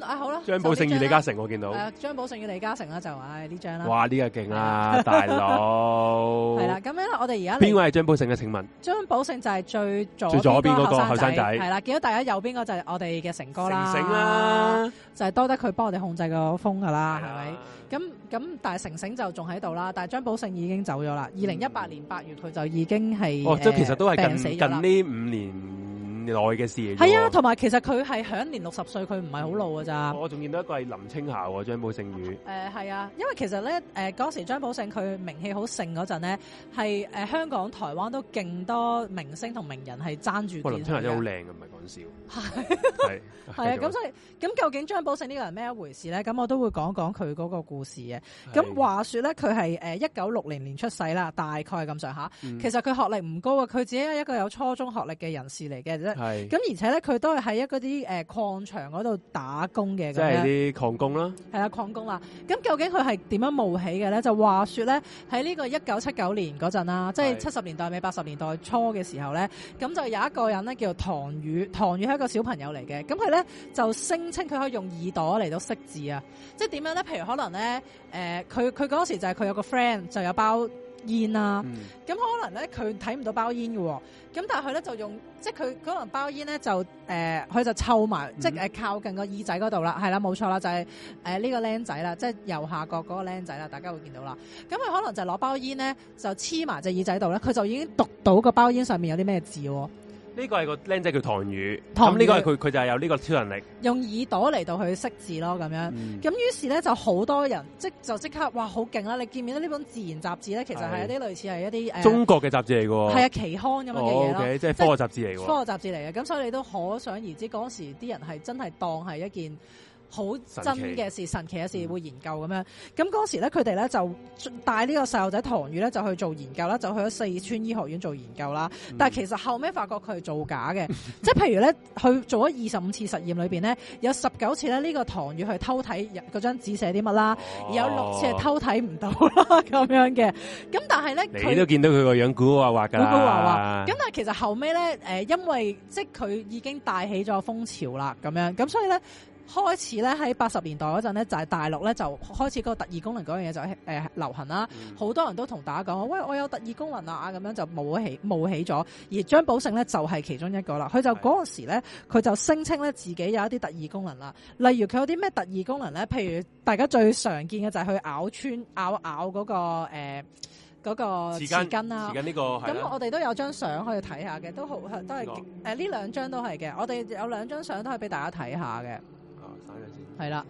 啊好啦，張寶勝與李嘉誠我見到，張、啊、寶勝與李嘉誠啦就唉呢張啦，哇呢、這個勁啦 大佬，係啦咁樣，我哋而家邊位係張寶勝嘅？請問張寶勝就係最左最左邊嗰個後生仔，係啦，見到大家右邊嗰就係我哋嘅成哥啦，成成啦就係、是、多得佢幫我哋控制個風噶啦，係咪？咁咁但係成成就仲喺度啦，但係張寶勝已經走咗啦。二零一八年八月佢就已經係、嗯、哦，即係其實都係近近呢五年。內嘅事係啊，同埋其實佢係享年六十歲，佢唔係好老噶咋、嗯。我仲見到一個係林青霞，張寶勝宇、嗯。誒、呃，係啊，因為其實咧，誒、呃，嗰時張寶勝佢名氣好盛嗰陣咧，係誒、呃、香港、台灣都勁多明星同名人係爭住。林青霞真係好靚噶，唔係係 啊，咁所以咁究竟張寶勝呢個人咩一回事咧？咁我都會講講佢嗰個故事嘅。咁話說咧，佢係一九六零年出世啦，大概咁上下。其實佢學歷唔高啊，佢自己係一個有初中學歷嘅人士嚟嘅啫。咁，而且咧佢都係喺嗰啲誒礦場嗰度打工嘅，即係啲礦工啦。係啊，礦工啦。咁究竟佢係點樣冒起嘅咧？就話說咧，喺呢個一九七九年嗰陣啦，即係七十年代尾八十年代初嘅時候咧，咁就有一個人咧叫唐宇。唐雨係一個小朋友嚟嘅，咁佢咧就聲稱佢可以用耳朵嚟到識字啊！即係點樣咧？譬如可能咧，誒、呃，佢佢嗰時就係佢有個 friend 就有包煙啦、啊，咁、嗯、可能咧佢睇唔到包煙嘅、啊，咁但係咧就用，即係佢可能包煙咧就誒，佢、呃、就抽埋，嗯、即係誒靠近個耳仔嗰度啦，係啦、啊，冇錯啦，就係誒呢個僆仔啦，即、就、係、是、右下角嗰個僆仔啦，大家會見到啦。咁佢可能就攞包煙咧就黐埋隻耳仔度咧，佢就已經讀到個包煙上面有啲咩字、啊。呢、這個係個靚仔叫唐宇，咁，呢個係佢，佢就係有呢個超能力，用耳朵嚟到去識字咯，咁樣，咁、嗯、於是咧就好多人即就即刻哇，好勁啦！你見唔見到呢本自然雜誌咧？其實係一啲類似係一啲、呃、中國嘅雜誌嚟㗎，係啊，期刊咁樣嘅嘢咯，哦、okay，即係科學雜誌嚟㗎，科學雜誌嚟嘅、啊，咁所以你都可想而知嗰時啲人係真係當係一件。好真嘅事，神奇嘅事會研究咁樣。咁嗰時咧，佢哋咧就帶呢個細路仔唐禹咧，就去做研究啦，就去咗四川醫學院做研究啦。嗯、但係其實後尾發覺佢係造假嘅。嗯、即係譬如咧，佢做咗二十五次實驗裏邊咧，有十九次咧呢個唐禹去偷睇嗰張紙寫啲乜啦，哦、而有六次係偷睇唔到啦咁、哦、 樣嘅。咁但係咧，你都見到佢個樣古古惑惑噶古古惑惑。咁但係其實後尾咧，誒，因為即係佢已經帶起咗風潮啦，咁樣。咁所以咧。開始咧喺八十年代嗰陣咧，就係大陸咧就開始嗰個特異功能嗰樣嘢就流行啦。好、嗯、多人都同大家講，喂，我有特異功能啊！咁樣就冒起冒起咗。而張寶勝呢，就係其中一個啦。佢就嗰陣時咧，佢就聲稱咧自己有一啲特異功能啦。例如佢有啲咩特異功能咧？譬如大家最常見嘅就係去咬穿咬咬嗰、那個誒嗰、呃那個匙羹啦。呢、這個，咁我哋都有張相可以睇下嘅，都好都係呢、這個啊、兩張都係嘅。我哋有兩張相都可以俾大家睇下嘅。係啦，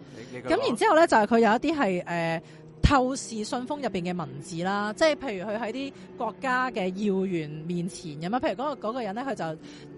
咁然之後咧就係佢有一啲係誒透視信封入邊嘅文字啦，即係譬如佢喺啲國家嘅要員面前咁樣，譬如嗰個個人咧，佢就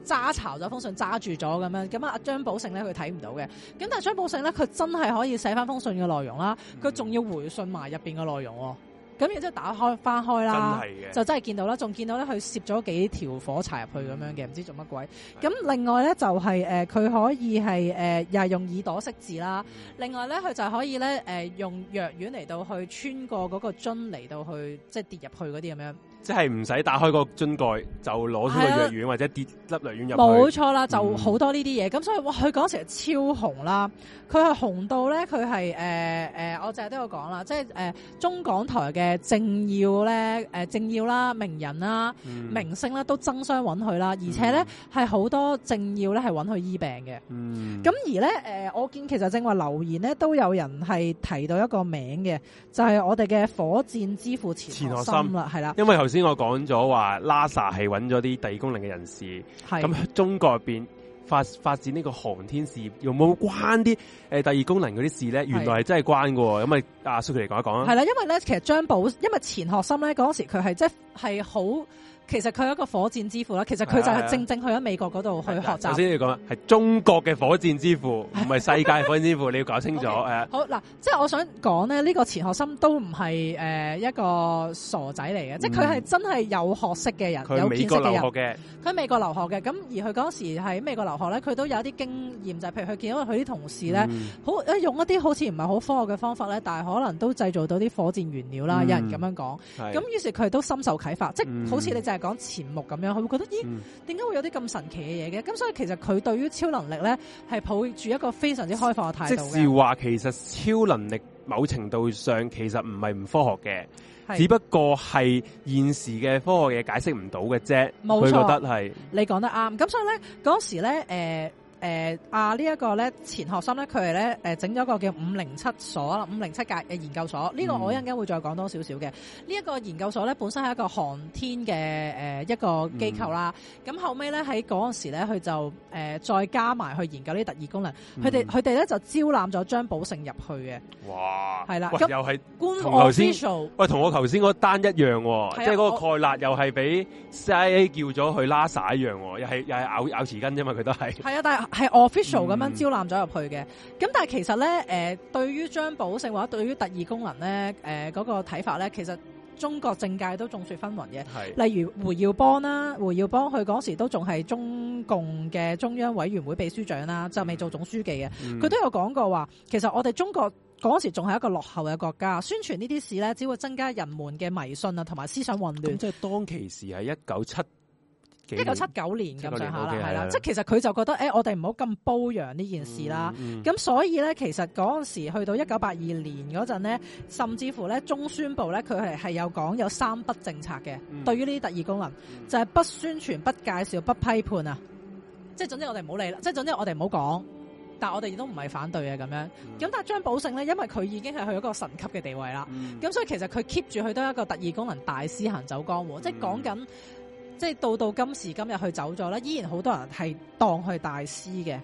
揸巢咗封信，揸住咗咁樣，咁啊張寶勝咧，佢睇唔到嘅，咁但係張寶勝咧，佢真係可以寫翻封信嘅內容啦，佢仲要回信埋入邊嘅內容。咁亦都打開翻開啦，真的的就真係見到啦，仲見到咧佢攝咗幾條火柴入去咁樣嘅，唔知做乜鬼。咁另外咧就係、誒、佢、呃、可以係誒，又、呃、係用耳朵識字啦。另外咧，佢就係可以咧、呃、用藥丸嚟到去穿過嗰個樽嚟到去，即係跌入去嗰啲咁樣。即係唔使打開個樽蓋就攞咗個藥丸，啊、或者跌粒藥丸入去。冇錯啦，嗯、就好多呢啲嘢。咁、嗯、所以佢講成超紅啦。佢係紅到咧，佢係誒我成係都有講啦。即、就、係、是呃、中港台嘅政要咧、呃、政要啦、名人啦、嗯、明星啦，都爭相揾佢啦。而且咧係好多政要咧係揾佢醫病嘅。咁、嗯、而咧、呃、我見其實正話留言咧都有人係提到一個名嘅，就係、是、我哋嘅火箭之父錢學森啦。係啦，因為先我講咗話，NASA 係揾咗啲第二功能嘅人士，咁中國入邊發發展呢個航天事業，有冇關啲第二功能嗰啲事咧？原來是真的係真係關嘅喎，咁咪阿 Suki 嚟講一講啦。係啦，因為咧，其實張寶，因為錢學森咧，嗰時佢係即係係好。就是其實佢一個火箭之父啦，其實佢就係正正去咗美國嗰度去學習。首先要講，係中國嘅火箭之父，唔係世界火箭之父， 你要搞清楚。Okay, 好嗱，即係我想講呢，呢、呢個錢學森都唔係誒一個傻仔嚟嘅、嗯，即係佢係真係有學識嘅人，有見識嘅人。佢喺美國留學嘅。咁而佢嗰時喺美國留學咧，佢都有一啲經驗，就係譬如佢見到佢啲同事咧、嗯，好用一啲好似唔係好科學嘅方法咧，但係可能都製造到啲火箭原料啦、嗯。有人咁樣講，咁於是佢都深受啟發，即好似、嗯、你係講前目咁樣，佢會覺得咦，點解會有啲咁神奇嘅嘢嘅？咁所以其實佢對於超能力咧，係抱住一個非常之開放嘅態度。即是話，其實超能力某程度上其實唔係唔科學嘅，是只不過係現時嘅科學嘢解釋唔到嘅啫。冇錯，覺得係你講得啱。咁所以咧，嗰時咧，誒。誒、呃、啊！這個、呢一個咧，錢學森咧，佢哋咧整咗個叫五零七所啦，五零七屆嘅研究所。呢、嗯，這個我一陣間會再講多少少嘅。呢、這、一個研究所咧，本身係一個航天嘅誒、呃、一個機構啦。咁、嗯、後尾咧，喺嗰陣時咧，佢就誒、呃、再加埋去研究啲特異功能。佢哋佢哋咧就招攬咗張寶勝入去嘅。哇！係啦，又係官方。喂，同我頭先嗰單一樣、哦，即係嗰個蓋勒又係俾 CIA 叫咗去拉薩一樣、哦，又係又係咬咬匙羹啫嘛，佢都係啊，但係。係 official 咁樣招攬咗入去嘅，咁但係其實咧，誒，對於張寶勝或者對於特異功能咧，誒，嗰個睇法咧，其實中國政界都眾說紛紜嘅。係，例如胡耀邦啦，胡耀邦佢嗰時都仲係中共嘅中央委員會秘書長啦，就未做總書記嘅，佢、嗯、都有講過話，其實我哋中國嗰時仲係一個落後嘅國家，宣傳呢啲事咧，只會增加人們嘅迷信啊，同埋思想混亂。咁即係當其時係一九七。一九七九年咁上下啦，係啦，即係其實佢就覺得誒、欸，我哋唔好咁褒揚呢件事啦。咁、嗯嗯、所以咧，其實嗰陣時去到一九八二年嗰陣咧，甚至乎咧中宣部咧，佢係係有講有三不政策嘅，對於呢啲特異功能，嗯、就係、是、不宣傳、嗯、不介紹、不批判啊。即係總之我哋唔好理啦，即係總之我哋唔好講，但係我哋亦都唔係反對啊。咁樣。咁、嗯、但係張寶勝咧，因為佢已經係去咗一個神級嘅地位啦，咁、嗯、所以其實佢 keep 住去都一個特異功能大師行走江湖，即係講緊。就是即係到到今時今日佢走咗啦，依然好多人係當佢大師嘅。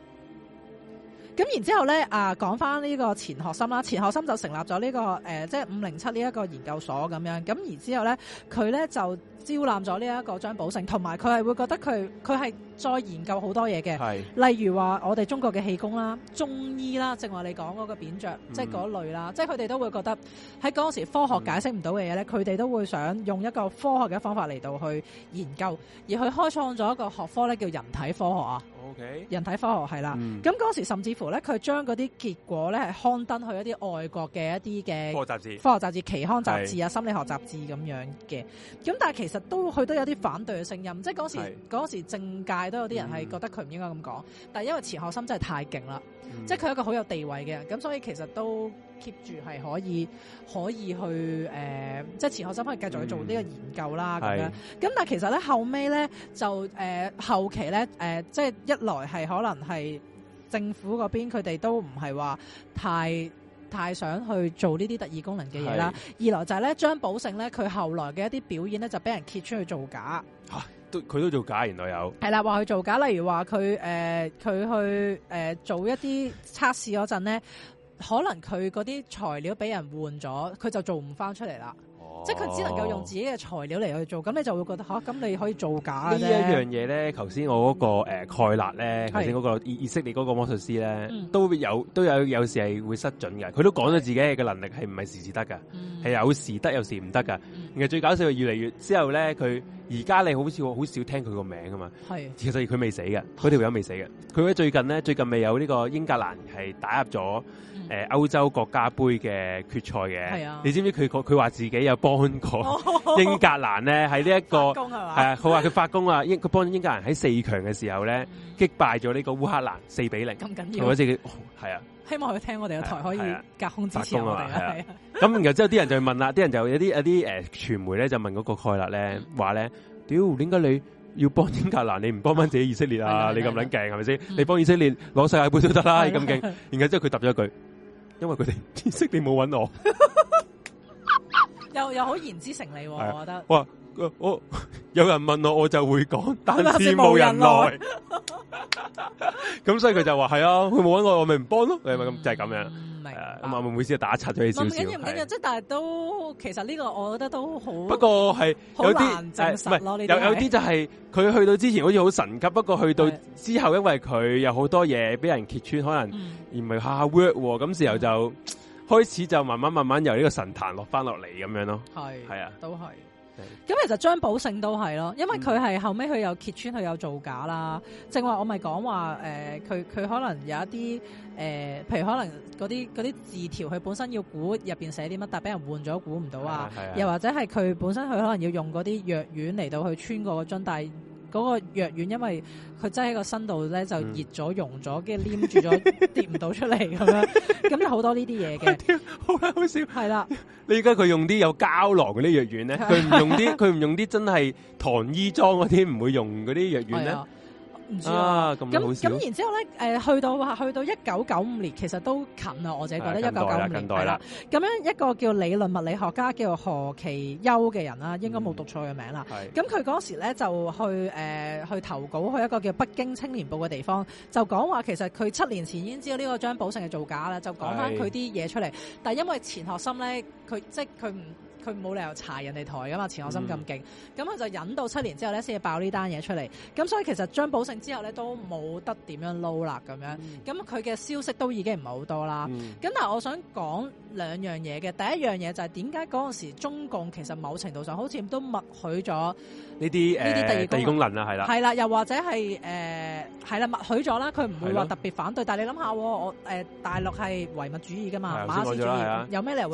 咁然之後咧，啊講翻呢個錢學森啦，錢學森就成立咗呢個誒，即係五零七呢一個研究所咁樣。咁然之後咧，佢咧就。招攬咗呢一個張寶勝，同埋佢係會覺得佢佢係再研究好多嘢嘅，例如話我哋中國嘅氣功啦、中醫啦，正話你講嗰個扁鵲，即係嗰類啦，即係佢哋都會覺得喺嗰時科學解釋唔到嘅嘢呢，佢哋都會想用一個科學嘅方法嚟到去研究，而去開創咗一個學科呢叫人體科學啊。OK，人體科學係啦。咁嗰、嗯、時甚至乎呢，佢將嗰啲結果呢係刊登去一啲外國嘅一啲嘅科學雜誌、科學雜誌、期刊雜誌啊、心理學雜誌咁樣嘅。咁但係其實。都佢都有啲反對嘅聲音，即係嗰時嗰時政界都有啲人係覺得佢唔應該咁講，但係因為錢學森真係太勁啦、嗯，即係佢一個好有地位嘅人，咁所以其實都 keep 住係可以可以去誒、呃，即係錢學森可以繼續去做呢個研究啦咁、嗯、樣，咁但係其實咧後尾咧就誒、呃、後期咧誒、呃、即係一來係可能係政府嗰邊佢哋都唔係話太。太想去做呢啲特異功能嘅嘢啦，二來就係咧張寶勝咧佢後來嘅一啲表演咧就俾人揭出去造假嚇、啊，都佢都造假，原來有係啦話佢造假，例如話佢誒佢去誒、呃呃、做一啲測試嗰陣咧，可能佢嗰啲材料俾人換咗，佢就做唔翻出嚟啦。即係佢只能夠用自己嘅材料嚟去做，咁、哦、你就會覺得吓，咁、啊、你可以造假。這呢一樣嘢咧，頭先我嗰、那個誒蓋納蓋勒咧，頭先嗰個以色列，你嗰個魔術師咧、嗯，都有都有有時係會失準嘅。佢都講咗自己嘅能力係唔係時時得噶，係、嗯、有時得有時唔得噶。其、嗯、係最搞笑係越嚟越之後咧，佢而家你好似好少聽佢個名㗎嘛。係，其實佢未死嘅，佢條友未死嘅。佢喺最近咧，最近未有呢個英格蘭係打入咗。誒歐洲國家杯嘅決賽嘅，啊、你知唔知佢佢話自己有幫過英格蘭咧？喺、哦、呢一個係啊，佢話佢發功啊，英佢幫英格蘭喺四強嘅時候咧、嗯、擊敗咗呢個烏克蘭四比零咁緊要，自己係、哦、啊，希望佢可以聽我哋嘅台可以隔空、啊啊、發功啊咁、啊、 然後之後啲人就問啦，啲人就有啲有啲誒傳媒咧就問嗰個蓋勒咧話咧，屌點解你要幫英格蘭？你唔幫翻自己以色列啊？ 你咁撚勁係咪先？你幫以色列攞世界盃都得啦，你咁勁。然後之後佢答咗一句。因為佢哋知識你冇揾我 又，又又好言之成理、哦啊，我覺得。哇我、哦、有人問我，我就會講，但係無人來。咁 所以佢就話係 啊，佢冇揾我，我咪唔幫咯。你咪咁就係、是、咁樣。唔係咁唔好意思，啊、妹妹打岔咗你緊要唔緊要？即、嗯、係、啊、但係都，其實呢個我覺得都好。不過係有啲係、啊，有有啲就係、是、佢去到之前好似好神級，不過去到、啊、之後因為佢有好多嘢俾人揭穿，可能、嗯、而唔係下下 work 咁、啊，時候就、嗯、開始就慢慢慢慢由呢個神壇落翻落嚟咁樣咯。係係啊，都係。咁其實張寶勝都係咯，因為佢係後尾佢有揭穿佢有造假啦。正、嗯、話我咪講話佢佢可能有一啲誒、呃，譬如可能嗰啲嗰啲字條，佢本身要估入邊寫啲乜，但俾人換咗，估唔到啊。啊又或者係佢本身佢可能要用嗰啲藥丸嚟到去穿過個樽，但嗰、那個藥丸因為佢真係喺個身度咧，就熱咗溶咗，跟住黏住咗，跌唔到出嚟咁 樣，咁有好多呢啲嘢嘅，好開好笑，係啦。你而家佢用啲有膠囊嗰啲藥丸咧，佢唔用啲，佢唔用啲真係糖衣裝嗰啲，唔會用嗰啲藥丸咧。唔知啊，咁咁然之後咧、呃，去到去到一九九五年，其實都近啊。我自己覺得一九九五年啦。咁樣一個叫理論物理學家叫何其優嘅人啦、嗯，應該冇讀錯嘅名啦。咁佢嗰時咧就去誒、呃、去投稿去一個叫北京青年報嘅地方，就講話其實佢七年前已經知道呢個張寶成係造假啦，就講翻佢啲嘢出嚟。但因為錢學森咧，佢即佢唔。佢冇理由查人哋台噶嘛，錢學森咁勁，咁、嗯、佢就忍到七年之後咧，先至爆呢單嘢出嚟。咁所以其實張寶勝之後咧，都冇得點樣撈啦咁樣。咁佢嘅消息都已經唔係好多啦。咁、嗯、但係我想講。兩樣嘢嘅。第一樣嘢就係點解嗰陣時中共其實某程度上好似都默許咗呢啲地功能係啦，又或者係默許咗啦，佢唔會話特別反對，但係你諗下，我大陸係唯物主義㗎嘛，馬克思主義，有咩理由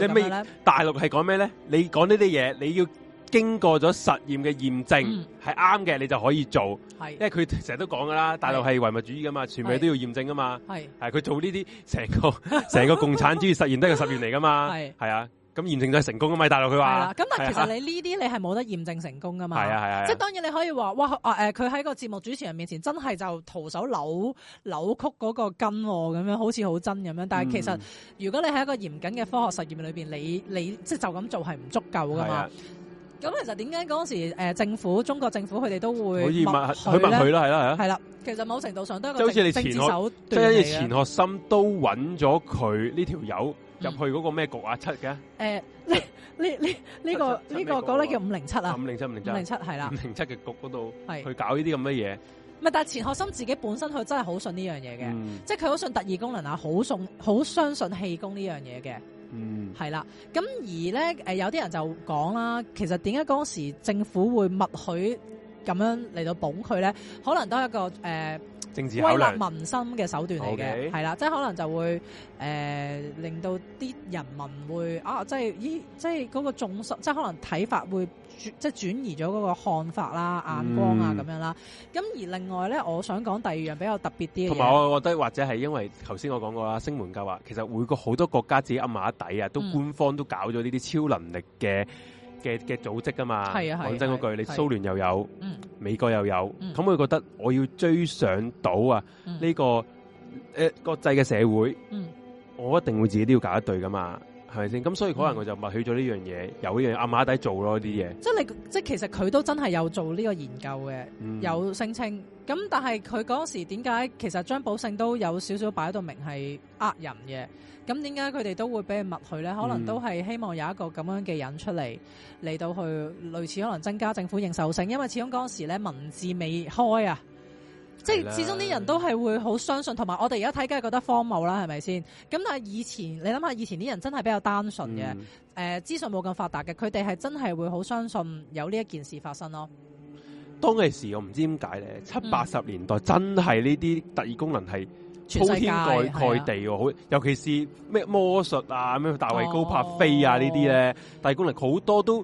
大陸係講咩咧？你講呢啲嘢你要經過咗實驗嘅驗證係啱嘅，你就可以做。係，因為佢成日都講噶啦，大陸係唯物主義噶嘛，全部都要驗證噶嘛。係，係佢做呢啲成個成個共產主義實驗得嘅實驗嚟噶嘛。係， 係啊，咁驗證就係成功啊嘛，大陸佢話。咁但其實你呢啲你係冇得驗證成功噶嘛。係啊，係啊。即係當然你可以話哇，誒佢喺個節目主持人面前真係就徒手扭扭曲嗰個筋咁樣好似好真咁樣，但係其實、嗯、如果你喺一個嚴謹嘅科學實驗裏邊，你你即係就咁做係唔足夠噶嘛。咁其實點解嗰陣時、呃、政府中國政府佢哋都會默許咧？問佢？問佢啦，係啦係啦。係啦，其實某程度上都即係好似你前學，即係好似錢學森都揾咗佢呢條友入去嗰個咩局啊？七嘅誒，呢呢呢呢個呢、嗰個咧叫五零七啊？五零七五零七五零七係啦，五零七嘅局嗰度係去搞呢啲咁嘅嘢。唔係，但係錢學森自己本身佢真係好信呢樣嘢嘅，即係佢好信特異功能啊，好信好相信氣功呢樣嘢嘅。嗯是，係啦，咁而咧，誒，有啲人就講啦，其實點解嗰時政府會默許咁樣嚟到捧佢咧？可能都係一個誒，歸、呃、納民心嘅手段嚟嘅，係、okay、啦，即係可能就會誒、呃，令到啲人民會啊，即係依，即係嗰個重心，即係可能睇法會。即係轉移咗嗰個看法啦、眼光啊咁樣啦。咁、嗯、而另外咧，我想講第二樣比較特別啲嘅嘢。同埋我覺得，或者係因為頭先我講過啦，星門計劃其實每個好多國家自己暗啞底啊，嗯、都官方都搞咗呢啲超能力嘅嘅嘅組織㗎嘛。係啊係。講真嗰句，啊、你蘇聯又有，啊、美國又有，咁、嗯、佢覺得我要追上到啊呢、嗯呢個誒、呃、國際嘅社會，嗯、我一定會自己都要搞一對㗎嘛。係、嗯、先？咁所以可能我就默許咗呢樣嘢，有呢樣暗啞底做咯啲嘢。即係你，即係其實佢都真係有做呢個研究嘅、嗯，有聲稱，咁但係佢嗰時點解其實張寶勝都有少少擺到明係呃人嘅？咁點解佢哋都會俾佢默許咧？可能都係希望有一個咁樣嘅人出嚟，嚟到去類似可能增加政府認受性，因為始終嗰時咧文字未開啊。即係始終啲人都係會好相信，同埋我哋而家睇梗係覺得荒謬啦，係咪先？咁但係以前你諗下，以前啲人真係比較單純嘅，誒、嗯、資訊冇咁發達嘅，佢哋係真係會好相信有呢一件事發生咯。當其時，我唔知點解咧，七八十年代、嗯、真係呢啲特異功能係鋪天蓋蓋地喎，啊、尤其是咩魔術啊、咩大衛高柏飛啊、哦、呢啲咧，特異功能好多都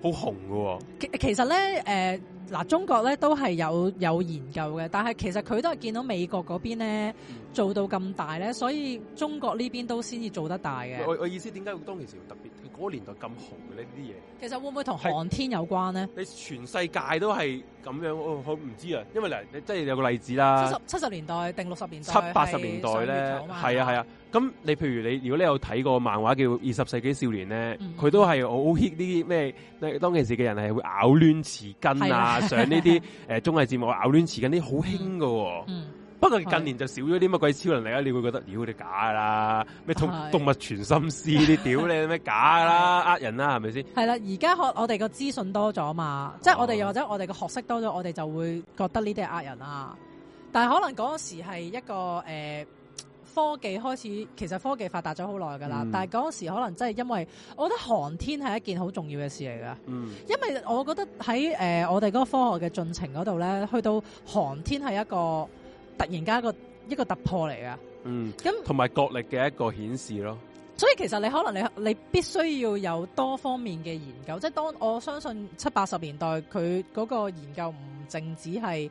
好紅喎、啊。其實咧，誒、呃。嗱，中國咧都係有有研究嘅，但係其實佢都係見到美國邊咧、嗯、做到咁大咧，所以中國呢邊都先至做得大嘅。我我意思點解當其時要特別？嗰、那個、年代咁紅嘅呢啲嘢其實會唔會同航天有關咧？你全世界都係咁樣，我唔知啊。因為咧，你即係有個例子啦，七十、七十年代定六十年代、七八十年代咧，係啊係啊。咁、啊、你譬如你，如果你有睇過漫畫叫《二十世紀少年》咧，佢、嗯、都係好 hit 啲咩？當其時嘅人係會咬攣匙羹啊，上呢啲誒綜藝節目咬攣匙羹啲好興㗎喎。不過近年就少咗啲乜鬼超能力啦，你會覺得屌你假噶啦，咩動物傳心思啲屌你咩假噶啦，呃人啦係咪先？係啦，而家學我哋個資訊多咗嘛，哦、即係我哋又或者我哋個學識多咗，我哋就會覺得呢啲係呃人啊。但係可能嗰時係一個誒、呃、科技開始，其實科技發達咗好耐噶啦。但係嗰時可能真係因為，我覺得航天係一件好重要嘅事嚟噶、嗯。因為我覺得喺誒、呃、我哋嗰個科學嘅進程嗰度咧，去到航天係一個。突然間一個一個突破嚟噶，嗯，咁同埋角力嘅一個顯示咯。所以其實你可能你你必須要有多方面嘅研究，即係當我相信七八十年代佢嗰個研究唔淨止係誒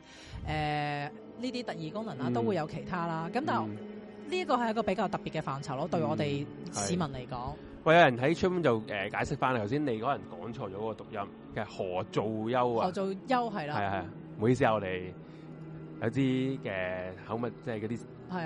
呢啲特異功能啦，啊嗯，都會有其他啦。咁但呢個係一個比較特別嘅範疇咯，嗯，對我哋市民嚟講。喂，有人喺出邊就誒、呃、解釋翻，頭先你嗰人講錯咗個讀音，係、就是、何造休啊？何造休係啦，係啊，唔、嗯、好意思啊，我哋。有啲嘅口吻即係嗰啲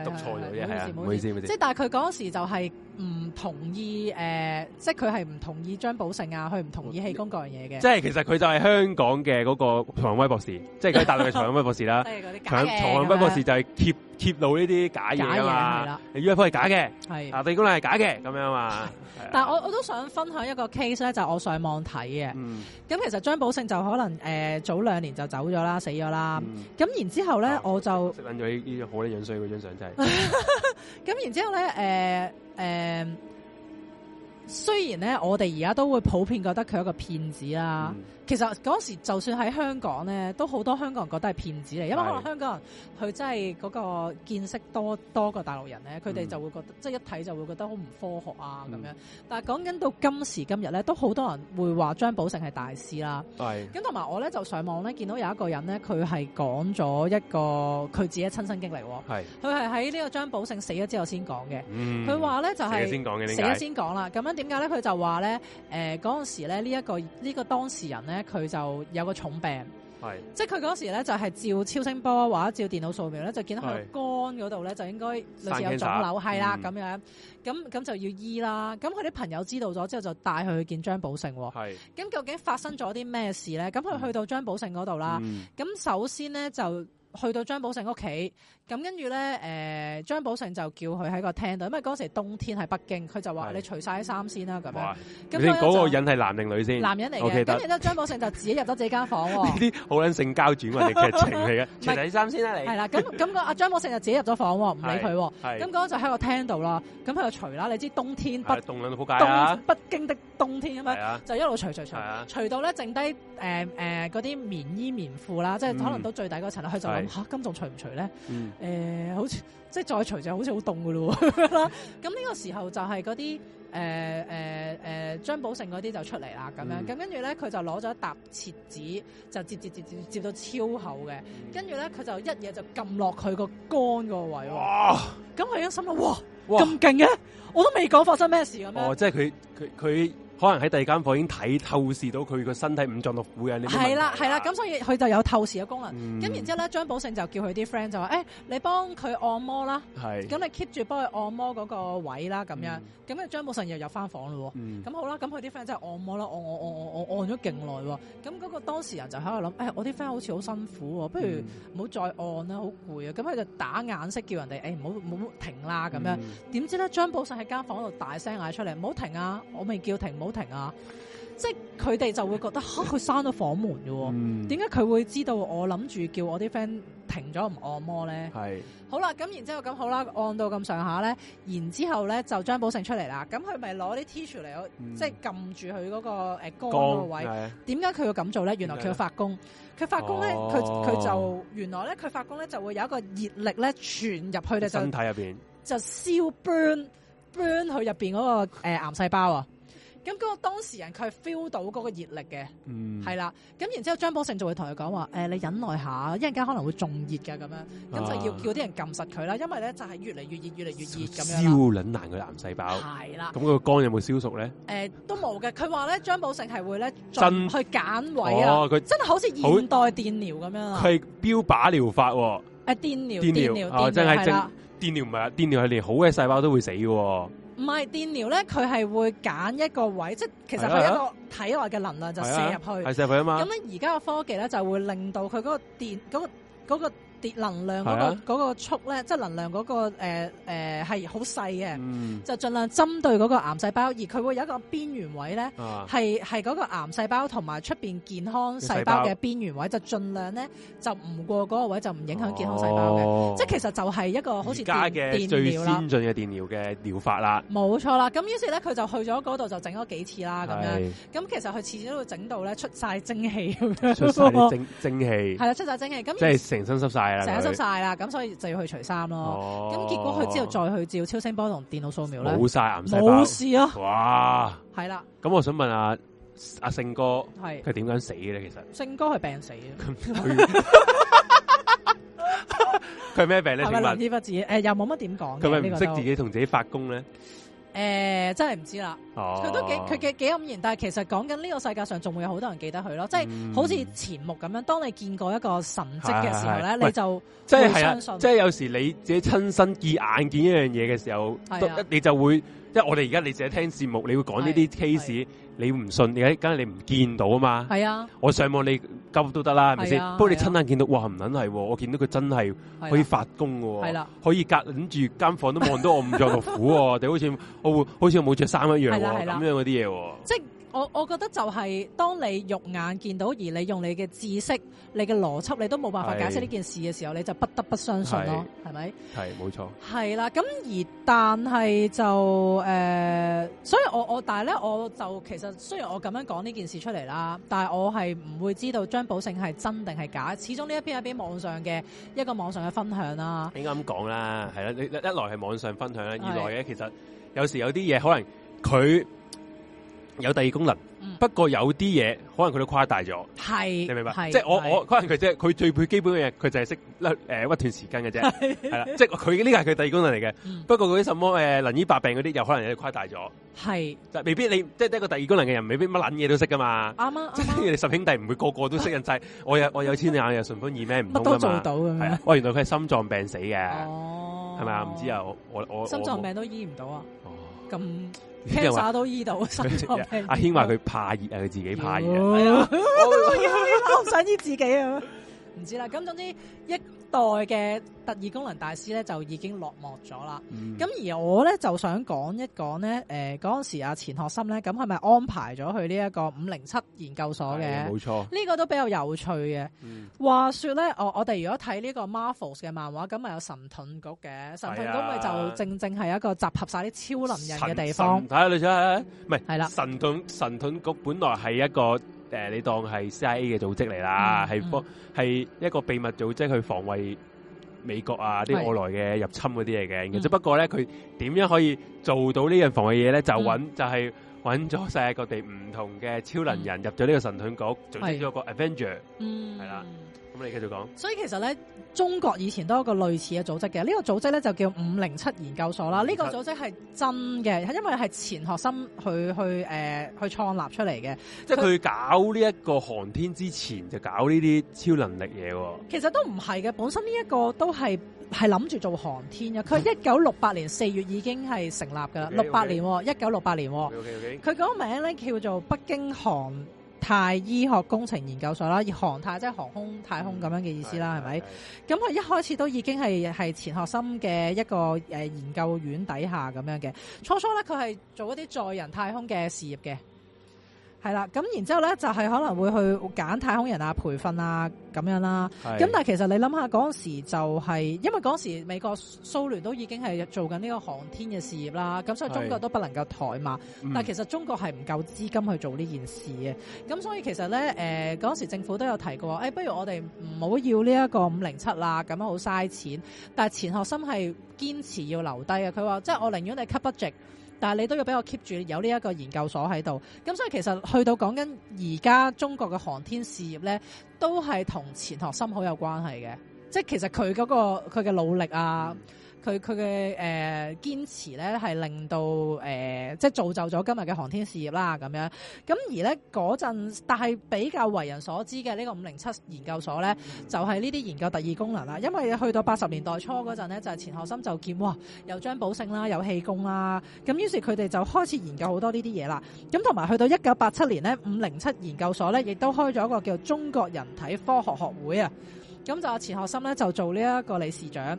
讀錯咗嘢，係啊，唔好意思，唔好意思。即係但係佢嗰時就係唔同意，誒、呃，即係佢係唔同意張寶成啊，佢唔同意氣功嗰樣嘢嘅。即係其實佢就係香港嘅嗰個唐威博士， 即係佢喺大陸嘅唐威博士啦。唐唐威博士就係 keep，揭露呢啲假嘢啊嘛，U F O 係假嘅，啊地公咧係假嘅咁樣嘛。 但係我我都想分享一個 case 咧，就是、我上網睇嘅。咁、嗯、其實張寶勝就可能誒、呃、早兩年就走咗啦，死咗啦。咁、嗯、然之後咧、啊，我就揾咗、就是、 呢啲好鬼樣衰嗰張相真係。咁然之後咧，誒、呃、誒。雖然咧，我哋而家都會普遍覺得佢係一個騙子啦、啊嗯。其實嗰時就算喺香港咧，都好多香港人覺得係騙子嚟，因為可能香港人佢真係嗰個見識多多過大陸人咧，佢哋就會覺得、嗯、即係一睇就會覺得好唔科學啊咁、嗯、樣。但係講緊到今時今日咧，都好多人會話張寶勝係大師啦。咁同埋我咧就上網咧見到有一個人咧，佢係講咗一個佢自己親身經歷。喎、嗯，佢係喺呢個張寶勝死咗之後、嗯就是、先講嘅。佢話咧就係死咗先講啦。咁點解咧？佢就話咧，誒、呃，嗰陣時咧呢一個呢、這個當事人咧，佢就有個重病，係，即係佢嗰時咧就係、是、照超聲波或者照電腦掃描咧，就見到佢肝嗰度咧就應該類似有腫瘤，係啦咁樣，咁咁就要醫啦。咁佢啲朋友知道咗之後就帶佢去見張寶勝，係。咁、嗯、究竟發生咗啲咩事咧？咁佢去到張寶勝嗰度啦，咁、嗯、首先咧就去到張寶勝屋企。咁跟住咧，誒張寶勝就叫佢喺個廳度，因為嗰時冬天喺北京，佢就話、啊：你除晒啲衫先啦，咁樣。咁嗰個人係、那個、男定女先？男人嚟嘅。跟住咧，張寶勝就自己入咗自己間房喎。啲好撚性交轉運劇情嚟嘅，除曬衫先啦，你。係啦，咁咁個阿張寶勝就自己入咗房喎，唔、 啊、理佢。係。咁嗰陣喺個廳度啦，咁佢就除啦。你知冬天北，好解啦。北京、啊、的冬天咁樣，就一路除除除，除到咧剩低誒誒嗰啲棉衣棉褲啦，即係可能到最底嗰層啦。佢就諗嚇，仲除唔除咧？啊誒、呃、好似即係再除就好似好凍㗎咯喎，咁 呢個時候就係嗰啲誒誒誒張寶勝嗰啲就出嚟啦，咁、嗯、樣咁跟住咧佢就攞咗一沓切紙，就摺摺摺摺，摺，摺到超厚嘅，跟住咧佢就一嘢就撳落佢個肝個位喎，咁佢已經心諗哇咁勁嘅，我都未講發生咩事咁樣。哦，即係佢佢佢。可能喺第二間房已經睇透視到佢個身體五臟六腑啊！呢啲係啦，係啦，咁所以佢就有透視嘅功能。咁、嗯、然之後咧，張寶勝就叫佢啲 friend 就話：，誒、欸，你幫佢按摩啦。係。咁你 keep 住幫佢按摩嗰個位啦，咁樣。咁、嗯、啊，張寶勝又入翻房嘞喎。咁、嗯、好啦，咁佢啲 friend 真係按摩啦，按我按我按我按咗勁耐喎。咁嗰個當事人就喺度諗：，誒、欸，我啲 friend 好似好辛苦喎，不如唔好再按啦，好攰啊。咁、嗯、佢就打眼色叫人哋：，誒、欸，唔好唔好停啦，咁樣。點知咧，張寶勝喺間房度大聲嗌出嚟：，唔好停啊，我未叫停。好停啊！即係佢哋就會覺得吓，佢閂咗房門嘅，點解佢會知道我諗住叫我啲 friend 停咗唔按摩咧？係，好啦，咁然之後，咁好啦，按到咁上下咧，然之後咧就張寶勝出嚟啦。咁佢咪攞啲 tissue 嚟，嗯、即係撳住佢嗰個誒肝嗰個位。點解佢要咁做咧？原來佢發功，佢發功咧，佢、哦、佢就原來咧，佢發功咧就會有一個熱力咧傳入去咧，身體入邊就燒 burn burn 佢入邊嗰個誒癌細胞啊！咁嗰個當事人佢 feel 到嗰個熱力嘅，係、嗯、啦。咁然之後張寶勝就會同佢講話，你忍耐一下，一陣間可能會仲熱嘅咁樣，咁、啊、就要叫啲人撳實佢啦。因為咧就係、是、越嚟越，越，越熱，越嚟越熱咁樣。嗯那個、有有燒撚爛嘅癌細胞。係啦。咁個肝有冇燒熟咧？誒，都冇嘅。佢話咧，張寶勝係會咧去揀位啊。哦，佢真係好似現代電療咁樣。佢標靶療法喎、哦。誒、欸，電療。電療。真電療唔係，電，電，、哦、電，電，電連好嘅細胞都會死嘅、哦。唔係電療咧，佢係會揀一個位，即係其實佢一個體外嘅能量、啊、就射入去，係、啊、射入去啊嘛。咁咧，而家嘅科技咧，就會令到佢嗰個電嗰、嗰個，嗰、嗰個能量嗰、那個啊、個速咧，即係能量嗰、那個誒誒係好細嘅，呃呃嗯、就盡量針對嗰個癌細胞，而佢會有一個邊緣位咧，係係嗰個癌細胞同埋出邊健康細胞嘅邊緣位，就盡量咧就唔過嗰個位，就唔影響健康細胞嘅，哦、即係其實就係一個好似家嘅最先進嘅電療嘅療法啦，冇錯啦。咁於是咧佢就去咗嗰度就整咗幾次啦，咁樣咁其實佢次次都會整到咧出晒蒸氣咁樣，出曬蒸蒸氣，係啦 出晒蒸氣，即係成身濕晒。成日濕晒啦，咁所以就要去除衫咯。咁、哦、結果佢之後再去照超聲波同電腦掃描咧，冇晒，冇事啊！哇，係、嗯、啦。咁、嗯、我想問下阿、啊、勝哥，係佢點樣死嘅咧？其實勝哥係病死嘅。佢 咩 病咧？請問呢份字，誒、呃，又冇乜點講？佢咪唔識自己同自己發功咧？嗯誒、欸，真係唔知啦，佢、oh. 都幾佢幾幾咁然，但係其實講緊呢個世界上仲會有好多人記得佢咯，即、就、係、是 mm. 好似前目咁樣，當你見過一個神蹟嘅時候咧、啊啊啊，你就即係係啊，即係有時你自己親身以眼見一樣嘢嘅時候、啊，你就會。即係我哋而家，你淨係聽節目，你會講呢啲 case，你唔信，你梗係你唔見到啊嘛。係啊，我上網你溝都得啦，係咪先？不過你親眼見到，啊、哇唔捻係，我見到佢真係可以發功嘅、哦，係啦、啊啊，可以隔捻住間房都望到我唔着落苦、哦， 你好似我會好似冇着衫一樣咁、哦啊啊、樣嗰啲嘢。即我我覺得就係當你肉眼見到，而你用你嘅知識、你嘅邏輯，你都冇辦法解釋呢件事嘅時候的，你就不得不相信咯，係咪？係冇錯。係啦，咁而但係就誒、呃，所以我我但係咧，我就其實雖然我咁樣講呢件事出嚟啦，但係我係唔會知道張寶勝係真定係假的，始終呢一篇一篇網上嘅一個網上嘅分享啦。應該咁講啦，係啦，你一來係網上分享啦，二來呢，其實有時候有啲嘢可能佢。有第二功能，嗯、不過有啲嘢可能佢都誇大咗。係，你明唔明白？即係我我，我可能佢即係佢最配基本嘅嘢，佢就係識嗱誒屈斷時間嘅啫。係啦， 即係佢呢個係佢第二功能嚟嘅。嗯、不過嗰啲什麼誒、呃，能醫百病嗰啲，又可能有誇大咗。係，但未必你即係得個第二功能嘅人，未必乜捻嘢都識噶嘛。啱啊，即你、啊啊啊、十兄弟唔會個個都識人濟。我有我有千里眼又順風耳咩唔通噶嘛？乜都做到咁樣。哇、嗯，原來佢係心臟病死嘅，係咪啊？唔知啊，我我心臟病都醫唔到啊，咁。k e 到都醫到，阿、 啊啊、軒話佢怕熱啊，佢自己怕熱啊，啊， 我唔想醫自己啊。唔知啦，咁總之一代嘅特異功能大師咧就已經落幕咗啦。咁、嗯、而我咧就想講一講咧，誒嗰陣時阿錢學森咧，咁係咪安排咗去呢一個五零七研究所嘅？冇錯，呢個都比較有趣嘅。話說咧，我我哋如果睇呢個 Marvel 嘅漫畫，咁咪有神盾局嘅，神盾局咪就正正係一個集合晒啲超能人嘅地方。睇下，你睇下，唔係係啦，神盾、神盾局本來係一個誒，你當係 CIA 嘅組織嚟啦，係、嗯嗯係一個秘密組織去防衛美國啊啲外來嘅入侵嗰啲嚟嘅，只、嗯、不過咧佢點樣可以做到呢樣防衛嘢咧？就揾、嗯、就係揾咗世界各地唔同嘅超能人入咗呢個神盾局，做成咗個 Avenger，係啦。咁你繼續講。所以其實咧，中國以前都有一個類似嘅組織嘅，呢、這個組織咧就叫五零七研究所啦。呢個組織係真嘅，因為係錢學森去去誒、呃、去創立出嚟嘅。即係佢搞呢一個航天之前，就搞呢啲超能力嘢喎、哦。其實都唔係嘅，本身呢一個都係係諗住做航天嘅。佢一九六八年四月已經係成立噶啦，六、okay, 八年，一九六八年。佢嗰個名咧叫做北京航太醫學工程研究所啦，而航太即係航空太空咁樣嘅意思啦，嗯，係咪？咁佢一開始都已經係係錢學森嘅一個誒研究院底下咁樣嘅，初初咧佢係做一啲載人太空嘅事業嘅。係啦，咁然之後咧就係可能會去揀太空人啊、培訓啊咁樣啦。咁但係其實你諗下嗰陣時就係、是，因為嗰陣時美國、蘇聯都已經係做緊呢個航天嘅事業啦，咁所以中國都不能夠抬嘛。但係其實中國係唔夠資金去做呢件事嘅，咁、嗯、所以其實咧誒嗰陣時政府都有提過，誒、哎、不如我哋唔好要呢一個五零七啦，咁樣好嘥錢。但係錢學森係堅持要留低嘅，佢話即係我寧願你 cut budget。但係你都要俾我 keep 住有呢一個研究所喺度，咁所以其實去到講緊而家中國嘅航天事業咧，都係同錢學森好有關係嘅，即係其實佢嗰，那個佢嘅努力啊。嗯佢佢嘅誒堅持咧，係令到誒、呃、即係造就咗今日嘅航天事業啦。咁樣咁而呢嗰陣，但係比較為人所知嘅呢個五零七研究所呢，就係呢啲研究特異功能啦。因為去到八十年代初嗰陣呢，就係、是、錢學森就見哇，有張寶勝啦，有氣功啦，咁於是佢哋就開始研究好多呢啲嘢啦。咁同埋去到一九八七年呢，五零七研究所呢，亦都開咗一個叫中國人體科學學會啊。咁就係錢學森呢，就做呢一個理事長。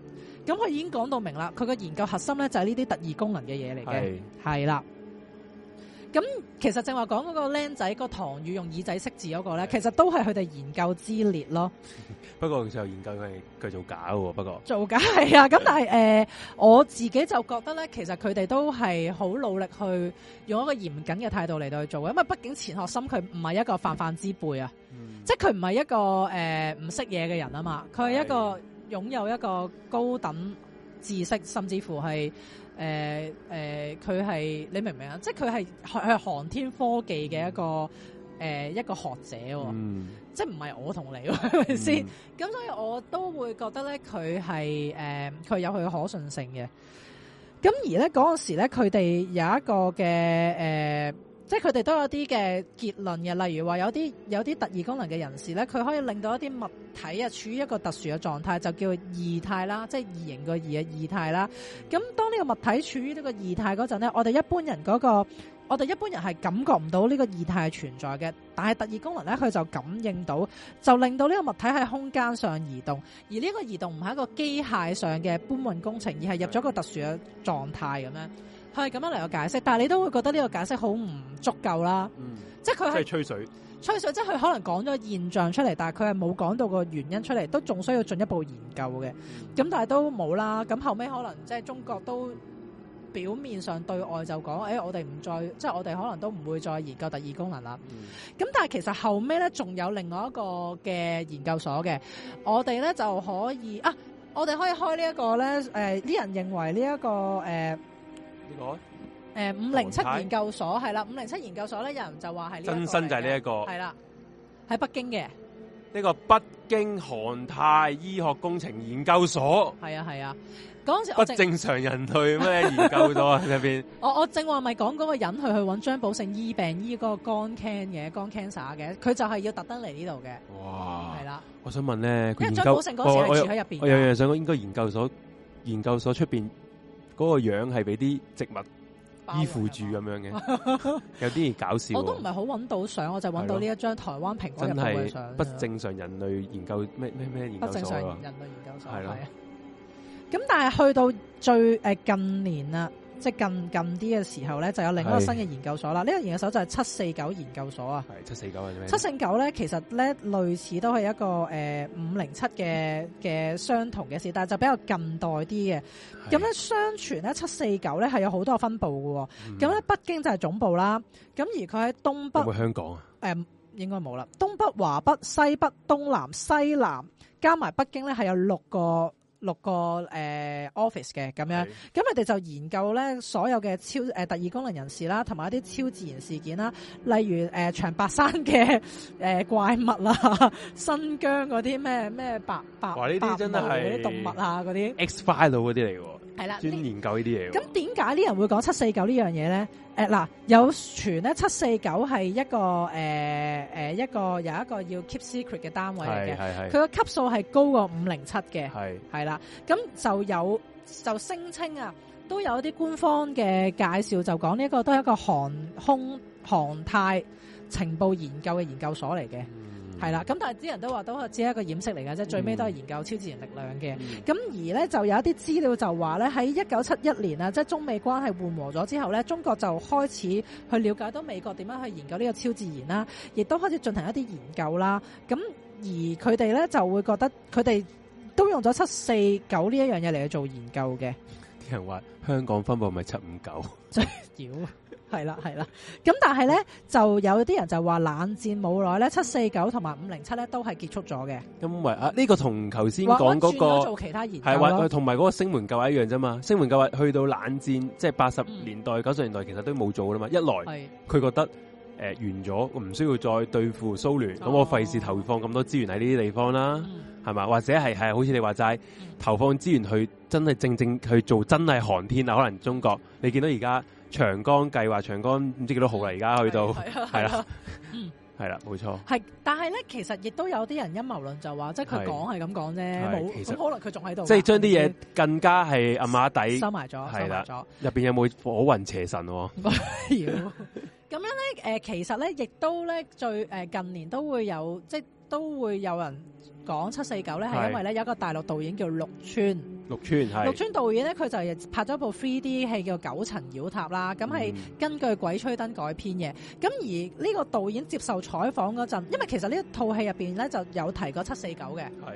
咁、嗯、佢已經講到明啦，佢個研究核心咧就係呢啲特異功能嘅嘢嚟嘅，係啦。咁、嗯、其實正話講嗰個僆仔，個唐宇用耳仔識字嗰個咧，其實都係佢哋研究之列咯。不過就研究佢係佢做假喎。不過做假係啊。咁但係誒、呃，我自己就覺得咧，其實佢哋都係好努力去用一個嚴謹嘅態度嚟到去做，因為畢竟錢學森佢唔係一個泛泛之輩啊，嗯、即係佢唔係一個誒唔識嘢嘅人啊嘛，佢係一個。呃擁有一個高等知識，甚至乎係誒誒，佢、呃、係、呃、你明唔明啊？即係佢係係航天科技嘅一個誒、呃、一個學者、哦，嗯、即係唔係我同你，係咪先？咁所以我都會覺得咧，佢係誒佢有佢嘅可信性嘅。咁而咧嗰陣時咧，佢哋有一個嘅誒。呃即係佢哋都有啲嘅結論嘅，例如話有啲有啲特異功能嘅人士咧，佢可以令到一啲物體啊處於一個特殊嘅狀態，就叫異態啦，即係異形個異嘅異態啦。咁當呢個物體處於呢個異態嗰陣咧，我哋一般人嗰個，我哋一般人係感覺唔到呢個異態存在嘅，但係特異功能咧佢就感應到，就令到呢個物體喺空間上移動，而呢個移動唔係一個機械上嘅搬運工程，而係入咗個特殊嘅狀態咁樣。係咁樣嚟個解釋，但係你都會覺得呢個解釋好唔足夠啦。嗯、即係佢係吹水，吹水，即係佢可能講咗現象出嚟，但係佢係冇講到個原因出嚟，都仲需要進一步研究嘅。咁但係都冇啦。咁後尾可能即係中國都表面上對外就講，誒、欸，我哋唔再，即係我哋可能都唔會再研究特異功能啦。咁、嗯、但係其實後尾咧，仲有另外一個嘅研究所嘅，我哋咧就可以啊，我哋可以開呢一個咧，誒、呃，啲人認為呢、這、一個誒。呃誒、這個，五零七研究所係啦，五零七研究所咧，有人就話係、這個、真身就係呢一個係啦，喺北京嘅呢、這個北京韓泰醫學工程研究所係啊係啊，陣時我正不正常人去咩 研究所入邊？我我正話咪講嗰個人去去揾張寶勝醫病醫嗰個肝 can 嘅肝 cancer 嘅，佢就係要特登嚟呢度嘅。哇！係、嗯、啦，我想問咧，因為張寶勝嗰時係住喺入邊，我有想講應該研究所研究所出邊。嗰、那個樣係俾啲植物依附住咁樣嘅， 有啲搞笑。我都唔係好揾到相，我就揾到呢一張台灣蘋果入邊嘅相，不正常人類研究咩咩咩研究所，不正常人類研究所係啦。咁但係去到最誒近年啦。即係近近啲嘅時候咧，就有另一個新嘅研究所啦。呢、呢個研究所就係七四九研究所啊。係七四九咩？七四九咧，其實咧類似都係一個誒五零七嘅嘅相同嘅事，但係就比較近代啲嘅。咁咧，相傳咧七四九咧係有好多個分佈喎。咁、嗯、咧，北京就係總部啦。咁而佢喺東北、有冇香港？誒、呃、應該冇啦。東北、華北、西北、東南、西南，加埋北京咧係有六個。六個誒、呃、office 嘅咁樣，咁佢哋就研究咧，所有嘅超誒、呃、特異功能人士啦，同埋一啲超自然事件啦，例如誒、呃、長白山嘅誒、呃、怪物啦、啊，新疆啲咩咩白白哇呢啲真係係動物啊嗰啲 X file 嗰啲嚟㗎。係啦，專研究呢啲嘢。咁點解呢人會講七四九呢樣嘢咧？嗱、呃，有傳咧，七四九係一個誒、呃、一個有一個要 keep secret 嘅單位嚟嘅，係係係，佢個級數係高過五零七嘅，係係啦。咁就有就聲稱啊，都有一啲官方嘅介紹就講，呢一個都係一個航空航太情報研究嘅研究所嚟嘅。嗯係啦，咁但係啲人都話都係只係一個掩飾嚟嘅，即係最尾都係研究超自然力量嘅。咁、嗯、而咧就有一啲資料就話咧喺一九七一年啊，即係中美關係緩和咗之後咧，中國就開始去了解到美國點樣去研究呢個超自然啦，亦都開始進行一啲研究啦。咁而佢哋咧就會覺得佢哋都用咗七四九呢一樣嘢嚟去做研究嘅。啲人話香港分佈咪七五九，屌！係 啦，係啦，咁但係咧，就有啲人就話冷戰冇耐咧，七四九同埋五零七咧都係結束咗嘅。因為啊，呢、這個同頭先講嗰個做其他研究，係話同埋嗰個星門計劃一樣啫嘛。星門計劃去到冷戰，即係八十年代、九、嗯、十年代，其實都冇做啦嘛。一來佢覺得誒、呃、完咗，唔需要再對付蘇聯，咁、哦、我費事投放咁多資源喺呢啲地方啦、啊，係、嗯、嘛？或者係係好似你話齋、嗯、投放資源去真係正正去做真係航天啊？可能中國你見到而家。長江計劃，長江唔知幾多號啦，而家去到係啦，係啦，嗯，係啦，冇錯。係，但係咧，其實亦都有啲人陰謀論就話，即係佢講係咁講啫，冇，咁可能佢仲喺度。即係將啲嘢更加係暗啞底收埋咗，收埋咗。入邊有冇火雲邪神？唔要。咁樣咧，誒、呃，其實咧，亦都咧，最誒、呃，近年都會有，即係都會有人講七四九咧，係因為咧有一個大陸導演叫陸川。陸川係。陸川導演咧，佢就拍咗一部 3D 戲叫做《九層妖塔》啦，咁係根據《鬼吹燈》改編嘅。咁而呢個導演接受採訪嗰陣，因為其實呢一套戲入邊咧就有提過七四九嘅。係。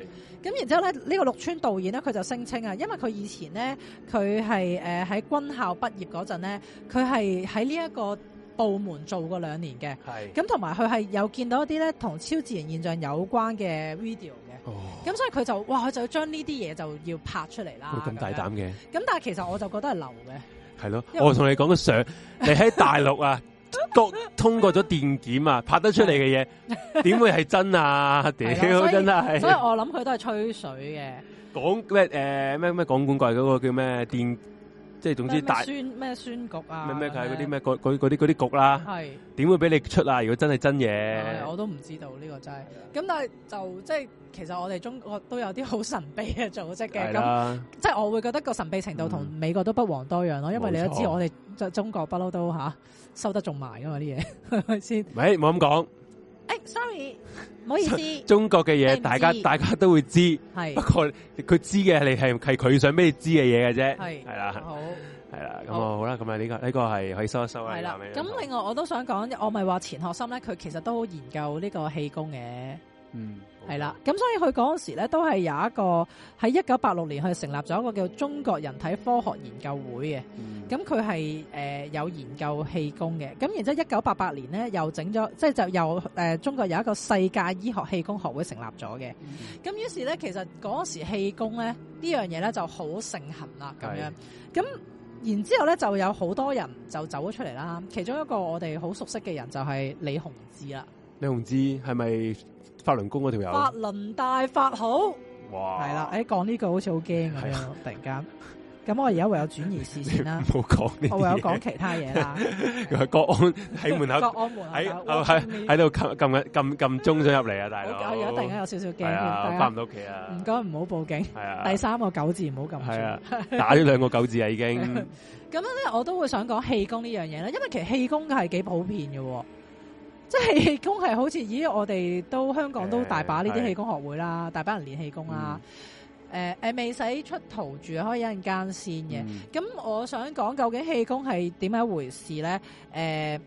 咁然之後咧，呢個陸川導演咧，佢就聲稱啊，因為佢以前呢，佢係誒喺軍校畢業嗰陣咧，佢係喺呢一個部門做過兩年嘅。係。咁同埋佢係有見到一啲咧同超自然現象有關嘅 video。咁、oh. 嗯、所以佢就哇，佢就將呢啲嘢就要拍出嚟啦。咁大膽嘅。咁但係其實我就覺得係流嘅。係咯，我同你講嘅相，Sir, 你喺大陸啊， 通過咗電檢啊，拍得出嚟嘅嘢，點 會係真啊？屌， 真係，所以我諗佢都係吹水嘅。講咩誒咩咩講管櫃嗰個叫咩電？即係總之大，大宣咩宣局啊？咩咩佢係嗰啲咩嗰啲啲局啦、啊？係點會俾你出啊？如果真係真嘢，我都唔知道呢、呢個真係。咁但係就即係其實我哋中國都有啲好神秘嘅組織嘅。咁即係我會覺得個神秘程度同美國都不遑多讓咯。嗯、因為你都知我哋中國不嬲都嚇、啊、收得仲埋㗎嘛啲嘢先？唔好咁講。 Hey, sorry，唔好意思。 中國嘅嘢，大家大家都會知。係，不過佢知嘅，你係係佢想俾你知嘅嘢嘅啫。係，係啦。好，係啦。咁啊，好啦，咁啊呢個呢個係可以收一收啦。係啦。咁另外我都想講，我咪話錢學森咧，佢其實都研究呢個氣功嘅。嗯。係啦，咁所以佢嗰時咧都係有一個喺一九八六年佢成立咗一個叫中國人體科學研究會嘅，咁佢係誒有研究氣功嘅，咁然之後一九八八年咧又整咗，即係就又誒、呃、中國有一個世界醫學氣功學會成立咗嘅，咁、嗯、於是咧其實嗰時氣功咧呢樣嘢咧就好盛行啦，咁樣，咁然之後咧就有好多人就走咗出嚟啦，其中一個我哋好熟悉嘅人就係李洪志啦，李洪志係咪？法輪功嗰條友，法輪大法好，係啦，誒，講呢句好似好驚咁樣，突然間，咁我而家唯有轉移視線啦，冇講呢啲，我唯有講其他嘢啦，啊。國安喺門口，國安門喺喺度撳撳撳撳鐘想入嚟啊，大佬！我而家突然間有少少驚，翻唔到屋企啊！唔該，唔好報警。係啊，第三個九字唔好撳。係啊，打咗兩個九字啊，已經。咁樣咧，我都會想講氣功呢樣嘢啦，因為其實氣功嘅係幾普遍嘅。即係氣功係好似，咦？我哋都香港都大把呢啲氣功學會啦，嗯、大把人練氣功啦。誒、嗯、誒、呃，未使出徒住，可以有陣間先嘅。咁、嗯、我想講，究竟氣功係點樣一回事咧？誒、呃，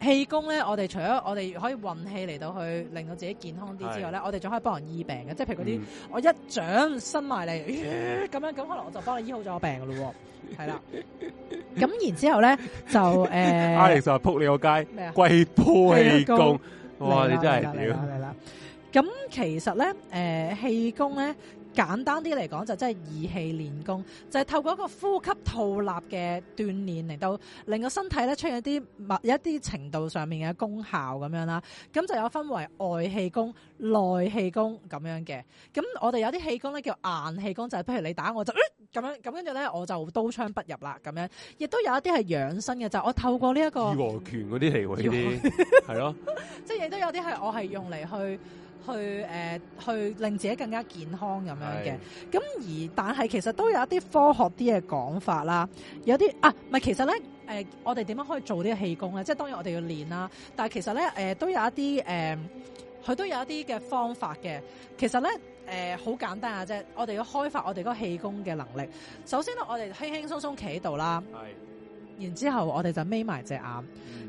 氣功咧，我哋除咗我哋可以運氣嚟到去令到自己健康啲之外咧、嗯，我哋仲可以幫人醫病嘅。即係譬如嗰啲，我一掌伸埋嚟，咁、嗯呃、樣咁可能我就幫你醫好咗病噶啦。 係啦，咁然之後咧就，誒，阿力就話，扑你個街，龜波氣功，哇你真係屌！咁其實咧，誒，氣功咧。簡單啲嚟講，就真係意氣練功，就係、是、透過一個呼吸吐納嘅鍛煉，嚟到令個身體咧出現一啲某一啲程度上面嘅功效咁樣啦。咁就有分為外氣功、內氣功咁樣嘅。咁我哋有啲氣功咧叫硬氣功，就係譬如你打我就咁樣，咁跟住咧我就刀槍不入啦咁樣。亦都有一啲係養生嘅，就係、我透過呢、這、一個。義和拳嗰啲嚟喎啲，係咯。即係亦都有啲係我係用嚟去。去誒、呃、去令自己更加健康咁樣嘅，咁而但係其實都有一啲科學啲嘅講法啦，有啲啊咪其實咧誒、呃，我哋點樣可以做啲氣功咧？即係當然我哋要練啦，啊，但係其實咧誒、呃、都有一啲誒，佢、呃、都有一啲嘅方法嘅。其實咧誒好簡單啊，即係我哋要開發我哋個氣功嘅能力。首先咧，我哋輕輕鬆鬆企喺度啦。然之後我哋，後我哋就眯埋隻眼，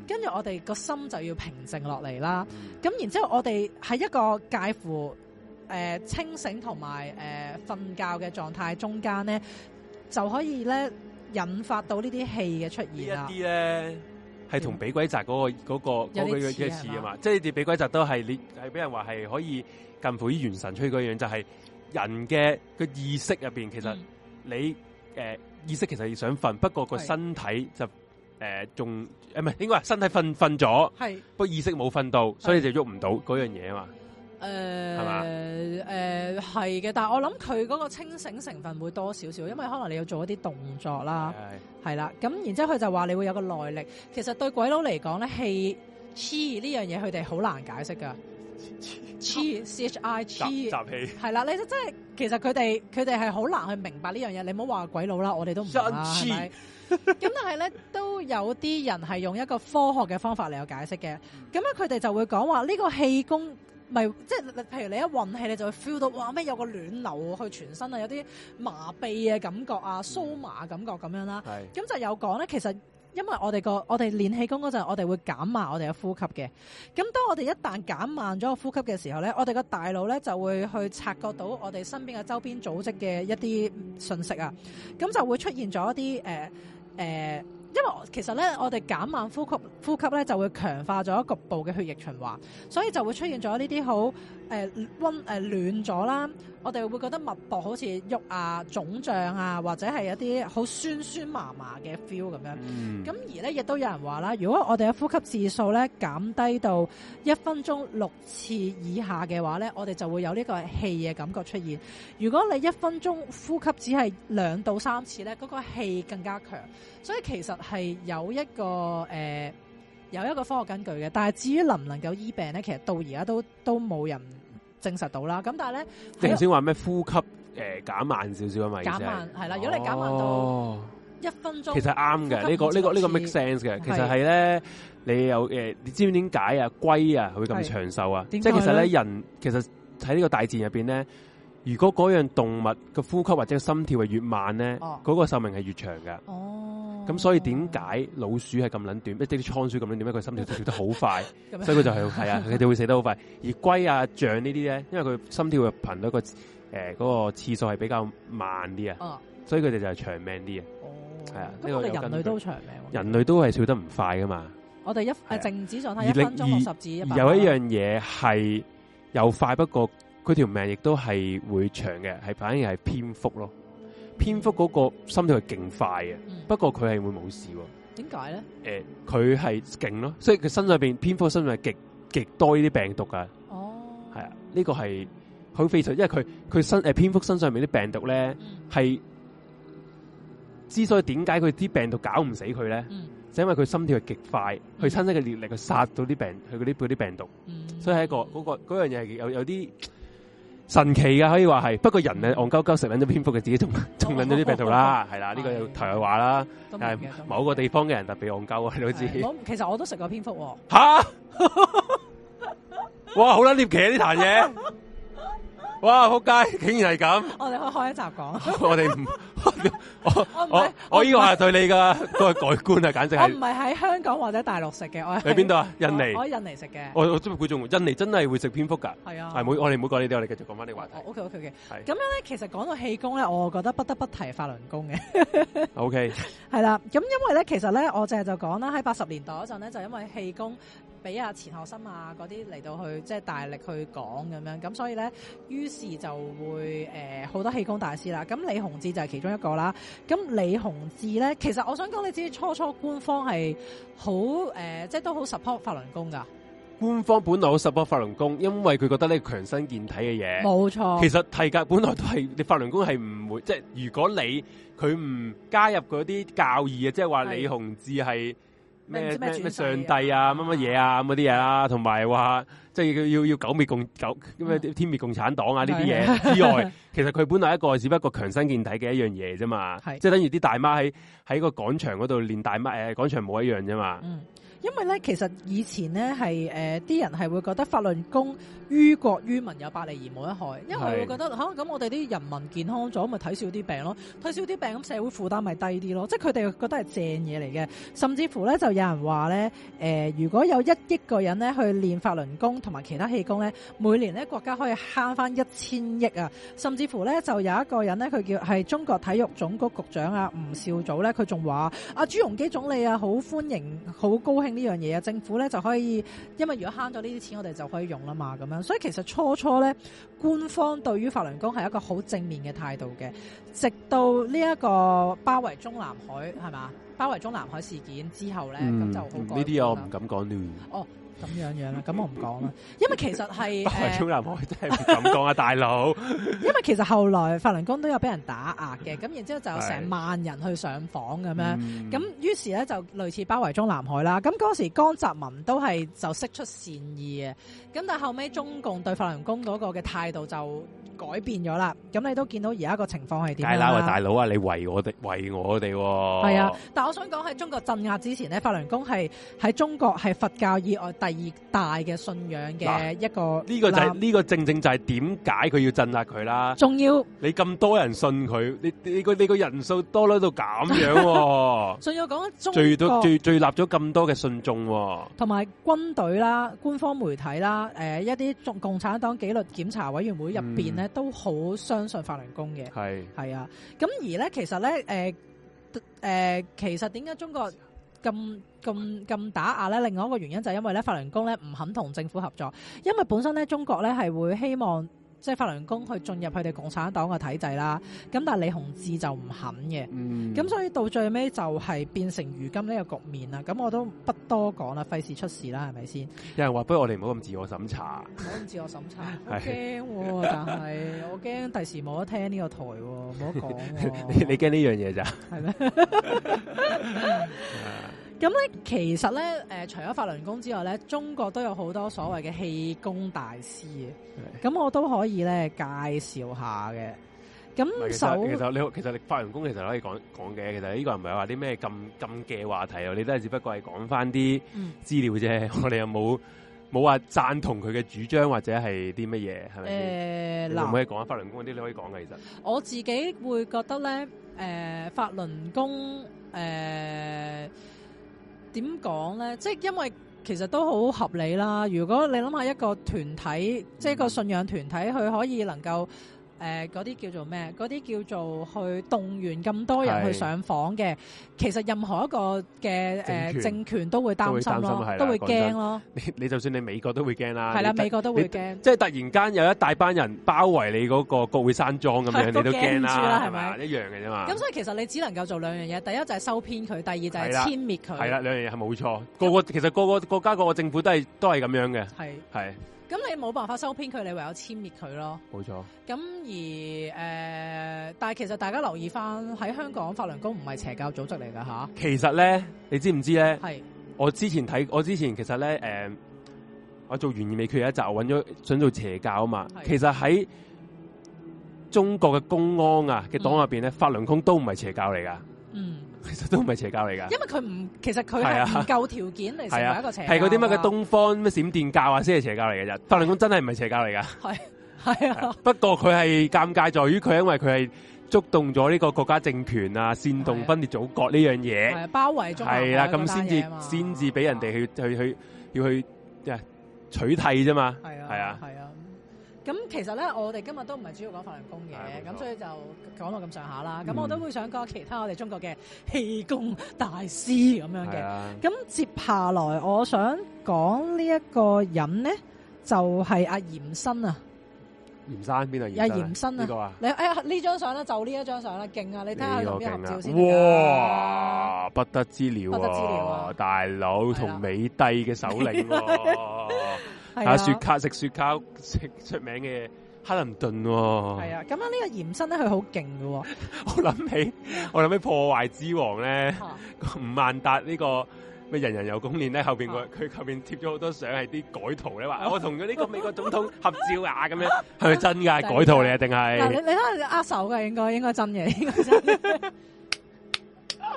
跟住我哋個心就要平靜落嚟啦。咁然之後，我哋喺一個介乎誒、呃、清醒同埋誒瞓覺嘅狀態中間咧，就可以咧引發到呢啲氣嘅出現啦。啲咧係同俾鬼責嗰、嗰個嗰、嗰個嗰、嗰個嘢似啊嘛，即係你哋俾鬼責都係你係俾人話係可以近乎於元神出去嗰樣，就係、是、人嘅個意識入邊，其實你誒。嗯呃意識其實要想瞓，不過個身體就誒仲誒唔係應該話身體瞓瞓咗，係不過意識冇瞓到，所以就喐唔到嗰樣嘢嘛。誒係嘛？誒係嘅，但係我諗佢嗰個清醒成分會多少少，因為可能你要做一啲動作啦，係啦。咁然之後佢就話你會有個耐力，其實對鬼佬嚟講咧，氣癡呢樣嘢佢哋好難解釋㗎。C H I 氣集氣係啦，你真係其實佢哋佢哋係好難去明白呢樣嘢。你唔好話鬼佬啦，我哋都唔啦。咁 但係咧都有啲人係用一個科學嘅方法嚟去解釋嘅。咁樣佢哋就會講話呢個氣功咪即係，譬如你一運氣，你就會 feel 到哇咩有個暖流去全身啊，有啲麻痹嘅感覺啊、酥麻感覺咁樣啦。咁、嗯、就有講咧，其實。因為我哋個我哋練氣功嗰陣，我哋會減慢我哋嘅呼吸嘅。咁當我哋一旦減慢咗個呼吸嘅時候咧，我哋個大腦咧就會去察覺到我哋身邊嘅周邊組織嘅一啲信息啊。咁就會出現咗一啲誒、呃呃、因為其實咧我哋減慢呼吸，呼吸咧就會強化咗局部嘅血液循環，所以就會出現咗呢啲好誒溫、呃、暖咗啦。我哋會覺得脈搏好似喐啊、腫脹啊，或者係一啲好酸酸麻麻嘅 feel 咁樣。咁、嗯、而咧亦都有人話啦，如果我哋嘅呼吸次數咧減低到一分鐘六次以下嘅話咧，我哋就會有呢個氣嘅感覺出現。如果你一分鐘呼吸只係兩到三次咧，嗰、那個氣更加強。所以其實係有一個誒、呃、有一個科學根據嘅，但係至於能唔能夠醫病咧，其實到而家都都冇人，證實到啦，咁但係咧，即係先話咩呼吸誒減、呃、慢少少啊嘛，減慢係啦，如果你減慢到一分鐘，其實啱嘅呢個呢、呢個呢、呢個 make sense 嘅，其實係咧，你有誒、呃，你知唔知點解啊？龜啊佢咁長壽啊？即係、就是、其實咧，人其實喺呢個大自然入邊咧，如果嗰樣動物嘅呼吸或者心跳係越慢咧，嗰、哦嗰個壽命係越長噶。哦咁所以點解老鼠係咁卵短？咩啲倉鼠咁卵短？因為佢心跳跳得好快，所以佢就係係、 就是、啊，佢哋會死得好快。而龜啊、象呢啲咧，因為佢心跳嘅頻率個誒、呃那個次數係比較慢啲、哦哦、啊，所以佢哋就係長命啲啊。係啊。我哋人類都長命、啊，人類都係笑得唔快噶嘛。我哋一誒靜、啊、止狀態一分鐘二十字，有一樣嘢係又快，不過佢條命亦都係會長嘅，係反而係蝙蝠咯。蝙蝠嗰個心跳係勁快嘅、嗯，不過佢係會冇事的。點解咧？誒、呃，佢係勁咯，所以佢身上邊蝙蝠身上係極極多呢啲病毒噶。哦，係啊，呢、這個係好非常，因為佢佢身誒蝙蝠身上邊啲病毒咧，係、嗯、之所以點解佢啲病毒搞唔死佢咧、嗯，就是、因為佢心跳係極快，佢、嗯、親身嘅力量去殺到啲病，佢嗰啲啲病毒。嗯、所以係一個嗰、那個樣嘢係有有啲。神奇嘅可以話係，不過人啊戇鳩鳩食撚咗蝙蝠嘅，自己仲中撚咗啲病毒啦，係啦，呢、啊這個要題外話啦，但誒某個地方嘅人特別戇鳩啊，你都，都知。我其實我都食過蝙蝠喎、啊。嚇、啊！哇，好撚獵奇呢壇嘢！ 哇！仆街，竟然係咁！我哋可以開一集講。我哋唔，我我我呢個係對你噶，都係改觀啊！簡直係我唔係喺香港或者大陸食嘅，我喺邊度啊？印尼，我喺印尼食嘅。我我知佢仲印尼真係會食蝙蝠噶。係啊，係唔會。我哋唔好講呢啲，我哋繼續講翻呢個話題。O K O K O K。咁樣咧，其實講到氣功咧，我覺得不得不提法輪功嘅。O K。係啦，咁因為咧，其實咧，我淨係就講啦，喺八十年代嗰陣咧，就因為氣功。俾阿錢學森啊嗰啲嚟到去即係，大力去講咁樣，咁所以咧，於是就會誒好多氣功大師啦。咁李洪志就係其中一個啦。咁李洪志咧，其實我想講，你知初初官方係好誒，即係都好 support 法輪功噶。官方本來好 support 法輪功，因為佢覺得你強身健體嘅嘢。冇錯。其實體格本來都係你法輪功係唔會即係，如果你佢唔加入嗰啲教義啊，即係話李洪志係。咩咩上帝啊，乜乜嘢啊，咁嗰啲嘢啦，同埋話即係要要要剿滅共剿咩啊，還有就是要要滅共天滅共產黨啊呢啲嘢之外，之外 其實佢本來是一個只不過強身健體嘅一,一,、呃、一樣嘢啫嘛，即係等於啲大媽喺喺個廣場嗰度練大媽誒廣場舞一樣啫嘛。因為咧，其實以前呢係誒啲人係會覺得法輪功於國於民有百利而無一害，因為會覺得嚇咁、嗯、我哋啲人民健康咗，咪睇少啲病咯，睇少啲病，咁社會負擔咪低啲咯。即係佢哋覺得係正嘢嚟嘅。甚至乎咧，就有人話咧誒，如果有一億個人咧去練法輪功同埋其他氣功咧，每年咧國家可以慳翻一千億啊！甚至乎咧，就有一個人咧，佢叫係中國體育總局局長啊吳少祖咧，佢仲話啊朱鎔基總理啊，好歡迎，好高興。呢樣嘢啊，政府咧就可以，因為如果慳咗呢啲錢，我哋就可以用啦嘛，咁樣。所以其實初初咧，官方對於法輪功係一個好正面嘅態度嘅。直到呢一個包圍中南海係嘛，包圍中南海事件之後咧，咁、嗯、就好。呢啲我唔敢講亂。哦咁樣樣啦，咁我唔講啦，因為其實係包圍中南海真係唔敢講啊， 大佬。因為其實後來法輪功都有俾人打壓嘅，咁然之後就成萬人去上訪咁樣，咁於是咧就類似包圍中南海啦。咁嗰時江澤民都係就釋出善意嘅，咁但後尾中共對法輪功嗰個嘅態度就改變咗啦。咁你都見到而家個情況係點？係啦，大佬啊，你為我哋為我哋喎、哦。係啊，但我想講喺中國鎮壓之前呢，法輪功係喺中國係佛教以外第第二大嘅信仰嘅一個，呢個就係呢個正正就係點解佢要鎮壓佢啦？仲要你咁多人信佢，你你個你個人數多啦到咁樣，仲要講中國最最最立咗咁多嘅信眾，同埋軍隊啦、官方媒體啦、誒一啲中共產黨紀律檢查委員會入邊咧，都好相信法輪功嘅，係係啊。咁而咧，其實咧，誒誒，其實點解中國？咁咁咁打壓咧，另外一個原因就係因為咧，法輪功咧唔肯同政府合作，因為本身咧中國咧係會希望。即係法輪功去進入佢哋共產黨嘅體制啦，咁但係李洪志就唔肯嘅，咁、嗯、所以到最尾就係變成如今呢個局面啦。咁我都不多講啦，費事出事啦，係咪先？有人話不如我哋唔好咁自我審查，唔好咁自我審查，喎 驚、喔。 但係我驚第時冇得聽呢個台、喔，冇得講、喔。 你驚呢樣嘢咋係咩？咁咧，其實咧，誒、呃，除咗法輪功之外咧，中國都有好多所謂嘅氣功大師嘅。咁 我都可以咧介紹下嘅。咁其，其實你其實你法輪功其實可以講講嘅。其實呢個唔係話啲咩咁咁禁嘅話題啊，你都係只不過係講翻啲資料啫。嗯、我哋又冇冇話贊同佢嘅主張或者係啲乜嘢，係咪先？你唔可以講、呃、法輪功嗰啲？你可以講嘅，其實我自己會覺得咧，誒、呃，法輪功，誒、呃。點講咧？即係因為其實都好合理啦。如果你諗下一個團體，即係一個信仰團體，佢可以能夠。誒嗰啲叫做咩？嗰啲叫做去動員咁多人去上訪嘅，其實任何一個嘅、呃、政，政權都會擔心囉，都會驚咯你。你就算你美國都會驚啦，係啦，美國都會驚。即係、就是、突然間有一大班人包圍你嗰個國會山莊咁樣，你都驚啦，係咪一樣嘅啫嘛？咁所以其實你只能夠做兩樣嘢，第一就係收編佢，第二就係殲滅佢。係啦，兩樣嘢係冇錯。個個其實個個國家個個政府都係都係咁樣嘅，係係。咁你冇辦法收編佢，你唯有殲滅佢咯。冇錯。咁而誒、呃，但係其實大家留意翻喺香港，法輪功唔係邪教組織嚟噶吓。其實咧，你知唔知咧？係我之前睇，我之前其實咧，誒、呃，我做懸疑未決一集，揾咗想做邪教啊嘛。其實喺中國嘅公安啊嘅黨入邊咧，法輪功都唔係邪教嚟噶。嗯。其實都唔係邪教嚟噶，因為佢唔，其實佢係唔夠條件嚟成為，一個邪教係啲乜嘅東方乜閃電教啊，先係邪教嚟嘅啫。法輪功真係唔係邪教嚟噶，係係啊。不過佢係尷尬在於佢因為佢係觸動咗呢個國家政權啊，煽動分裂祖國呢樣嘢，係、啊啊、包圍中是、啊，係啦，咁先至先至俾人哋去、啊、去去要去取締啫嘛，係啊，係啊。係啊係啊咁其實咧，我哋今日都唔係主要講法輪功嘅，咁所以就講到咁上下啦。咁我都會想講其他我哋中國嘅氣功大師咁樣嘅。咁、嗯啊、接下來我想講呢一個人咧，就係、是、阿、啊、嚴生啊。嚴生邊度？阿嚴生啊，啊，你誒呢張相咧，就呢一張相咧，勁啊！你睇下邊合照先。哇、啊，不得之了、啊，不得之了啊啊大，大佬同美帝嘅首領、啊。食、啊啊、雪茄，食雪茄，食出名嘅克林頓。係啊，咁樣呢個延伸咧，佢好勁嘅。我諗起，我諗起破壞之王咧，吳、啊、萬達呢、這個咩人人有功練，咧，後邊佢，佢、啊、後邊貼咗好多相係啲改圖咧，話我同呢個美國總統合照啊，咁、啊、樣係咪真噶？ 改圖嚟定係？你你可，握手嘅，應該應該真嘅，應該真的。該真的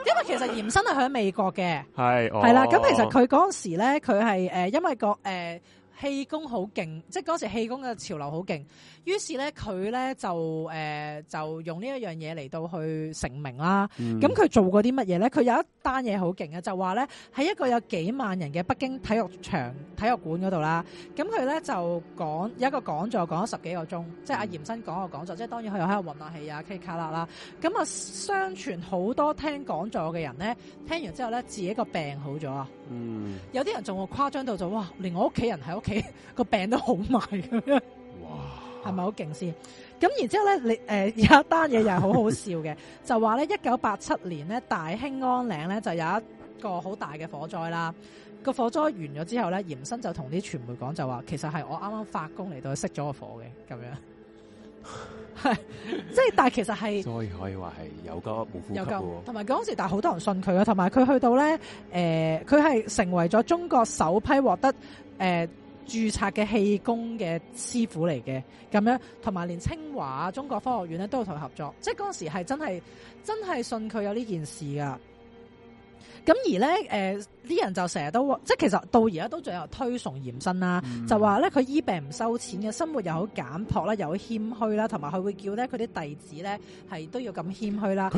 因為其實延身係喺美國嘅，係係啦。咁、哦啊、其實佢嗰陣時咧，佢係誒，因為個誒。呃氣功好勁，即係嗰時氣功嘅潮流好勁，於是咧佢咧就誒、呃、就用呢一樣嘢嚟到去成名啦。咁、嗯、佢做過啲乜嘢咧？佢有一單嘢好勁嘅，就話咧喺一個有幾萬人嘅北京體育場體育館嗰度啦。咁佢咧就講有一個講座，講咗十幾個鐘，即係阿嚴新講個講座。即係當然佢又喺度混落器啊，K 卡啦啦。咁啊，卡卡相傳好多聽講座嘅人咧，聽完之後咧自己個病好咗啊、嗯。有啲人仲夸誇張到就：「哇！連我屋企人喺屋企。個 病都好埋咁樣，哇，係咪好勁先？咁然之後咧，你誒、呃、有一單嘢又係好好笑嘅， 就話咧一九八七年咧大興安嶺咧就有一個好大嘅火災啦。個火災完咗之後咧，嚴新就同啲傳媒講就話，其實係我啱啱發功嚟到熄咗個火嘅，咁樣係，即 係 但係其實係所以可以話係有個冇呼吸嘅，同埋嗰時但係好多人信佢啊，同埋佢去到咧，誒佢係成為咗中國首批獲得誒。呃註冊嘅氣功嘅師傅嚟嘅，咁樣同埋連清華、中國科學院咧都有同佢合作，即係嗰時係真係真係信佢有呢件事噶。咁而咧，誒、呃、啲人就成日都即係其實到而家都仲有推崇嚴新啦，嗯、就話咧佢醫病唔收錢嘅，生活又好簡樸啦，又好謙虛啦，同埋佢會叫咧佢啲弟子咧係都要咁謙虛啦。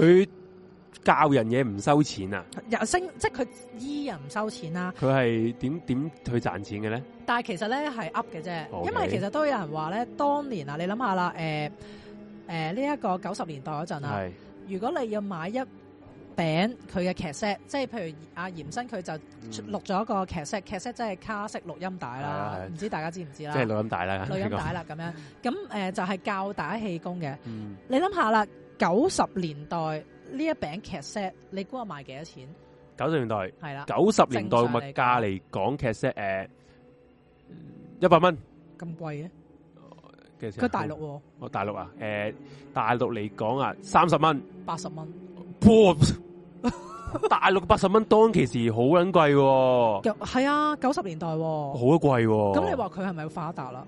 教人嘢唔收錢啊！有聲即係佢醫人唔收錢啦、啊。佢係點點去賺錢嘅咧？但係其實咧係 up 嘅啫，Okay. 因為其實都有人話咧，當年啊，你諗下啦，誒、呃、誒、呢、呃、一、這個九十年代嗰陣啊，如果你要買一餅佢嘅劇 set，即係譬如阿嚴生佢就錄咗個劇 set，劇 set 即係卡式錄音帶啦，唔、嗯、知大家知唔知啦？即係錄音帶啦，錄、這個、音帶啦，咁樣咁誒，就係、是、教打氣功嘅、嗯。你諗下啦，九十年代。呢一餅劇 set，你估我賣幾多錢？九十年代係啦，九十年代物價嚟講劇 set，誒一百蚊咁貴嘅，佢大陸、啊、哦，大陸啊，誒大陸嚟講啊三十蚊，八十蚊，大陸八十蚊當其時好撚貴喎，係啊，九 十、啊、年代好、啊、貴，咁、啊、你話佢係咪要發達啦？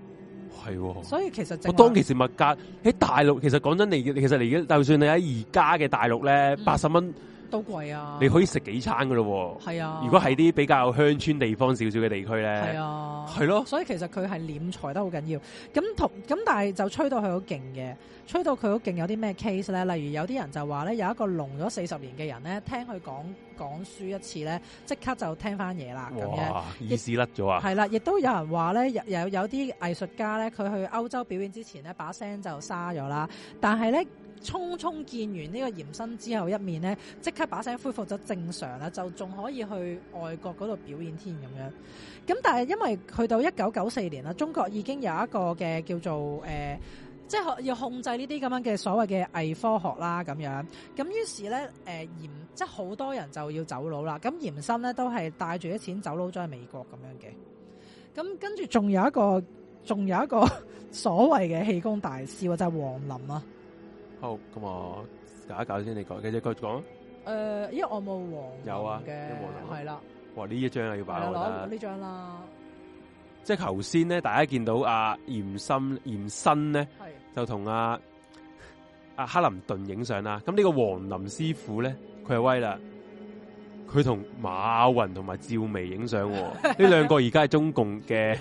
係、哦、所以其實我當其時物價喺大陸。其實講真你其實你嚟緊，就算你喺而家嘅大陸咧，八十蚊。都貴啊！你可以食幾餐噶咯喎？係啊！如果係啲比較鄉村地方少少嘅地區咧，係啊，係咯。所以其實佢係斂財得好緊要。咁同咁，但係就吹到佢好勁嘅，吹到佢好勁。有啲咩 case 咧？例如有啲人就話咧，有一個聾咗四十年嘅人咧，聽佢講講書一次咧，即刻就聽翻嘢啦。咁樣意思甩咗啊？係啦，亦都有人話咧，有有啲藝術家咧，佢去歐洲表演之前咧，把聲就沙咗啦。但係咧，匆匆見完呢個嚴生之後一面呢，即刻把聲恢復咗正常啦，就仲可以去外國嗰度表演添咁樣。咁但係因為去到一九九四年啦，中國已經有一個嘅叫做誒、呃，即係要控制呢啲咁樣嘅所謂嘅偽科學啦，咁樣咁於是呢，誒嚴即係好多人就要走佬啦。咁嚴生呢都係帶住啲錢走佬咗去美國咁樣嘅。咁跟住仲有一個，仲有一個所謂嘅氣功大師，就係、是、王林啊。好，咁我搞一搞先。你講，你繼續講。誒、呃，因為我冇王有，有啊嘅，係啦、啊。哇，呢一張啊，要擺我啦。呢張啦，即係頭先咧，大家見到阿嚴森嚴新咧，就同阿阿克林頓影相啦。咁呢個王林師傅咧，佢係威啦。佢同馬雲同埋趙薇影相，呢 兩個而家係中共嘅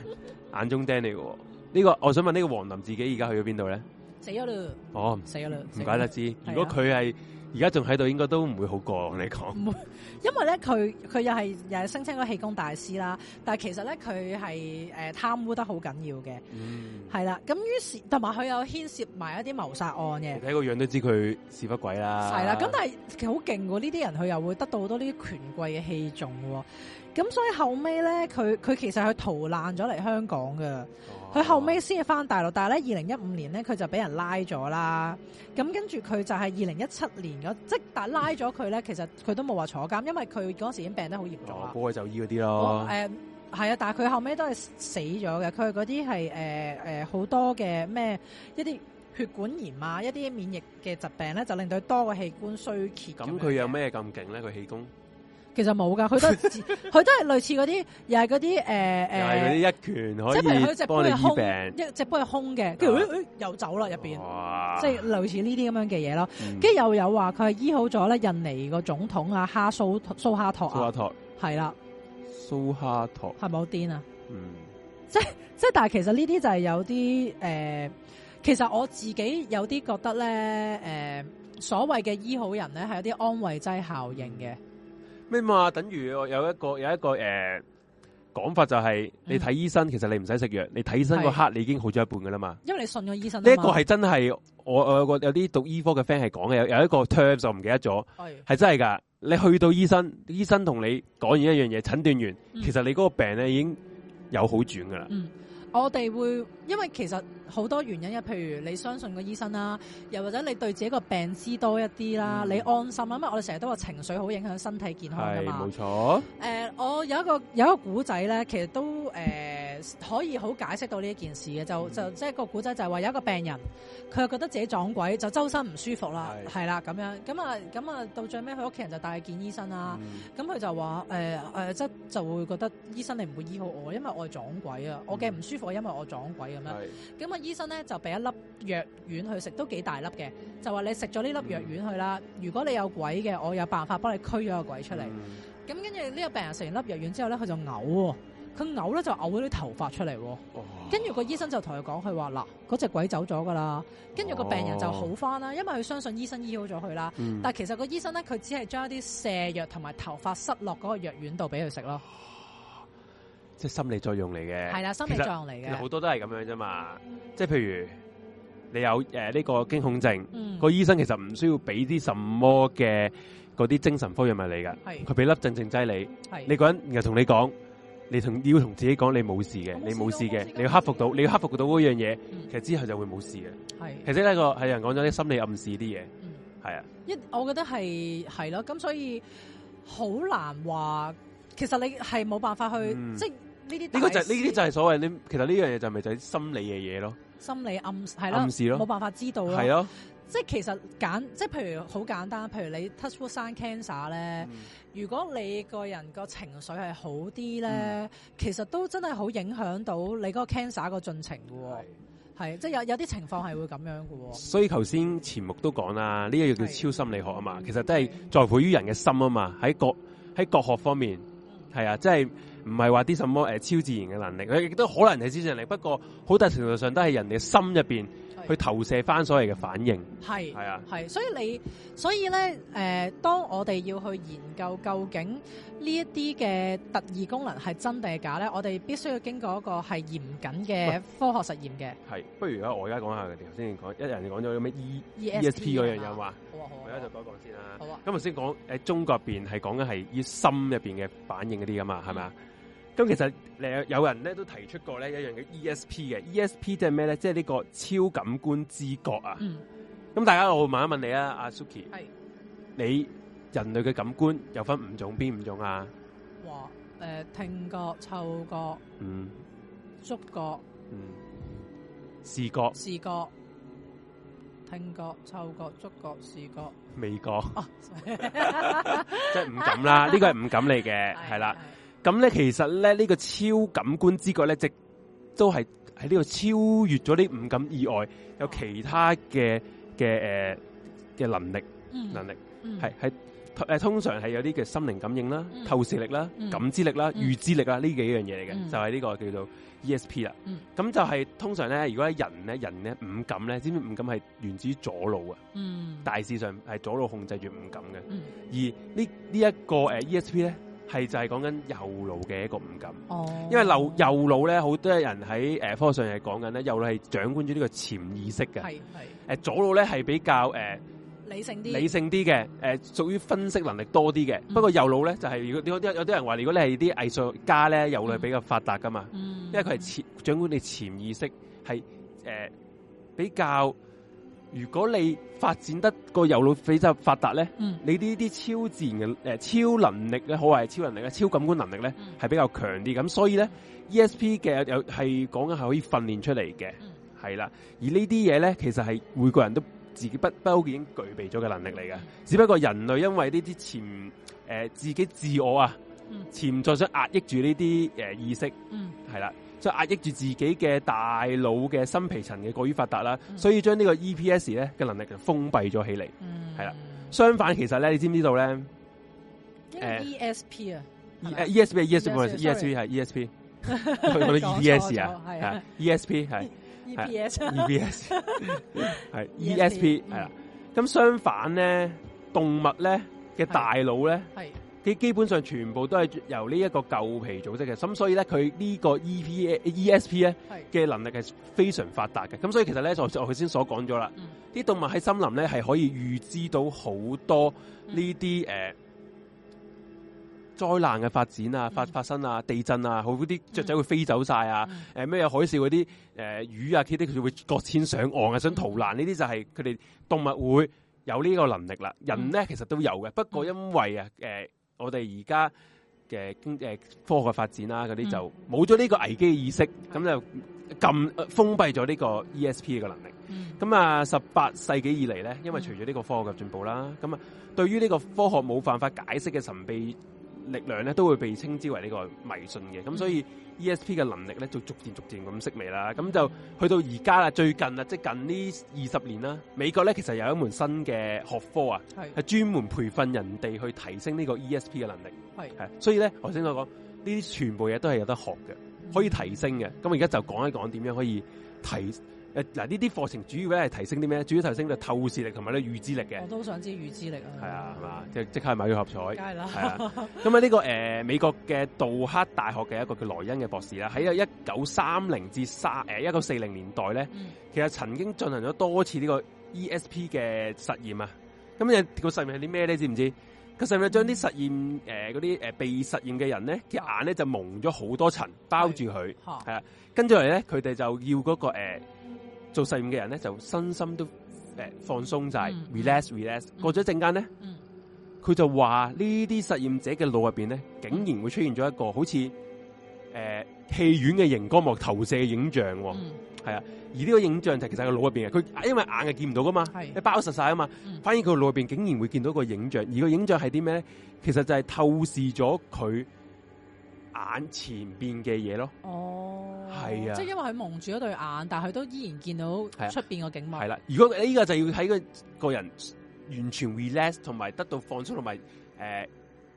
眼中釘嚟嘅。呢、這個我想問呢個王林自己而家去咗邊度咧？死咗嘞！哦，死咗嘞！唔怪得知。如果佢係而家仲喺度，應該都唔會好過。你講，因為咧佢佢又係又係聲稱個氣功大師啦，但係其實咧佢係誒貪污得好緊要嘅，係、嗯、啦、啊。咁於是同埋佢有又牽涉埋一啲謀殺案嘅。睇、嗯、個樣都知佢事不鬼啦。係啦、啊。咁但係好勁喎，呢啲人佢又會得到好多呢啲權貴嘅器重喎。咁所以後尾咧，佢佢其實係逃難咗嚟香港㗎。哦佢後尾先至翻大陸，但係咧二零一五年咧佢就俾人拉咗啦。咁跟住佢就係二零一七年嗰，即係但拉咗佢咧，其實佢都冇話坐監，因為佢嗰時已經病得好嚴重啦。過、哦、去就醫嗰啲咯。誒係啊，但係佢後尾都係死咗嘅。佢嗰啲係誒好多嘅咩一啲血管炎啊，一啲免疫嘅疾病咧，就令到佢多個器官衰竭。咁佢有咩咁勁咧？佢氣功？其實冇噶，佢都佢 都係類似嗰啲，又係嗰啲誒誒，啲、呃就是、一拳可以幫你醫病，一隻杯係空嘅，跟住誒又走啦入邊，即、啊、係、啊就是、類似呢啲咁樣嘅嘢咯。跟、嗯、住又有話佢係醫好咗咧，印尼個總統啊，哈蘇蘇哈托啊，托係啦，蘇哈托係咪好癲啊，嗯，即即係但係其實呢啲就係有啲誒、呃，其實我自己有啲覺得咧，誒、呃，所謂嘅醫好人咧係有啲安慰劑效應嘅。咩嘛、啊？等於我有一個有一個誒講、呃、法，就係你睇醫生，嗯、其實你唔使食藥，你睇醫生個刻你已經好咗一半噶啦嘛。因為你信咗醫生，呢個係真係我我有啲讀醫科嘅 friend 係講嘅，有有一個 term 就唔記得咗，係、嗯、真係噶。你去到醫生，醫生同你講完一樣嘢，診斷完，其實你嗰個病咧已經有好轉噶啦。嗯，我哋會。因為其實好多原因，啊，譬如你相信個醫生啦，又或者你對自己個病，知多一啲啦、嗯，你安心啊，因為我哋成日都話情緒好影響身體健康噶嘛。冇錯，誒、呃、我有一個有一個古仔咧，其實都誒、呃、可以好解釋到呢一件事嘅，就、嗯、就即係、個古仔就係話有一個病人，佢又覺得自己撞鬼，就周身唔舒服啦，係啦咁樣咁啊咁啊，到最尾佢屋企人就帶佢見醫生啦，咁、嗯、佢就話誒誒即就會覺得醫生，你唔會醫好我，因為我係撞鬼啊、嗯，我嘅唔舒服因為我撞鬼。咁樣，咁啊醫生咧就俾一粒藥丸去食，都幾大粒嘅。就話你食咗呢粒藥丸去啦、嗯，如果你有鬼嘅，我有辦法幫你驅咗個鬼出嚟。咁跟住呢個病人食完粒藥丸之後咧，佢就嘔、哦，佢嘔咧就嘔咗啲頭髮出嚟、哦。跟、哦、住個醫生就同佢講，佢話嗱，嗰隻鬼走咗噶啦。跟住個病人就好翻啦、哦，因為佢相信醫生醫好咗佢啦。但係其實個醫生咧，佢只係將一啲瀉藥同埋頭髮塞落嗰個藥丸度俾佢食咯。即係心理作用嚟嘅，係啦，心理作用嚟嘅，好多都係咁樣啫嘛。嗯、即係譬如你有誒呢、呃這個驚恐症，嗯，那個醫生其實唔需要俾啲什麼嘅嗰啲精神科藥物你噶，佢、嗯、俾粒鎮靜劑你，你嗰人又同你講，你同要同自己講你冇事嘅，你冇事嘅，你要克服到，嗯、你要克服到嗰樣嘢，其實之後就會冇事嘅。係，其實呢個係有人講咗啲心理暗示啲嘢，係、嗯、啊。一，我覺得係係咯，咁所以好難話，其實你係冇辦法去、嗯、即呢啲，呢個就係呢啲就係所謂你其實呢樣嘢就係咪就係心理嘅嘢咯？心理暗示係暗示咯，冇辦法知道咯。係咯，即係其實揀，即係譬如好簡單，譬如你 touch wood 生 cancer 咧，嗯、如果你個人個情緒係好啲咧，嗯、其實都真係好影響到你嗰個 cancer 個進程嘅喎。係，即係有有啲情況係會咁樣嘅喎。所以頭先前目都講啦，呢一樣叫超心理學啊嘛，其實都係在乎於人嘅心啊嘛。喺國喺國學方面係、嗯、啊，即係。唔係話啲什麼誒超自然嘅能力，佢亦都可能係超自然力，不過好大程度上都係人哋心入邊去投射翻所謂嘅反應。係係啊，係所以你所以咧誒、呃，當我哋要去研究究竟呢一啲嘅特異功能係真定係假咧，我哋必須要經過一個係嚴謹嘅科學實驗嘅。係，不如而家我而家講下嘅，頭先講一人講咗啲咩 E S P 嗰樣嘢嘛，我而家就改講先啦。好啊。咁頭、啊啊啊、先講、啊、誒、啊、中國入邊係講緊係依心入邊嘅反應嗰啲啊嘛，係咪啊？嗯咁、嗯、其實有有人咧都提出過咧一樣嘅 ESP 嘅，ESP 即係咩咧？即係呢個超感官知覺啊！咁、嗯嗯、大家我會問一問你啊 Suki，阿 Suki，係你人類嘅感官有分五種邊五種啊？話誒、呃、聽覺、嗅、嗯、覺、嗯觸覺、嗯視覺、視覺、聽覺、嗅覺、觸覺、視覺、味覺、即係唔敢啦！呢 個係唔敢嚟嘅，係 啦。咁咧，其實咧呢、呢個超感官知覺咧，即都係喺呢個超越咗呢五感以外，有其他嘅嘅誒嘅能力，嗯、能力係係誒通常係有啲嘅心靈感應啦、嗯、透視力啦、嗯、感知力啦、預、嗯、知力啊，呢幾樣嘢嚟嘅，就係、係、呢個叫做 E.S.P. 啦。咁、嗯、就係、係、通常咧，如果係人咧，人咧五感咧，知唔知五感係源自於左腦啊？嗯，大致上係左腦控制住五感嘅、嗯。而、呢個、呢呢一個誒 E.S.P. 咧。係就係講緊右腦嘅一個唔敢，哦、因為右右腦咧，好多人喺、呃、科學上係講緊咧，右腦係掌管住呢個潛意識嘅、呃。左腦咧係比較誒理性啲，理性啲嘅誒屬於分析能力多啲嘅。嗯、不過右腦咧就係、是、如果有啲有啲人話如果你係啲藝術家咧右腦係比較發達㗎嘛，嗯、因為佢係潛掌管你潛意識係誒、呃、比較。如果你發展得個右腦比較發達咧、嗯，你呢啲超自然嘅、呃、超能力咧，可謂係超能力超感官能力咧，係、嗯、比較強啲。咁所以咧、嗯、ESP 嘅有係講緊係可以訓練出嚟嘅，係、嗯、啦。而呢啲嘢咧，其實係每個人都自己不不嬲已經具備咗嘅能力嚟嘅、嗯。只不過人類因為呢啲潛、呃、自己自我啊、嗯，潛在想壓抑住呢啲、呃、意識，係、嗯、啦。即係壓抑住自己嘅大腦嘅新皮層嘅過於發達啦，所以將呢個 E.P.S. 咧嘅能力就封閉咗起嚟。嗯，係啦。相反，其實咧，你知唔知道咧？E.S.P. 啊，E.E.S.P.、呃、E.S.P. E.S.P. 係 E.S.P. 嗰啲 E.B.S. 啊，係 E.S.P. 係 e s e s 係 E.S.P. 係啦。咁、嗯、相反咧，動物咧嘅大腦咧係。基本上全部都係由呢一個舊皮組織嘅，咁所以咧，佢呢個 E P E S P 咧嘅能力係非常發達嘅。咁所以其實咧，就我頭先所講咗啦，啲、嗯、動物喺森林咧係可以預知到好多呢啲誒災難嘅發展啊、發發生啊、嗯、地震啊，好啲雀仔會飛走晒啊，誒、嗯、咩、呃、海嘯嗰啲誒魚啊，佢哋佢會擱淺上岸啊，想逃難呢啲、嗯、就係佢哋動物會有呢個能力啦。人咧其實都有嘅，不過因為啊誒。呃我哋而家嘅經誒科學發展啦，嗰啲就冇咗呢個危機嘅意識，咁就禁封閉咗呢個 ESP 嘅能力。咁啊，十八世紀以嚟咧，因為除咗呢個科學嘅進步啦，咁啊，對於呢個科學冇辦法解釋嘅神秘。力量咧都會被稱之為呢個迷信嘅，咁所以 ESP 嘅能力咧就逐漸逐漸咁式微啦。咁就去到而家啦，最近啦，即係近呢二十年啦，美國咧其實有一門新嘅學科啊，係係專門培訓人哋去提升呢個 ESP 嘅能力，係係。所以咧頭先我講呢啲全部嘢都係有得學嘅，可以提升嘅。咁我而家就講一講點樣可以提。嗱，呢啲課程主要咧係提升啲咩？主要提升就透視力同埋咧預知力嘅。我都想知預知力啊。係啊，係、嗯、嘛？即即刻買咗合彩。梗係啦，係啊。咁啊，呢、呢個誒、呃、美國嘅杜克大學嘅一個叫萊恩嘅博士啦，喺一一九三零至三誒一九四零年代咧，嗯、其實曾經進行咗多次呢個 ESP 嘅實驗啊。咁你個實驗係啲咩咧？知唔知個實驗將啲實驗，嗰啲被實驗嘅人咧，隻眼咧就蒙咗好多層包住佢，係啊，跟住嚟咧佢哋就要嗰、嗰個、呃做實驗嘅人咧，就身心都誒、呃、放鬆晒，relax relax。過咗一陣間咧，佢、嗯、就話呢啲實驗者嘅腦入邊咧，竟然會出現咗一個好似誒戲院嘅熒光幕投射嘅影像、哦，係、嗯、啊。而呢個影像就其實係個腦入邊嘅，佢因為眼係見唔到噶嘛，係包實晒啊嘛、嗯。反而佢腦入邊竟然會見到個影像，而個影像係啲咩咧？其實就係透視咗佢。眼前邊嘅嘢咯，哦，係啊，即係因為佢蒙住咗對眼，但係佢都依然見到出邊個景物。係啦、啊啊，如果呢個就要喺個人完全 relax 同埋得到放鬆同埋誒，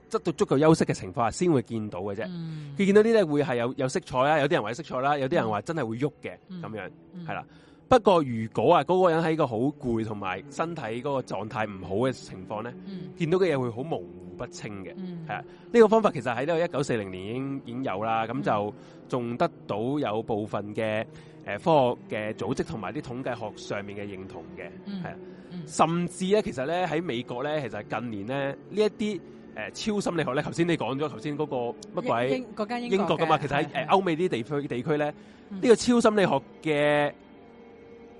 得到足夠休息嘅情況下，先會見到嘅啫。佢、嗯、見到啲咧會係有有色彩啦，有啲人話色彩啦，有啲人話真係會喐嘅咁樣，係啦、啊。不過，如果啊嗰、嗰個人喺個好攰同埋身體嗰個狀態唔好嘅情況咧、嗯，見到嘅嘢會好模糊不清嘅。係、嗯、啊，呢、呢個方法其實喺呢個一九四零年已經已經有啦，咁、嗯、就仲得到有部分嘅、呃、科學嘅組織同埋啲統計學上面嘅認同嘅。啊、嗯嗯，甚至咧，其實咧喺美國咧，其實近年咧呢一啲、呃、超心理學咧，頭先你講咗頭先嗰個乜鬼英，英，英國噶嘛？其實喺誒歐美啲地區地區咧，呢、嗯呢個超心理學嘅。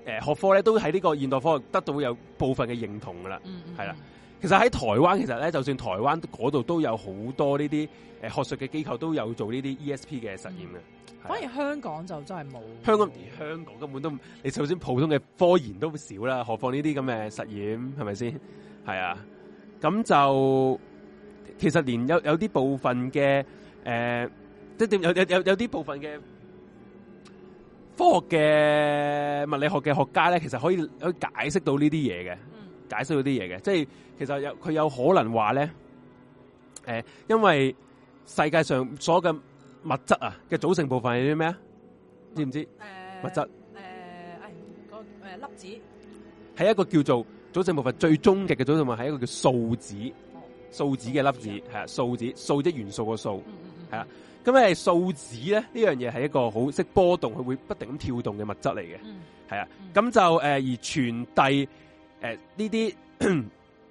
誒、呃，學科咧都喺呢個現代科學得到有部分嘅認同㗎啦，係、嗯、啦、嗯。其實喺台灣，其實咧就算台灣嗰度都有好多呢啲誒學術嘅機構都有做呢啲 E.S.P 嘅實驗嘅、嗯。反而香港就真係冇。香港連香港根本都，你首先普通嘅科研都少啦，何況呢啲咁嘅實驗係咪先？係啊，咁就其實連有有啲部分嘅誒，即、呃、點有有有有啲部分嘅。科學嘅物理學嘅學家咧，其實可以，可以解釋到呢啲嘢嘅，解釋到啲嘢嘅，即係其實有佢有可能話咧，誒、欸，因為世界上所有嘅物質啊嘅組成部分係啲咩啊？知唔知？誒、呃，物質誒，誒、呃，誒、哎那個呃、粒子係一個叫做組成部分最終極嘅組成物，係一個叫數字，數、哦、數字嘅粒子係、嗯、啊，數字，數字、嗯、元素個數係咁咧，數字咧呢樣嘢係一個好識波動，佢會不停咁跳動嘅物質嚟嘅，係、嗯、啊。咁、嗯、就誒、呃、而傳遞誒呢啲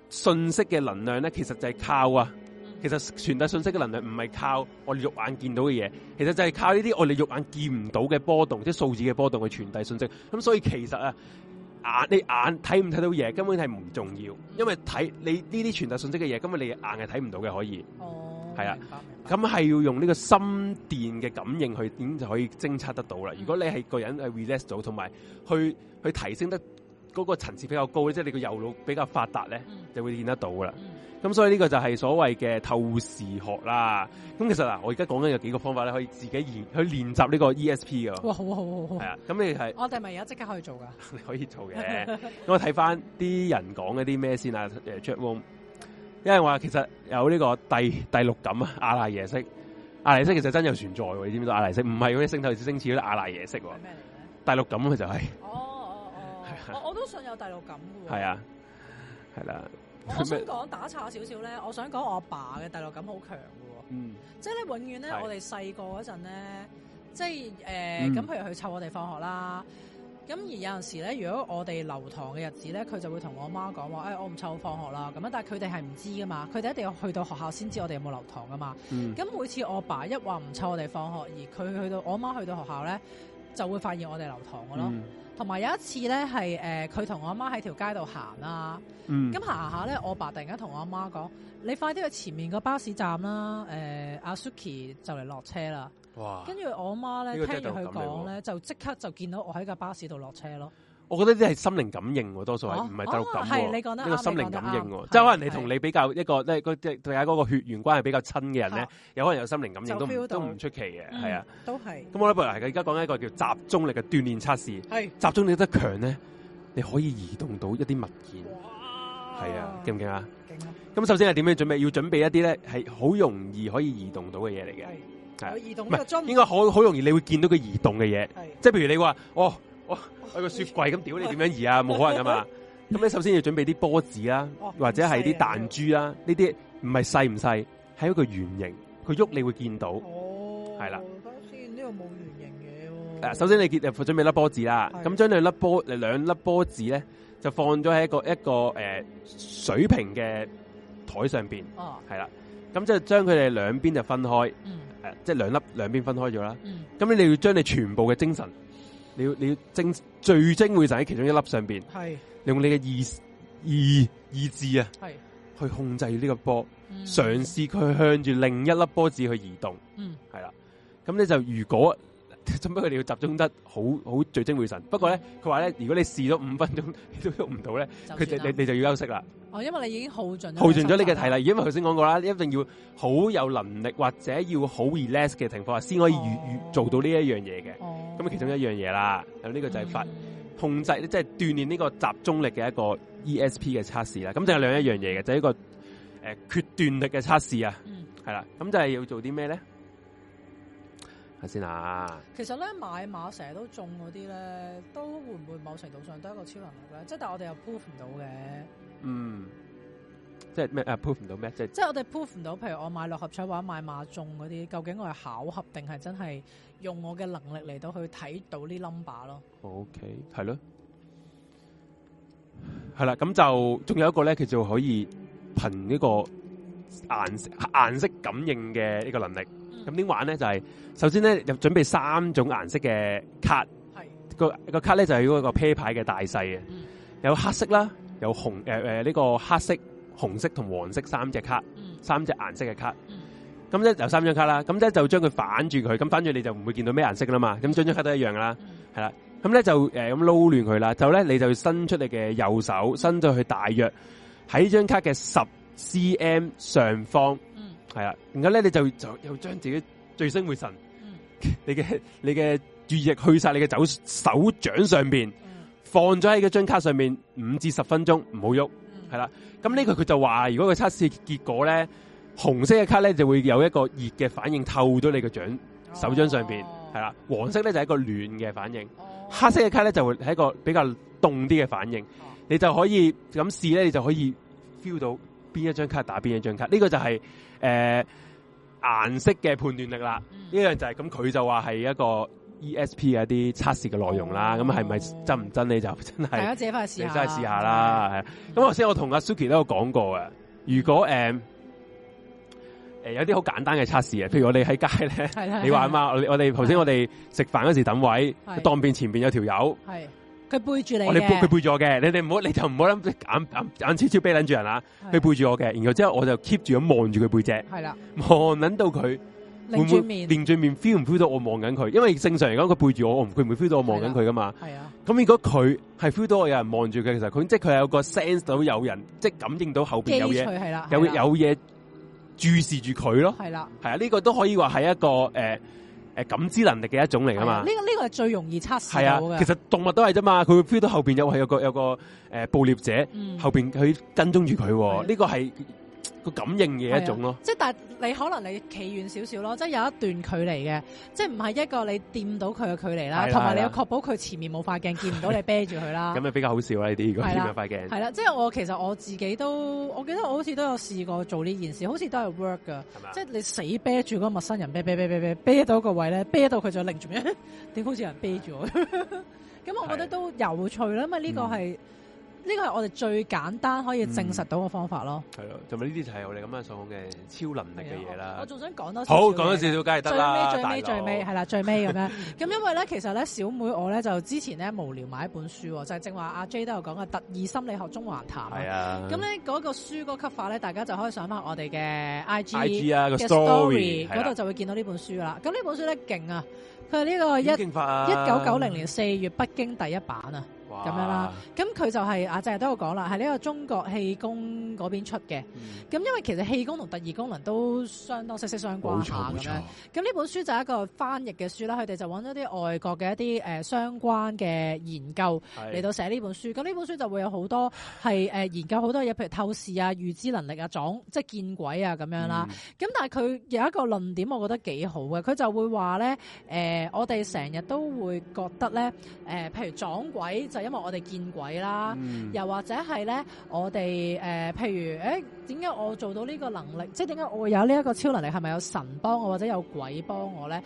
信息嘅能量咧，其實就係靠啊。嗯、其實傳遞信息嘅能量唔係靠我哋肉眼見到嘅嘢，其實就係靠呢啲我哋肉眼見唔到嘅波動，即係數字嘅波動去傳遞信息。咁所以其實啊，眼你眼睇唔睇到嘢根本係唔重要，因為睇你呢啲傳遞信息嘅嘢，根本你眼係睇唔到嘅，可以。哦係啊，咁係要用呢個心電嘅感應去點就可以偵測得到啦。如果你係個人去 relax 到，同埋去去提升得嗰個層次比較高即係，就是，你個右腦比較發達咧，嗯，就會見得到噶啦。咁、嗯、所以呢個就係所謂嘅透視學啦。咁其實嗱，啊，我而家講緊有幾個方法咧，可以自己去練習呢個 ESP 嘅。哇！好好好好。係啊，咁你係我哋咪而家即刻可以做噶？ 可以做嘅。咁 我睇翻啲人講嗰啲咩先啊？Jet-Worm 因為話其實有呢個第第六感啊，阿賴耶識、嗯，阿賴耶識其實真有存在，你知唔知阿賴耶識？唔係嗰啲星體星次嗰啲阿賴耶識，第六感佢就係、是。哦哦哦，啊我，我都信有第六感嘅。係啊，係啦、啊啊啊。我想講打岔少少咧，我想講我阿爸嘅第六感好強嘅，嗯，即係咧，永遠咧，我哋細個嗰陣咧，即係誒，咁、呃嗯、譬如佢湊我哋放學啦。咁而有陣時咧，如果我哋留堂嘅日子咧，佢就會同我媽講話，誒、哎，我唔湊我放學啦。咁但係佢哋係唔知噶嘛，佢哋一定要去到學校先知我哋有冇留堂噶嘛。咁、嗯、每次我爸一話唔湊我哋放學，而佢去到我媽去到學校咧，就會發現我哋留堂噶咯。同、嗯、埋有一次咧，係佢同我媽喺條街度行啦、啊。咁行下咧，我爸突然間同我阿媽講：你快啲去前面個巴士站啦，誒、呃、阿 Suki 就嚟落車啦。哇！跟住我媽咧，聽住佢講咧，就即刻就見到我喺架巴士度落車咯。我覺得呢啲係心靈感應，多數係唔係第六感係你講得一個心靈感應，即係、這個就是、可能你同你比較一個咧個即係喺嗰個血緣關係比較親嘅人咧，有可能有心靈感應感都都唔出奇嘅，係、嗯、啊，都係。咁我咧部嚟嘅，而家講緊一個叫集中力嘅鍛煉測試，係集中力得強咧，你可以移動到一啲物件，係啊，驚唔驚啊？咁、啊、首先係點樣準備？要準備一啲咧係好容易可以移動到嘅嘢嚟嘅。移動係應該好好容易，你會見到佢移動嘅嘢。即係譬如你話，哦，哦，係、啊、個雪櫃咁，屌 你點樣移啊？冇可能噶嘛。咁咧，首先要準備啲波子啦、啊哦，或者係啲彈珠啦、啊。呢啲唔係細唔細，係一個圓形，佢喐你會見到。係、哦、啦，先呢個冇圓形嘅。誒，首先你結準備粒波子啦。咁將兩粒波兩粒波子咧，就放咗喺一個一個誒、呃、水平嘅台上邊。哦、啊，係啦，咁即係將佢哋兩邊就分開。嗯即係兩粒兩邊分開咗啦，咁、嗯、你你要將你全部嘅精神，你要你要精聚精會就喺其中一粒上邊，係用你嘅意意意志啊，係去控制呢個波，嘗試佢向住另一粒波子去移動，嗯，係啦，咁你就如果。只不過佢哋要集中得好好，聚精會神。嗯、不過咧，佢話咧，如果你試咗五分鐘都喐唔到咧，佢就你你就要休息啦。哦，因為你已經耗盡耗盡咗你嘅體力。因為頭先講過啦，一定要好有能力或者要好 relax 嘅情況下，先可以，哦，做到呢一樣嘢嘅。咁，哦，其中一樣嘢啦，有，嗯、呢個就係法控制，即、就、係、是、鍛煉呢個集中力嘅一個 ESP 嘅測試啦。咁就係兩一樣嘢嘅，就係、是、一個誒、呃、決斷力嘅測試啊。係、嗯、啦，咁就係要做啲咩咧？係先啦、啊。其實咧買馬成日都中嗰啲咧，都會唔會某程度上都係一個超能力咧？即係但係我哋又 prove 唔到嘅。嗯，即係咩？誒，prove 唔到咩？即係即係我哋 prove 唔到，譬如我買六合彩或者買馬中嗰啲，究竟我係巧合定係真係用我嘅能力嚟到去睇到呢 number 咯？OK，係咯，係啦。咁就仲有一個咧，佢就可以憑呢個顏色，顏色感應嘅呢個能力。咁點玩咧？就係、是、首先咧，又準備三種顏色嘅卡，係個個卡咧就係、是、嗰個啤牌嘅大細嘅、嗯，有黑色啦，有紅誒誒呢個黑色、紅色同黃色三隻卡，嗯、三隻顏色嘅卡。咁、嗯、咧有三張卡啦，咁咧就將佢反住佢，咁反住你就唔會見到咩顏色啦嘛。咁張張卡都一樣㗎啦，係、嗯、啦。咁咧就誒咁撈亂佢啦，就咧你就伸出你嘅右手，伸咗去大約喺張卡嘅十 cm 上方。係啦，然後咧你就就，就又將自己聚精會神，嗯、 你嘅你嘅注意力去晒你嘅手手掌上邊，嗯、放咗喺嗰張卡上面。五至十分鐘唔好喐，係、嗯、啦。咁呢個佢就話，如果佢測試結果咧紅色嘅卡咧就會有一個熱嘅反應透到你嘅掌手掌上邊，係、哦、啦。黃色咧就係一個暖嘅反應，哦、黑色嘅卡咧就會係一個比較凍啲嘅反應、哦你。你就可以咁試咧，你就可以 feel 到邊一張卡打邊一張卡，呢、這個就係誒顏色嘅判斷力啦。呢、嗯、樣就係、是、咁，佢就話係一個 E S P 嘅一啲測試嘅內容啦。咁係咪真唔真咧？你就真係大家自己返試下，你真係試下啦。咁頭先我同阿 Suki 都有講過啊。如果誒誒、呃、有啲好簡單嘅測試啊，譬如我哋喺街咧，你話啊媽，我哋頭先我哋食飯嗰時等位，當面前邊有條友。佢背住你嘅，佢背住我嘅，你哋唔好，你就唔好諗隻眼眼眼悄悄啤捻住人啦。佢背住我嘅，然後之後我就 keep 住咁望住佢背脊，係啦，望捻到佢，連住面，連面 feel 唔 feel 到我望緊佢？因為正常嚟講，佢背住我，佢唔會 feel 到我望緊佢噶嘛。係啊。咁如果佢係 feel 到我有人望住佢，其實佢即係佢有個 sense 到有人，即係感應到後邊有嘢，有有嘢注視住佢咯，係啦，係啦，係啦，係啦，係啦。係啊，呢個都可以話係一個誒。呃誒感知能力嘅一種嚟啊嘛，呢個呢個係最容易測試到嘅。其實動物都係啫嘛，佢會 feel 到後邊，有係有個有個誒捕獵者，嗯、後邊佢跟蹤住佢，啊，呢個係。感應嘅一種咯、啊，即係但係你可能你企遠少少咯，即係有一段距離嘅，即係唔係一個你掂到佢嘅距離啦，同埋你要確保佢前面冇塊鏡，見唔到你啤住佢啦。咁啊比較好笑啊呢啲，如果掂到塊鏡係啦，即係我其實我自己都，我記得我好似都有試過做呢件事，好似都係 work 噶，即係你死啤住嗰個陌生人，啤啤啤啤啤，啤到個位咧，啤到佢就擰住咩？點，好似有人啤住我？咁我覺得都有趣啦，咁啊呢個係。呢個係我哋最簡單可以證實到嘅方法咯。係、嗯、咯，同呢啲就係我哋咁嘅所謂嘅超能力嘅嘢啦。我仲想講多點點好，好講多少少梗係得最尾最尾最尾係啦，最尾咁樣。咁 因為咧，其實咧，小妹我咧就之前咧無聊買一本書、哦，就係正話阿 J 都有講嘅《特異心理學》中華譚。係啊。咁咧嗰個書嗰級法咧，大家就可以上翻我哋嘅 IG 嘅、啊、story 嗰度就會見到呢本書啦。咁呢、啊、本書咧勁啊！佢係呢個一九九零年四月北京第一版啊。咁樣啦，咁佢就係阿鄭都有講啦，係呢個中國氣功嗰邊出嘅。咁、嗯、因為其實氣功同特異功能都相當息息相關。咁呢本書就係一個翻譯嘅書啦，佢哋就揾咗啲外國嘅一啲誒、呃、相關嘅研究嚟到寫呢本書。咁呢本書就會有好多係、呃、研究好多嘢，譬如透視啊、預知能力啊、撞即係見鬼啊咁樣啦。咁、嗯、但係佢有一個論點，我覺得幾好嘅。佢就會話咧誒，我哋成日都會覺得咧誒、呃，譬如撞鬼就係因為我哋見鬼啦，嗯、又或者係咧，我哋誒、呃，譬如誒，點、欸、解我做到呢個能力？即係點解我會有呢一個超能力？係咪有神幫我，或者有鬼幫我咧？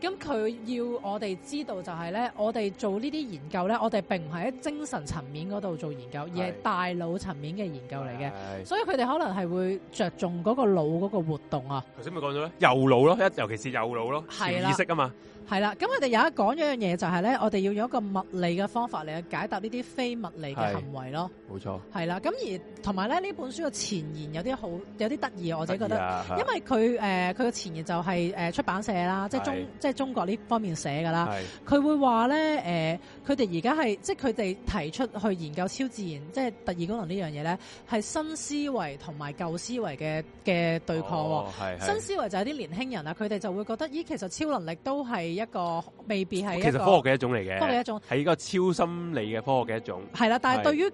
咁佢要我哋知道就係咧，我哋做呢啲研究咧，我哋並唔係喺精神層面嗰度做研究，而係大腦層面嘅研究嚟嘅。所以佢哋可能係會着重嗰個腦嗰個活動啊。頭先咪講咗咧，右腦咯，尤其是右腦咯，潛意識啊嘛。係啦，咁我哋有一講一樣嘢，就係咧，我哋要用一個物理嘅方法嚟去解答呢啲非物理嘅行為咯。冇錯。係啦，咁而同埋咧，呢本書嘅前言有啲好，有啲得意，我自己覺得，得意啊，因為佢誒佢嘅前言就係誒出版社啦，就是，即係中即係中國呢方面寫㗎啦。佢會話咧誒，佢哋而家係即係佢哋提出去研究超自然，即、就、係、是，特異功能呢樣嘢咧，係新思維同埋舊思維嘅嘅對抗，哦。新思維就係啲年輕人啊，佢哋就會覺得咦，其實超能力都係。一個未必係其實科學嘅一種嚟嘅，科學嘅一種係一個超心理嘅科學嘅一種。係啦，但係對於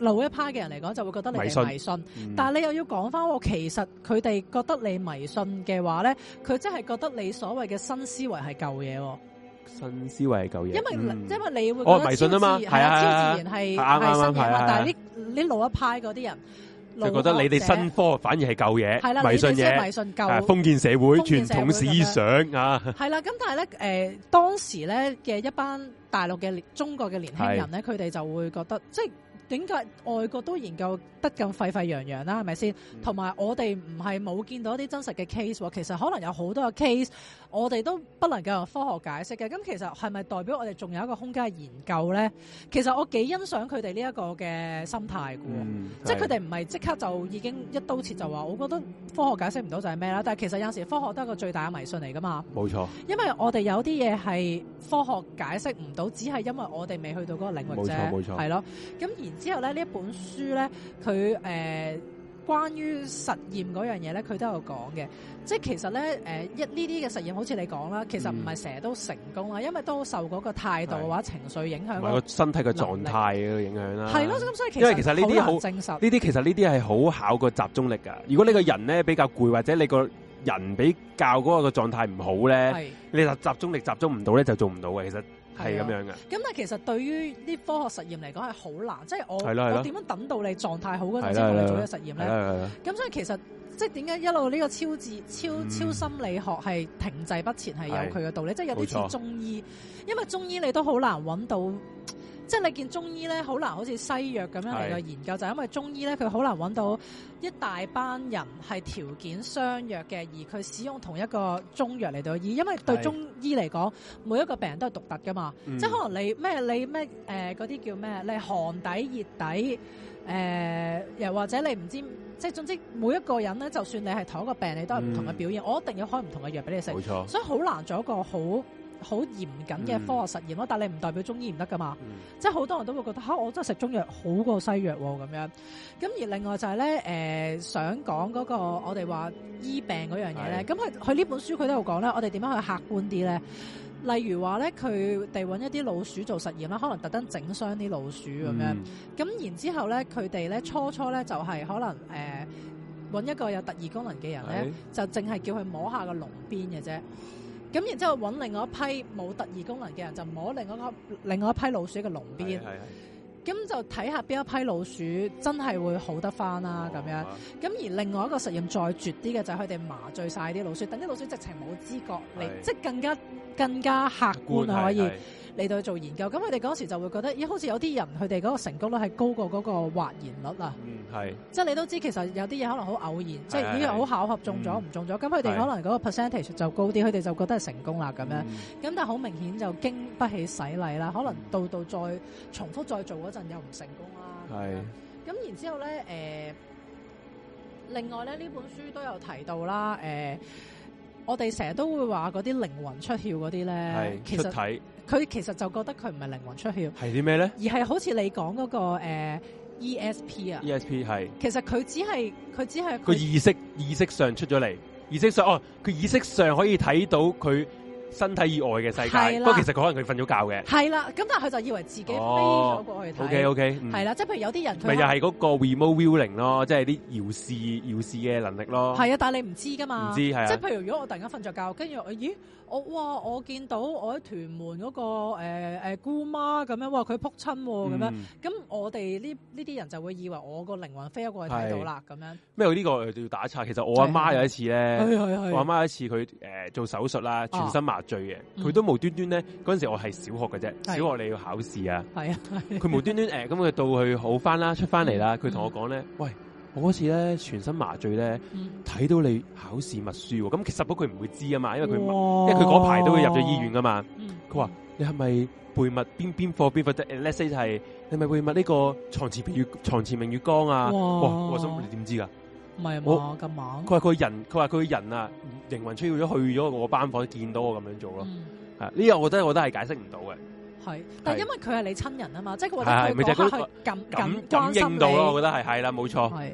老一派嘅人嚟講，就會覺得你迷信。迷信嗯、但係你又要講翻，我其實佢哋覺得你迷信嘅話咧，佢真係覺得你所謂嘅新思維係舊嘢。新思維係舊嘢，因為、嗯、因為你會覺得、哦、迷信啊嘛，係啊，超自然係啱啱係啦，但係呢呢老一派嗰啲人。就覺得你哋新科反而係舊嘢，係啦，迷信嘢，迷信舊、啊、封建社會傳統思想啊。係啦，咁但係咧，誒、呃，當時咧嘅一班大陸嘅中國嘅年輕人咧，佢哋就會覺得，即係，點解外國都研究？得咁沸沸揚揚啦，係咪先？同、嗯、埋我哋唔係冇見到一啲真實嘅 case 其實可能有好多嘅 case，我哋都不能夠用科學解釋嘅。咁其實係咪代表我哋仲有一個空間係研究咧？其實我幾欣賞佢哋呢一個嘅心態嘅、嗯、即係佢哋唔係即刻就已經一刀切就話，我覺得科學解釋唔到就係咩啦。但係其實有陣時科學都係一個最大嘅迷信嚟㗎嘛。冇錯，因為我哋有啲嘢係科學解釋唔到，只係因為我哋未去到嗰個領域啫。冇錯，係咯。咁然之後咧，呢一本書咧，佢。佢、呃、關於實驗嗰樣嘢咧，佢都有講嘅。即其實咧，一呢啲嘅實驗，好似你講啦，其實唔係成日都成功啦，因為都受嗰個態度或者情緒影響，同埋個身體嘅狀態嘅影響啦、啊。係咯，咁所以其實呢啲好真實，呢啲其實呢啲係好考個集中力噶。如果你個人咧比較攰，或者你個人比較嗰個狀態唔好咧，你就集中力集中唔到咧，就做唔到嘅。其實。係咁樣嘅、啊，咁但係其實對於啲科學實驗嚟講係好難，即、就、係、是、我我點樣等到你狀態好嗰陣之後，你做咗實驗咧？咁所以其實即係點解一路呢個超智超、嗯、超心理學係停滯不前係有佢嘅道理，即係、就是、有啲似中醫，因為中醫你都好難揾到。即係你見中醫咧，好難好似西藥咁樣嚟個研究，就係、是、因為中醫咧，佢好難揾到一大班人係條件相若嘅，而佢使用同一個中藥嚟到醫。因為對中醫嚟講，每一個病人都係獨特㗎嘛。嗯、即係可能你咩你咩誒嗰啲叫咩？你寒底熱底誒、呃，又或者你唔知，即係總之每一個人咧，就算你係同一個病，你都係唔同嘅表現、嗯。我一定要開唔同嘅藥俾你食。冇錯。所以好難做一個好。好嚴謹嘅科學實驗咯、嗯，但係你唔代表中醫唔得噶嘛，嗯、即係好多人都會覺得嚇，我真係食中藥好過西藥喎、哦、咁樣。咁而另外就係、是、咧、呃，想講嗰、那個我哋話醫病嗰樣嘢咧，咁佢佢呢本書佢都有講咧，我哋點樣去客觀啲咧？例如話咧，佢哋揾一啲老鼠做實驗啦，可能特登整傷啲老鼠咁樣，咁、嗯、然之後咧，佢哋咧初初咧就係、是、可能誒揾、呃、一個有特異功能嘅人咧，就淨係叫佢摸下個籠邊嘅啫。咁然之後揾另外一批冇特異功能嘅人，就摸另一另外一批老鼠嘅籠邊，咁就睇下邊一批老鼠真係會好得返啦咁樣。咁而另外一個實驗再絕啲嘅就係佢哋麻醉晒啲老鼠，等啲老鼠直情冇知覺，嚟即係更加更加客觀可以，嚟到做研究，咁佢哋嗰時就會覺得，咦？好似有啲人佢哋嗰個成功率係高過嗰個或然率啊！嗯，係。即係你都知，其實有啲嘢可能好偶然，即係好巧合中咗唔、嗯、中咗，咁佢哋可能嗰個 percentage、嗯、就高啲，佢哋就覺得係成功啦咁、嗯、樣。咁但係好明顯就經不起洗禮啦，可能到到再重複再做嗰陣又唔成功啦。係。咁然之後咧，誒、呃，另外咧呢本書都有提到啦，誒、呃，我哋成日都會話嗰啲靈魂出竅嗰啲咧，其實。出佢其實就覺得佢唔係靈魂出竅，係啲咩咧？而係好似你講嗰、那個、呃、ESP 啊，ESP 係其實佢只係佢只係佢、那個、意識意識上出咗嚟，意識上哦，佢意識上可以睇到佢身體以外嘅世界。不過其實佢可能佢瞓咗覺嘅，係啦。咁但係佢就以為自己飛咗過去睇、哦。OK OK，係、嗯、啦，即係譬如有啲人咪又係嗰個 remote viewing 咯，即係啲遙視遙視嘅能力咯。係啊，但係你唔知噶嘛，唔知係啊。即係、啊、譬如如果我突然間瞓咗覺，跟住我咦？我哇！我見到我喺屯門嗰、那個、呃呃、姑媽咁，嗯、樣，哇佢撲親喎咁樣，咁我哋呢呢啲人就會以為我個靈魂飛咗過去睇到啦，咁樣。咩？呢個要打岔。其實我阿媽，媽有一次咧，我阿媽，媽有一次佢、呃、做手術啦，全身麻醉嘅，佢都無端端咧嗰陣時我係小學嘅啫、啊，小學你要考試啊。係啊，佢無端端誒咁佢到去好返啦，出返嚟啦，佢同我講咧、嗯嗯，喂。我嗰次咧全身麻醉咧，睇、嗯、到你考試密書，咁其實佢唔會知啊嘛，因為佢，因為佢嗰排都會入咗醫院噶嘛。佢、嗯、話你係咪背密邊邊課邊或者 l 係你係咪背密呢、這個床前明月床前明月光啊？我想你點知噶？唔係嘛咁猛。佢話佢人，佢話佢人啊，靈魂出咗去咗我班房，見到我咁樣做咯。係、嗯、呢，啊這個，我覺得我都係解釋唔到嘅。係，但係因為佢係你親人啊嘛，即係我哋佢更加去感感感，關心你感應到咯、啊，我覺得係係啦，冇錯係。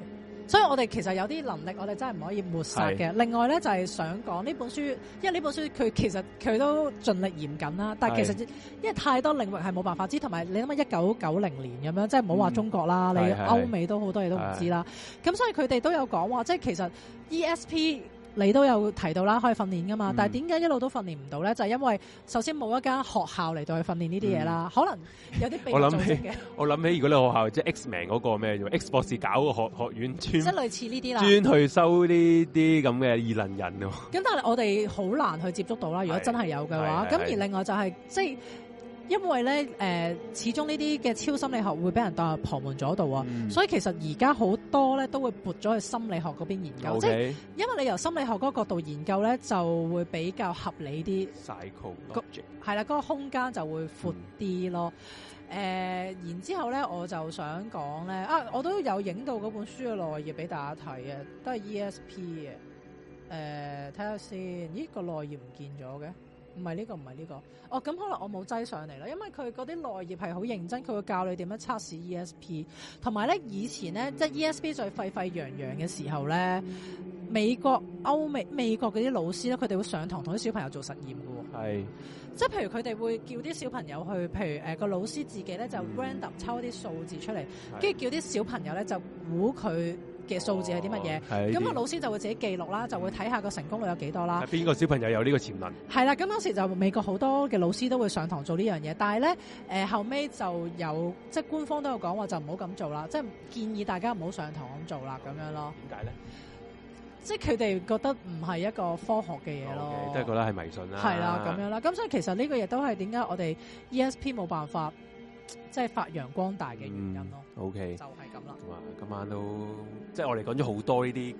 所以我哋其實有啲能力，我哋真係唔可以抹殺嘅。另外咧就係、係、想講呢本書，因為呢本書佢其實佢都盡力嚴謹啦，但係其實因為太多領域係冇辦法知，同埋你諗下一九九零年咁樣，即係唔好話中國啦，嗯、你歐美都好多嘢都唔知啦。咁所以佢哋都有講話，即係其實 ESP。你都有提到啦，可以訓練噶嘛？但係點解一路都訓練唔到咧？就係、因為首先冇一間學校嚟到去訓練呢啲嘢啦。嗯、可能有啲秘傳 我諗起，起，我諗起如果你學校即係 X 名嗰個咩，X 博士搞個學，學院專，即類似呢啲啦，專去收呢啲咁嘅異能人喎。咁但係我哋好難去接觸到啦。如果真係有嘅話，咁而另外就係、是、即係。因為咧，誒、呃，始終呢啲嘅超心理學會俾人當旁門左道啊，嗯、所以其實而家好多咧都會撥咗去心理學嗰邊研究，okay、即係因為你由心理學嗰個角度研究咧，就會比較合理啲，係啦，嗰、那個空間就會闊啲咯。誒、嗯，然之後咧，我就想講咧，啊，我都有影到嗰本書嘅內頁俾大家睇嘅，都係 ESP 嘅。誒、呃，睇下先，咦，個內頁唔見咗嘅？唔係呢個，唔係呢個。哦，咁可能我冇擠上嚟啦，因為佢嗰啲內頁係好認真，佢會教你點樣測試 ESP。同埋咧，以前咧，即係 ESP 最沸沸揚揚嘅時候咧，美國、歐美、美國嗰啲老師咧，佢哋會上堂同啲小朋友做實驗嘅喎、哦。即係譬如佢哋會叫啲小朋友去，譬如誒個、呃、老師自己咧就 random 抽啲數字出嚟，跟、嗯、住叫啲小朋友咧就估佢嘅數字係啲乜嘢？咁、哦、個老師就會自己記錄啦，就會睇下個成功率有幾多啦。邊個小朋友有呢個潛能？係啦，咁當時就美國好多嘅老師都會上堂做呢樣嘢，但係咧，誒、呃、後尾就有，即係官方都有講話，就唔好咁做啦，即係建議大家唔好上堂咁做啦，咁樣咯。點解咧？即係佢哋覺得唔係一個科學嘅嘢咯，okay，都係覺得係迷信啦。係啦，咁樣啦。咁所以其實呢個亦都係點解我哋 ESP 冇辦法。即係發揚光大嘅原因咯。嗯、o、okay、K，就係咁啦。哇，今晚都即係我哋講咗好多呢啲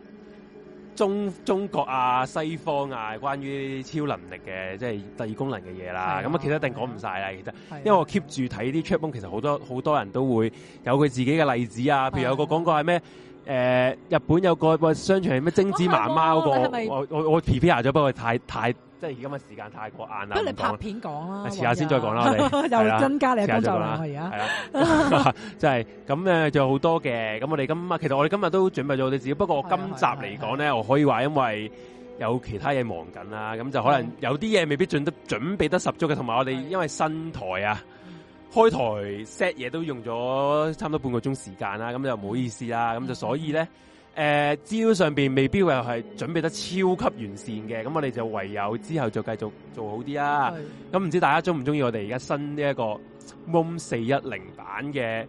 中中國啊、西方啊，關於超能力嘅即係第二功能嘅嘢啦。咁啊，其實一定講唔晒啦、啊。其實，因為我 keep 住睇啲 trap k 其實好多好多人都會有佢自己嘅例子啊，啊。譬如有個廣告係咩？誒、呃，日本有個商場係咩？貞子媽媽嗰個，啊那個、是是我我我 P 咗，不過太太。太即係而家嘅時間太過晏啦，不如拍片講啦。遲下先再講啦， 又增加你嘅工作啦，而 啊現在，係 啊， 即係咁咧，仲有好多嘅。咁我哋今啊，其實我哋今日都準備咗我哋自己不過今集嚟講咧，我可以話因為有其他嘢忙緊啦，咁就可能有啲嘢未必準得準備得十足嘅。同埋我哋因為新台啊，開台 set 嘢都用咗差唔多半個鐘時,時間啦，咁就唔好意思啦，咁就所以咧。誒、呃、資料上邊未必又係準備得超級完善嘅，咁我哋就唯有之後就繼續做好啲啦。咁唔、嗯、知道大家中唔中意我哋而家新呢一個 Room 四一零版嘅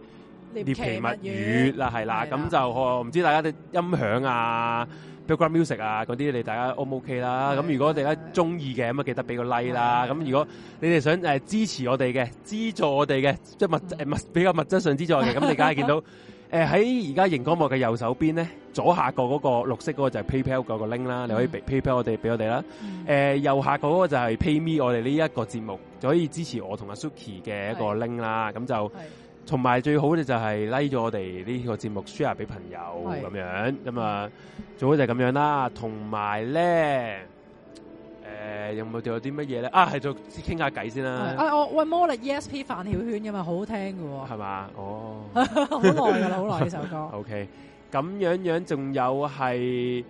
獵奇物語啦，係啦。咁就我唔知大家啲音響啊、Background Music 啊嗰啲，你大家 O 唔 OK 啦？咁、嗯、如果大家中意嘅，咁啊記得俾個 like 啦。咁、嗯、如果你哋想誒、呃、支持我哋嘅、資助我哋嘅，即物物、嗯、比較物質上資助嘅，咁 你梗係見到。 誒喺而家熒光幕嘅右手邊咧，左下角嗰個綠色嗰個就係 PayPal 嗰個 link 啦、嗯，你可以俾 PayPal 我哋俾我哋啦、嗯呃。右下角嗰個就係 Pay Me 我哋呢一個節目，就可以支持我同阿 Suki 嘅一個 link 啦。咁就同埋最好嘅就係 like 咗我哋呢個節目，share 俾朋友咁樣。咁、嗯、啊，最好就係咁樣啦。同埋咧。誒、呃，有冇仲有啲乜嘢咧？啊，係再傾下偈先啦。啊，我喂，魔力 E.S.P. 范曉萱嘅嘛，好好聽嘅，係嘛？哦，oh. 久了 久了 好耐噶啦，好耐呢首歌。O.K. 咁樣樣，仲有係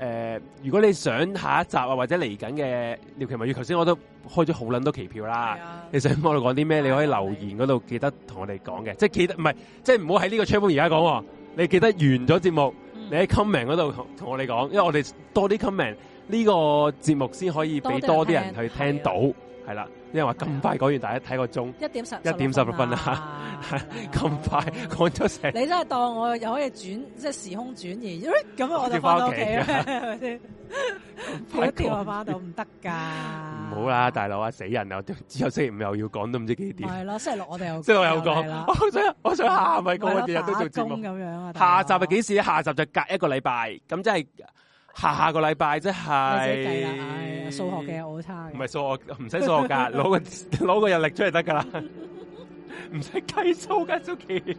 誒，如果你想下一集啊，或者嚟緊嘅獵奇物語頭先，呃、我都開咗好捻多期票啦。啊、你想幫我哋講啲咩？你可以留言嗰度記得同我哋講嘅，即係、啊啊、記得，唔係即係唔好喺呢個 channel 而家講。你、啊啊、記得完咗節目，你喺 comment 嗰度同我哋講，因為我哋多啲 comment。呢、這個節目先可以俾多啲人去聽到，係啦、啊。因為話咁快講完，大家睇個鐘，一點十，一點十六分啦。咁、啊啊、快講咗成，你真係當我又可以轉即時空轉移，因咁我哋翻屋企啦，係咪先？跳 啊，翻都唔得㗎。唔好啦，大佬啊，死人啦！之後星期五又要講都唔知幾點。係咯，星期六我哋又，星期我有講。我想，我想下咪講，日日都做節目樣、啊。下集係幾時？下集就隔一個禮拜，咁即係。下下個禮拜即係係數學嘅我差唔係數學唔使數學噶，攞 個攞個日曆出嚟得噶啦，唔使計數噶，Suki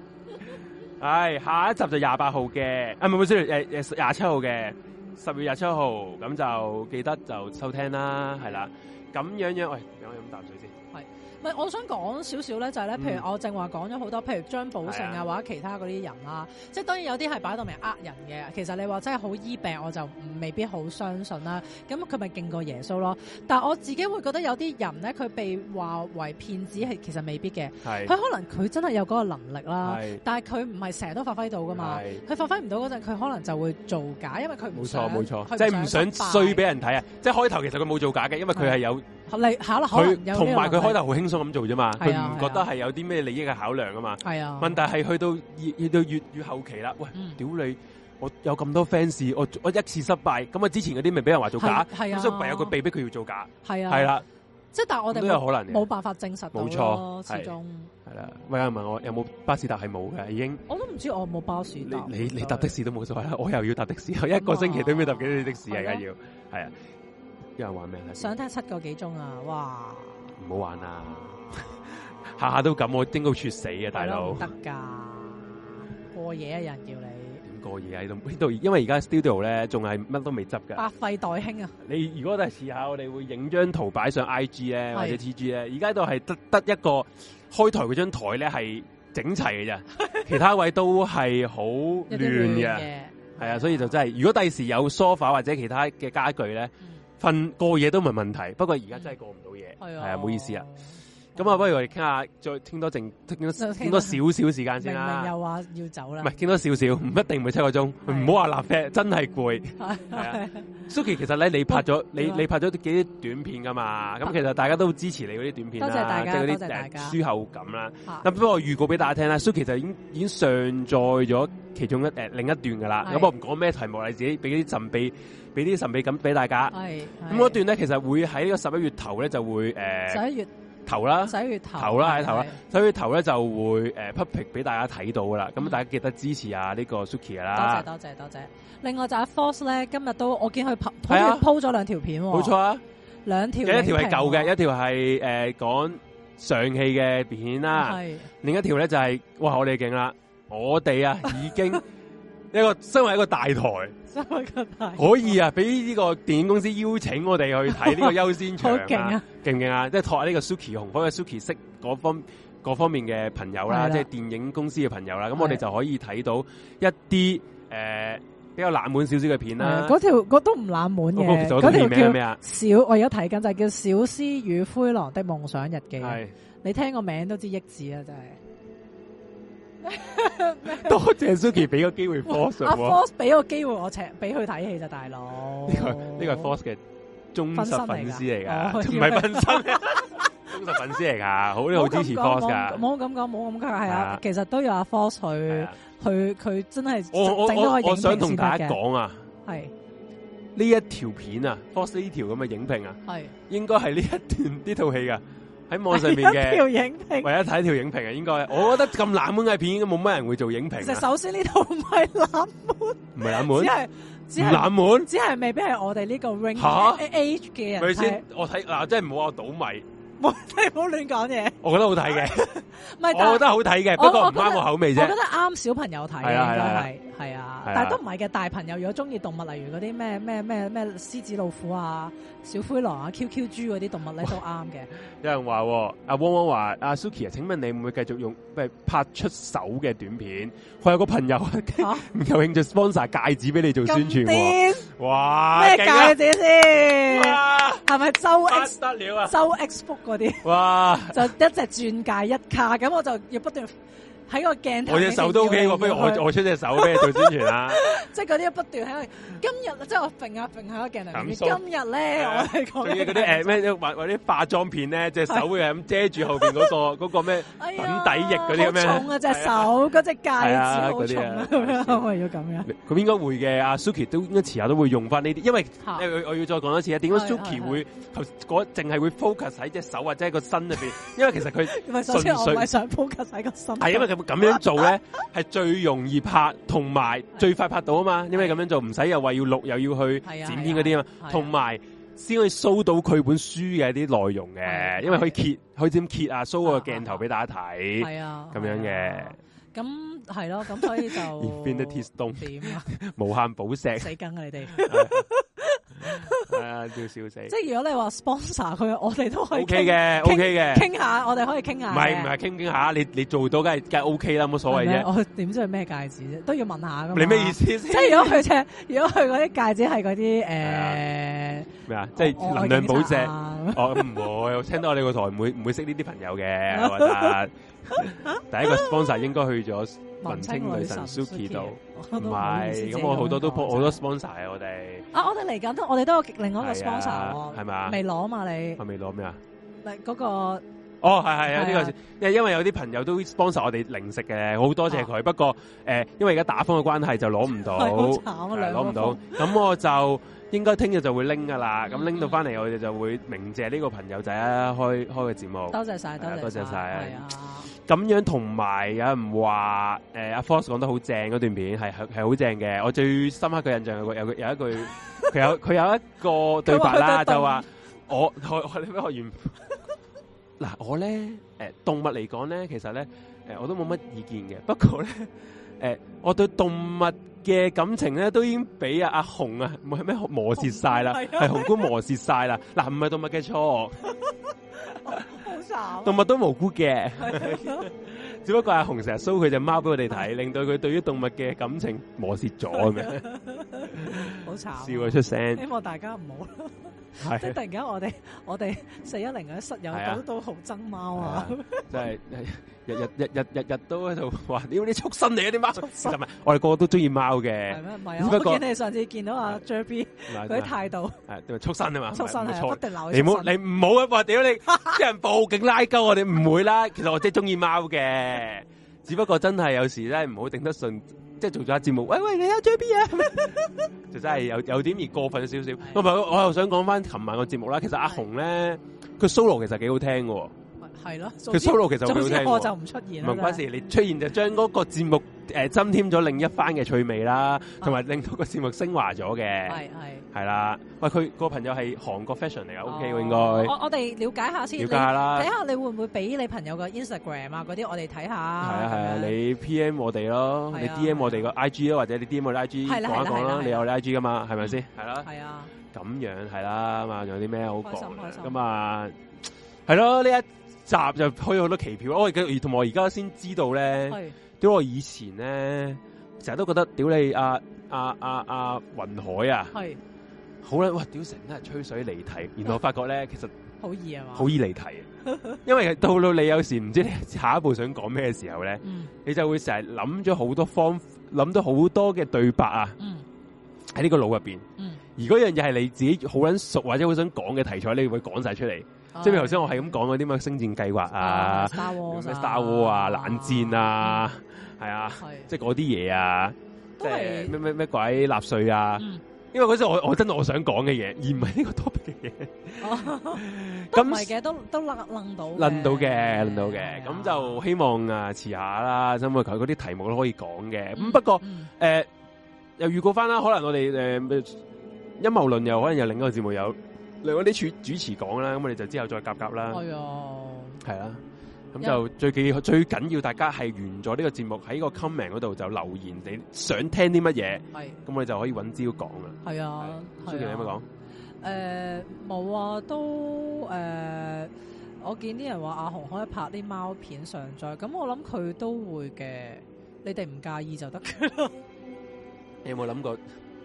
唉，下一集就廿八號嘅，啊唔係，唔好意思，誒誒廿七號嘅十月廿七號，咁就記得就收聽啦，係啦，咁樣樣，喂、哎，讓我飲啖水先。唔係，我想講少少咧，就咧、是，譬如我正話講咗好多，譬如張寶勝啊，或者其他嗰啲人啦、啊，即係、啊、當然有啲係擺到明呃人嘅。其實你話真係好醫病，我就唔未必好相信啦。咁佢咪勁過耶穌咯？但我自己會覺得有啲人咧，佢被話為騙子係其實未必嘅。係佢可能佢真係有嗰個能力啦，但係佢唔係成日都發揮到噶嘛。佢發揮唔到嗰陣，佢可能就會做假，因為佢冇錯冇錯，即係唔想衰俾、就是、人睇啊！即開頭其實佢冇做假嘅，因為佢係有。嚟考啦！同埋佢開頭好輕鬆咁做啫、啊啊、嘛，佢唔覺得係有啲咩利益嘅考量啊嘛。問題係去到越越到越越後期啦、嗯，喂，屌你！我有咁多 fans，我我一次失敗，咁啊之前嗰啲咪俾人話做假，咁、啊啊、所以唯有佢被逼佢要做假。係啊，係啦、啊，即係、啊、但係我哋都有可能冇辦法證實到。冇錯，始終係啦。喂、啊啊，問我有冇巴士搭？係冇嘅，已經我都唔知我有冇巴士搭。你你搭、啊、的士都冇所謂，我又要搭的士，啊、一個星期都要搭幾多的士啊！而家要係啊。嗯一人玩咩咧？想睇七個幾鐘啊！哇，唔好玩啊！下下都咁，我叮到猝死啊！大佬得噶，過夜、啊、有人叫你點過夜啊？度度因為而家 studio 咧，仲係乜都未執噶，百廢待興啊！你如果都係試下，我哋會影張圖擺上 IG 咧或者 TG 咧。而家都係得得一個開台嗰張台咧係整齊嘅啫， 其他位都係好亂嘅。係啊，所以就真係，如果第時有 sofa 或者其他嘅家具咧。瞓過夜都唔係問題，不過而家真係過唔到夜，係、嗯、啊係，唔好意思啊。咁啊，不如我哋傾下，再傾多淨傾多少少時間先、啊、啦。明明又話要走啦。唔係傾多少少，唔一定唔會七個鐘。唔好話立啡，真係攰 啊。Suki 其實咧，你拍咗、啊、你你拍咗幾啲短片噶嘛？咁、啊、其實大家都支持你嗰啲短片啦，多謝大家、即係嗰啲誒書後感啦。咁不過我預告俾大家聽啦，Suki 就已經已經上載咗其中一誒、呃、另一段噶啦。咁我唔講咩題目，你自己俾啲神秘俾啲神秘感俾大家。係咁嗰段咧，其實會喺呢個十一月頭咧就會誒十一月頭啦，洗血頭投啦，喺頭啦，頭啦洗血頭咧就會誒 popping 俾大家睇到噶啦，咁大家記得支持啊呢、嗯呢個 Suki 啦。多謝多謝多謝。另外就係 Force 咧，今日都我見佢 po 咗兩條片喎、啊。冇錯啊，兩條，有一條。一條係舊嘅，一條係誒講上戲嘅片啦、啊。係、啊。另一條咧就係、是，哇！我哋勁啦，我哋啊已經。 一個身為一個大台，身為一個大可以啊，俾呢個電影公司邀請我哋去睇呢個優先場，好勁啊！勁唔勁啊？即係託下呢個 Suki 紅，方嘅 Suki 識嗰方方面嘅朋友啦，即係電影公司嘅朋友啦，咁我哋就可以睇到一啲誒、呃、比較冷門少少嘅片啦、啊。嗰條嗰都唔冷門嘅，嗰、那、條、個叫，就是、叫小我而家睇緊就係叫《小獅與灰狼的夢想日記》。係你聽個名都知益智啊，真係。 多謝 Suki 俾個機會 Force，阿 Force 俾個機會我請俾佢睇戲就大佬。呢個呢個係 Force 嘅忠實粉絲嚟噶，唔係粉絲，忠實粉絲嚟噶，好啲好支持 Force 噶。冇咁講，冇咁講，係啊，啊，其實都有阿 Force 佢佢佢真係我，我，我，我想同大家講啊，係 呢一條片啊，Force 呢條咁嘅影評啊，係應該係呢一段呢套戲啊。喺網上面嘅，為咗睇條影評啊，應該我覺得咁冷門嘅片應該冇咩人會做影評。其實首先呢套唔係冷門，唔係冷門，只係冷門，只係未必係我哋呢個 ring、啊欸、age 嘅人。係先？我睇嗱、啊，即係唔好話倒米，我真係唔好亂講嘢。我覺得好睇嘅，唔 係，我覺得好睇嘅，不過唔啱我口味啫。我覺得啱小朋友睇啊，應該係係啊，但係都唔係嘅。大朋友如果中意動物，例如嗰啲咩咩咩咩獅子、老虎啊。小灰狼啊，QQ 豬嗰啲動物咧都啱嘅。有人話阿、啊、汪汪話阿 Suki 啊，Suki, 請問你唔會繼續用，唔拍出手嘅短片？佢有個朋友唔、啊、 有興趣 sponsor 戒指俾你做宣傳。哇！咩戒指先？係咪、啊、周 X 得了啊？周 X book 嗰啲？哇！ 就一隻鑽戒一卡，咁我就要不斷。喺個鏡頭，我隻手都 OK 喎，不如我我出隻手俾你做宣傳啦，即係嗰啲不斷喺度。今日即係我揈下揈下個鏡頭，今日咧我哋講啲嗰啲誒咩？或或啲化妝片咧，隻手會係咁遮住後邊嗰個嗰個咩粉底液嗰啲咩？重啊隻手，嗰隻戒指好重啊！咁樣為咗咁樣，佢應該會嘅。阿 Suki 都應該遲下都會用翻呢啲，因為因為我要再講多次啊。點解 Suki 會頭嗰淨係會 focus 喺隻手或者係個身裏邊？因為其實佢純粹，我唔係想 focus 喺個身，係因為佢。咁樣做咧係 最容易拍，同埋最快拍到啊嘛！因為咁樣做唔使又話要錄，又要去剪片嗰啲啊嘛，同埋先可以 show 到佢本書嘅啲內容嘅，因為可以揭，可以點揭啊，show 個鏡頭俾大家睇，係啊，咁樣嘅。咁係咯，咁所以就 Infinity Stone 點啊，無限寶石 死梗啊你哋。 啊！笑死即！即係如果你話 sponsor 佢，我哋都可以。O K 嘅，O K 嘅，傾、okay、下我哋可以傾下唔係。唔係唔係，傾傾下，你你做到梗係梗 O K 啦，冇、OK、所謂啫。 我點知係咩戒指都要問一下咁。你咩意思？即係如果佢即如果佢嗰啲戒指係嗰啲誒咩啊？即係能量寶石。我我啊、 哦，唔會，聽到我哋個台唔會唔會識呢啲朋友嘅，係咪？ 第一個 sponsor 應該去咗文青女神 Suki 度，唔係，咁我好多都好多 sponsor 啊，我哋啊，我哋嚟緊都，我哋都有另外一個 sponsor，係咪啊？未攞嘛，你？我未攞咩啊？嗱，嗰個哦，係係啊，呢、啊呢個因、啊，因為因有啲朋友都 sponsor 我哋零食嘅，好多謝佢。不過誒，因為而家打風嘅關係，就攞唔到，攞 唔、啊、到。咁我就應該聽日就會拎噶啦。咁拎到翻嚟，我哋就會鳴謝呢個朋友仔啊，開開個節目。多謝晒，多謝、晒、啊。咁樣同埋，有人唔話，誒阿 Force 講得好正嗰段片，係係係好正嘅。我最深刻嘅印象有個有個有一句，佢 有佢有一個對白他他對 啦，就話我我我啲咩學員嗱，我咧誒動物嚟講咧，其實咧、呃、我都冇乜意見嘅。不過咧、呃、我對動物。嘅感情咧，都已經俾阿阿紅呀，啊，唔係咩磨蝕晒、啊、 啦，係紅姑磨蝕晒啦。嗱，唔係動物嘅錯， 好慘、啊，動物都無辜嘅， 只不過阿紅成日 show 佢隻貓俾我哋睇， 令到佢對於動物嘅感情磨蝕咗嘅，好慘，笑，， 慘、啊、笑出聲，希望大家唔好。 即係突然間我哋，我哋我哋四一零嘅室友都到好憎貓啊！貓啊 就係日日日日日日都喺度話：屌你畜生嚟啊！啲貓，唔係我哋個個都中意貓嘅。唔係啊！我見你上次見到阿 J B，佢態度係畜生啊嘛！畜生啊！一定鬧你冇你唔好啊！話屌你！啲人報警拉鳩我哋唔會啦。其實我真係中意貓嘅，只不過真係有時咧唔好頂得順。即係做咗個節目，喂喂，你喺、啊、最邊啊？哈哈 就真係有有點兒過分少少。咁 我，我又想講翻琴晚個節目啦。其實阿紅咧，佢 Solo 其實幾好聽嘅。係咯、啊，佢 solo 其實好聽就唔出現，唔關事，你出現就將嗰個節目誒、呃、增添咗另一番嘅趣味啦，同、啊、埋令到個節目升華咗嘅。係係係啦，喂，佢、欸、個朋友係韓國 fashion 嚟噶、哦、OK 喎，應該。我哋了解下先，了解下啦，睇下你，你，你，看看你會唔會俾你朋友個 Instagram 啊，嗰啲我哋睇下。係啊係啊，你 PM 我哋咯，你 DM 我哋個 IG 咯，或者你 DM 我啲 IG 講一講啦，你有你 IG 噶嘛，係咪先？係啦，係啊，咁樣係啦啊，仲有啲咩好講？咁啊，係咯呢一集就可以好多奇票，我而同埋而家先知道咧。係是，屌我以前咧，成日都覺得，屌你阿阿阿阿云海啊，係是，好啦，哇，屌成日都係吹水離題，然後我發覺咧，其實好易啊嘛，好易離題， 因為到到你有時唔知你下一步想講咩嘅時候咧，嗯、你就會成日諗咗好多方法，諗咗好多嘅對白啊，喺呢、嗯、個腦入邊，嗯、而嗰樣嘢係你自己好捻熟或者好想講嘅題材，你會講晒出嚟。即係頭先我係咁講嗰啲咩星戰計劃啊，咩、啊、Star War 啊，啊，啊，冷戰啊，係啊，即係嗰啲嘢啊，是啊是啊啊是即係咩咩咩鬼納粹啊，納啊、嗯，因為嗰時我我真係我想講嘅嘢，而唔係呢個 topic 嘅嘢。咁唔係嘅，都 都，都能到，能到嘅，能到嘅。咁、啊啊、就希望啊，遲下啦，因為佢嗰啲題目都可以講嘅。咁、嗯、不過誒、嗯呃，又預告翻啦，可能我哋誒陰謀論又可能有另一個節目有。另外啲主持講啦，咁我哋就之後再夾夾啦。係啊，係啊，咁、嗯、就最緊要最緊要係大家係完咗呢個節目，喺個 comment 嗰度就留言你想聽啲乜嘢。係、啊，咁我哋就可以揾招講啦。係啊，最近、啊啊啊啊啊、有乜講？誒、呃、冇啊，都誒、呃、我見啲人話阿紅可以拍啲貓片上載，咁我諗佢都會嘅。你哋唔介意就得 你有冇諗過？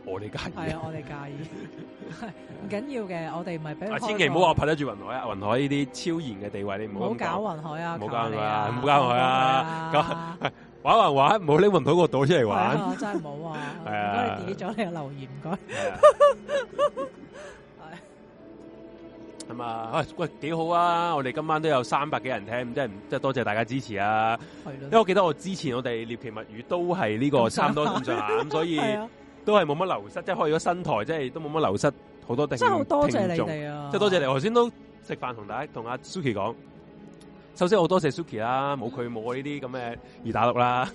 我哋介，介意，係 啊，我哋介意，唔緊要嘅，我哋唔咪俾千祈唔好話拍得住雲海啊，雲海呢啲超然嘅地位，你唔好搞雲海啊，唔好搞佢啊，唔好、啊、搞佢啊，啊，啊，玩玩玩，唔好拎雲海個島出嚟玩，真係冇啊，係啊，如 果、啊啊、你 delete 咗你又留言唔該，係咁、啊 嗯哎、喂，幾好啊，我哋今晚都有三百幾人聽，即真係真係多謝大家支持啊，因為我記得我之前我哋獵奇物語都係呢個差唔多咁上下，咁 所以。 都係冇乜流失，即係開咗新台，即係都冇乜流失，好多訂真好多謝你哋啊！即係多謝你，頭先都食飯同大家同阿 Suki 講，首先我多謝 Suki 啦，冇佢冇我呢啲咁嘅二打六啦。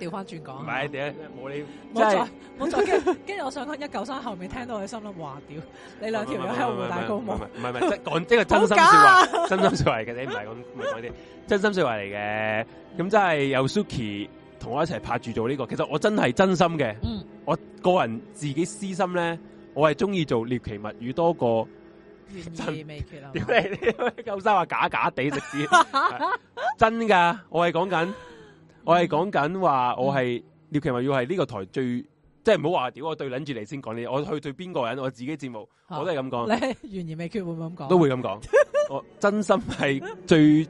調翻轉講，唔係點？冇你，冇錯跟住我想講一九三後面聽到我心諗，哇屌！你兩條友喺我大高帽，唔係唔係，即係講即係真心說話， 話，真心說話嘅，你唔係咁唔講啲，真心說話嚟嘅，咁真係有 Suki。同我一齊拍住做呢、這個，其實我真係真心嘅、嗯。我個人自己私心咧，我係中意做獵奇物語多過懸疑未決啦。屌 你，你生話假假地直真噶，我係講緊，我係講緊話，我係獵奇物語係呢個台最，即係唔好話屌我對捻住你先講你，我去對邊個人，我自己節目、啊、我都係咁講，你懸疑未決會唔會咁講？都會咁講，我真心係最。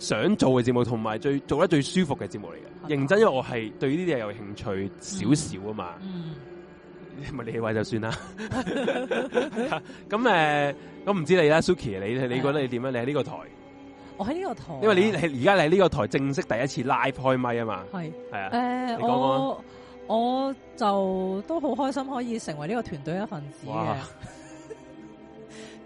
想做嘅節目，同埋最做得最舒服嘅節目嚟嘅。認真，因為我係對呢啲嘢有興趣少少啊嘛。唔、嗯、係、嗯、你位就算啦。咁 誒， 咁唔、呃、知道你啦 ，Suki，你你覺得你點啊？你喺呢個台，我喺呢個台。因為你而家你喺呢個台，正式第一次 Live 開咪啊嘛。係係啊。誒、呃，我我就都好開心可以成為呢個團隊的一份子嘅。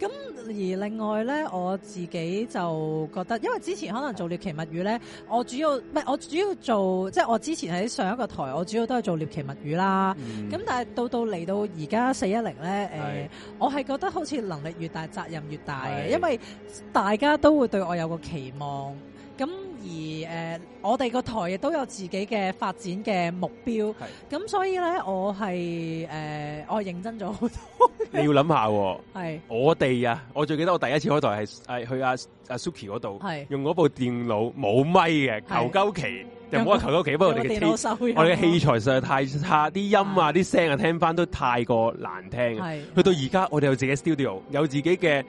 咁而另外咧，我自己就覺得，因為之前可能做獵奇物語咧，我主要唔係我主要做，即係我之前喺上一個台，我主要都係做獵奇物語啦。咁，嗯，但係到到嚟到而家四一零咧，誒，呃，我係覺得好似能力越大，責任越大嘅，因為大家都會對我有個期望咁。而、呃、我哋個台亦都有自己嘅發展嘅目標，咁所以咧，我係誒、呃，我認真咗好多。你要諗下，喎， 我哋啊，我最記得我第一次開台係、啊、去阿阿 Suki 嗰度，用嗰部電腦冇咪嘅求鳩期，又冇話求鳩期，不過我哋嘅我哋嘅器材實在太差，啲音啊、啲聲啊，啊，聽翻都太過難聽。去到而家，我哋有自己 studio，有自己嘅。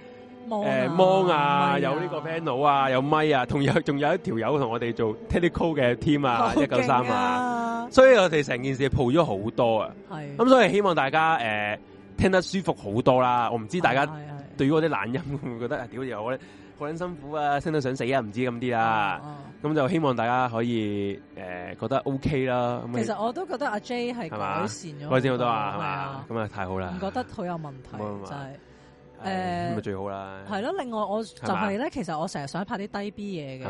誒、啊、芒、欸、啊，啊，有呢個 panel 啊，有麥啊，同有仲有一條友同我哋做 technical 嘅 team 啊，一九三啊，所以我哋成件事鋪咗好多啊，係，咁、嗯、所以希望大家誒、呃、聽得舒服好多啦。我唔知大家對於我啲懶音會唔會覺得啊屌 我咧好撚辛苦啊，聽到想死啊，唔知咁啲啊，啊，咁、嗯、就希望大家可以誒、呃、覺得 OK 啦。其實我都覺得阿 J 係改善咗、啊，改善好多啊，咁啊，啊就太好啦，唔覺得好有問題就係、是。誒，咁、嗯、咪最好啦。係咯，另外我就係咧，其實我成日想拍啲低 B 嘢嘅，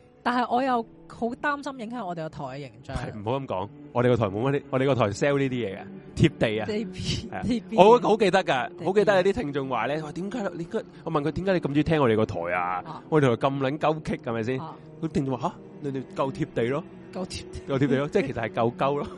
但係我又好擔心影響我哋個台嘅形象。唔好咁講，我哋個台冇乜我哋個台 sell 呢啲嘢嘅，貼地啊。D-B, D-B, D-B, 我好記得噶，好記得有啲聽眾話咧，話點解你我問佢點解你咁中意聽我哋個台啊？啊我哋台咁撚鳩棘，係咪先？佢、啊、聽眾話吓，你哋夠貼地咯，夠貼，夠貼地咯，地咯地咯 即係其實係夠鳩咯，咯。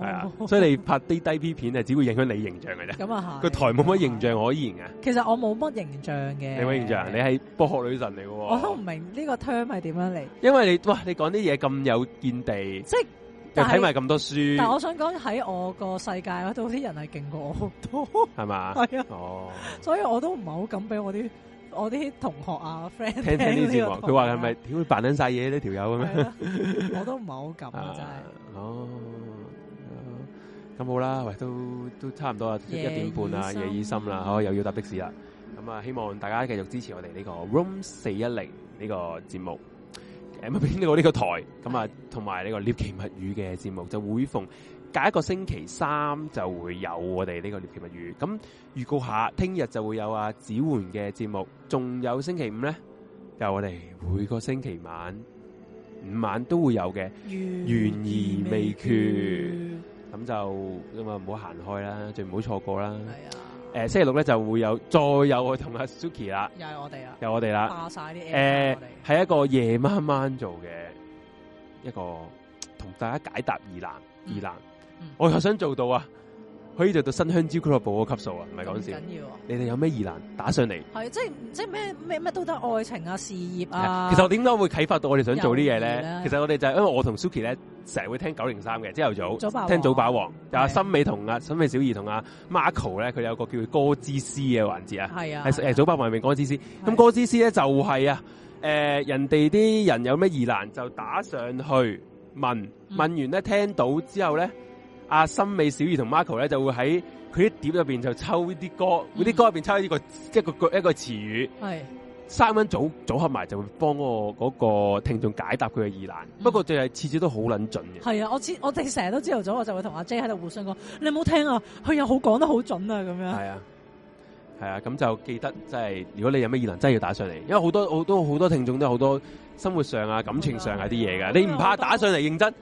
係 啊，所以你拍啲低 B 片啊，只會影響你形象噶啫。咁啊係，個台冇乜形象可言啊。其實我冇乜形象嘅。你乜形象，的你係博學女神嚟嘅。我都唔明呢個 term 係點樣嚟。因為你哇，你講啲嘢咁有見地，即係又睇埋咁多書。但，但我想講喺我個世界度，啲人係勁過我好多，係 嘛？係啊，哦，所以我都唔係好敢俾我啲我啲同學啊 friend 聽，聽，聽呢個。佢話係咪點會扮撚晒嘢呢條友啊？咁樣？我都唔係好敢真係、 啊。哦。咁好啦，喂，都都差唔多啊，一點半啦，夜醫生啦，嗯，好，又要搭的士啦。咁啊，希望大家繼續支持我哋呢個 Room 四一零呢個節目，誒、 這個，唔好呢到呢個台。咁啊，同埋呢個獵奇物語嘅節目，就會逢隔一個星期三就會有我哋呢個獵奇物語。咁預告下，聽日就會有啊，子煥嘅節目，仲有星期五咧，就我哋每個星期晚五晚都會有嘅懸而未決。咁就咁啊，唔好行開啦，最唔好錯過啦。係啊、呃，誒，星期六咧就會有再有我同阿 Suki 啦，又係我哋啦，又我哋啦，化晒啲誒，係一個夜媽媽做嘅一個同大家解答疑難疑難，嗯嗯、我想做到啊。可以做到新香蕉俱樂部個級數啊，唔係講笑。緊要，你哋有咩疑難打上嚟？係即係，即係咩咩咩都得，愛情啊，事業啊。其實我點解會啟發到我哋想做啲嘢咧？其實我哋就係，是，因為我同 Suki 咧，成日會聽九零三嘅朝頭早，早王，聽早霸王，王就阿、啊、森美同阿森美小儀同阿 Marco 咧，佢有個叫歌之師嘅環節啊。係啊，誒早霸王咪歌之師。咁歌之師咧就係，是，啊，誒、呃、人哋啲人有咩疑難就打上去問，問，嗯、問完咧聽到之後咧。阿、啊、森美、小儀同 Marco 咧，就會喺佢啲碟入邊就抽啲歌，嗰、嗯、啲歌入邊抽呢個即係一個、嗯、一個詞語，係三蚊組組合埋，就會幫、嗰個嗰、嗰個聽眾解答佢嘅疑難。嗯、不過就係、係、次次都好捻準嘅。係啊，我，我整都知我哋成日都朝頭早，我就會同阿 J 喺度互相講，你有冇聽啊？佢又好講得好準啊，咁樣。係啊，係啊，咁就記得即係、就係，如果你有咩疑難，真係要打上嚟，因為好多好多好多聽眾都好多生活上啊、感情上啲嘢嘅啊啲嘢嘅，你唔怕打上嚟認真。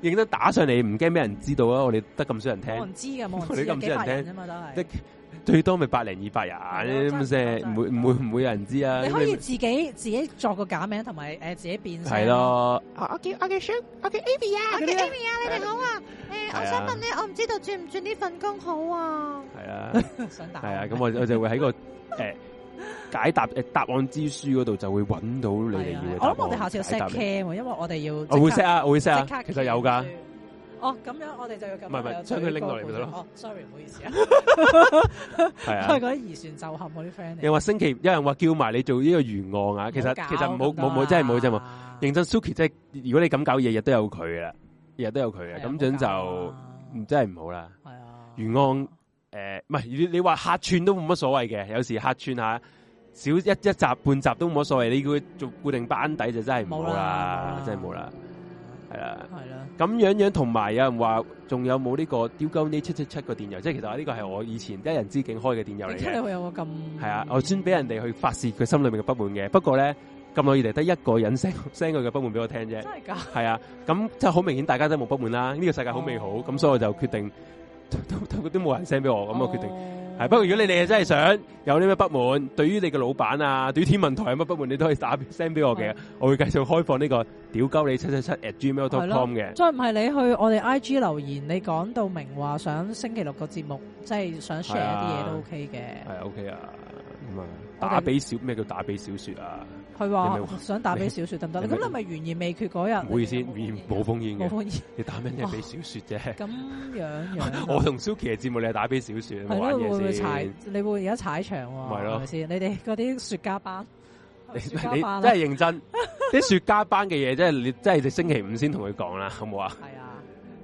亦都打上嚟唔驚俾人知道啊！我哋得咁少人聽，我唔知嘅，冇人知咁少人聽啊嘛都係， 最多咪百零二百人咁啫，唔、就是、會唔會唔會有人知道啊！你可以自己自己作個假名，同埋誒自己變係咯。我叫我叫 Show，我叫 Amy 啊，我叫 Amy 啊，啊 okay，啊啊 okay。哎 yeah、你哋好啊！誒，我想問你，yeah、 我唔知道轉唔轉呢份工好啊？係啊，想打係人啊，咁我我就會喺個誒。笑 apo 解答答案之書嗰度就會揾到你哋要嘅答案。啊、我哋下次要 set cam 因為我哋要。我會 set 啊，我會 set 啊。其實有噶。哦，咁樣我哋就要咁，唔係唔係，將佢拎落嚟咪得咯。哦，sorry，唔 好意思 啊。係啊，係嗰啲疑孫就合我啲 friend 嚟。又話星期有人話叫埋你做呢個原案啊，其實其實好，冇冇、啊，真係冇啫嘛。認真 Suki 即係，如果你咁搞，日日都有佢啊，日日都有佢啊。咁樣就真係唔好啦。係啊，原案誒唔係你你話客串都冇乜所謂嘅，有時客串下。少一一集半集都冇乜所謂，你佢做固定班底就真係冇啦，真係冇啦，係啊。係啦。咁樣樣同埋有人話、這個，仲有冇呢、這個雕金呢七七七個電郵？即係其實呢個係我以前一人之境開嘅電郵嚟。即真係會有個咁？係啊，我先俾人哋去發洩佢心裏面嘅不滿嘅。不過咧，咁耐以嚟得一個人聲 e 佢嘅不滿俾我聽啫。係係啊，咁即係好明顯，大家都冇不滿啦。呢、這個世界好美好，咁、哦、所以我就決定都冇人聲俾我，咁我決定。哦係，不過如果你哋真係想有啲咩不滿，對於你嘅老闆啊，對於天文台有乜不滿，你都可以打聲俾我嘅，的我會繼續開放呢、這個屌鳩你七七七 at gmail dot com 嘅。再唔係你去我哋 I G 留言，你講到明話想星期六個節目，即係想 share 一啲嘢都的是的是的 OK 嘅。係 OK 啊，咁啊，打俾小咩叫打俾小說啊？佢話想打俾小雪得唔得？你咁你咪懸而未決嗰日？會先，思，未冇風險嘅。冇風險。你打乜嘢俾小雪啫？咁、哦、樣，樣。 我同 Suki 嘅節目你係打俾小雪。係咯，會唔會踩？你會而家踩場喎、啊。係係咪你哋嗰啲雪家班，你，是是班、啊、你，你真係認真。啲雪家班嘅嘢真係你真係星期五先同佢講啦，好冇啊？係啊。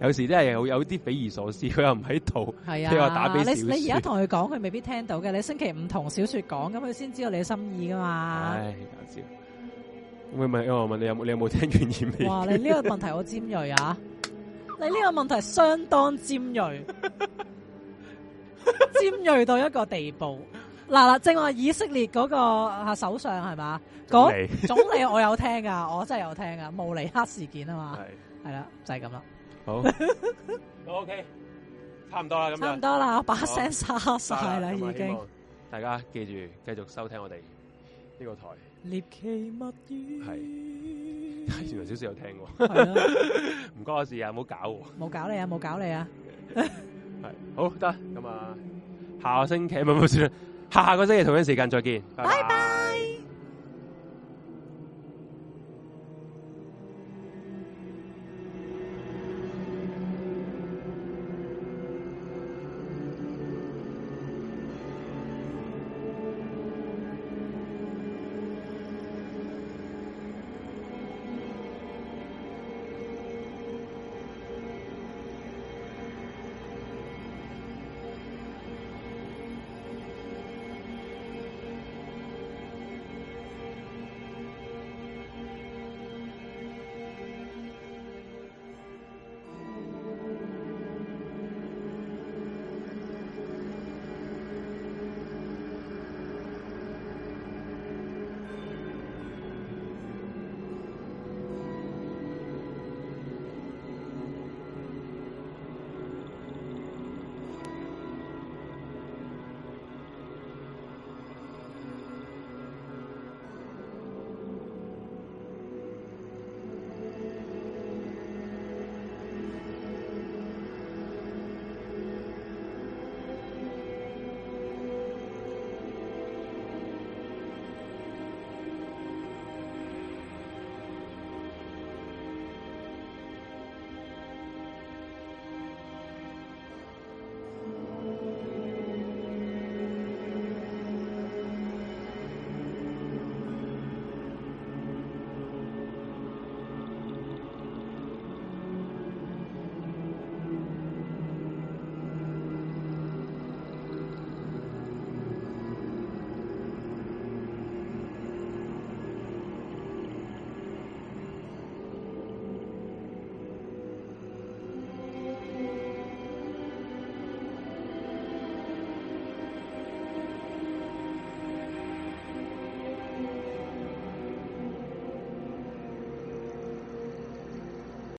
有時真係有有啲匪夷所思，佢又唔喺度，即話、啊、打俾小說。你你而家同佢講，佢未必聽到嘅。你星期五同小說講，咁佢先知道你嘅心意噶嘛？唉、哎，搞笑。我問，我問你有冇你有冇聽傳言未？哇，你呢個問題好尖銳啊！ 你呢個問題相當尖銳， 尖銳到一個地步。嗱 嗱、啊，正話以色列嗰、那個首相係嘛？總理我有聽噶，我真係有聽噶，慕尼黑事件啊嘛，係啦，就係咁啦。好 ，OK，差唔多啦，咁樣差唔多啦，我把聲沙晒啦，已經。大家記住，繼續收聽我哋呢個台。獵奇物語係，原來少少有聽過、喔。唔關、啊、 我事啊，唔好搞，冇搞你啊，冇搞你啊。係， 好得咁啊，下個星期咪冇算，下下個星期同一時間再見，拜拜。Bye bye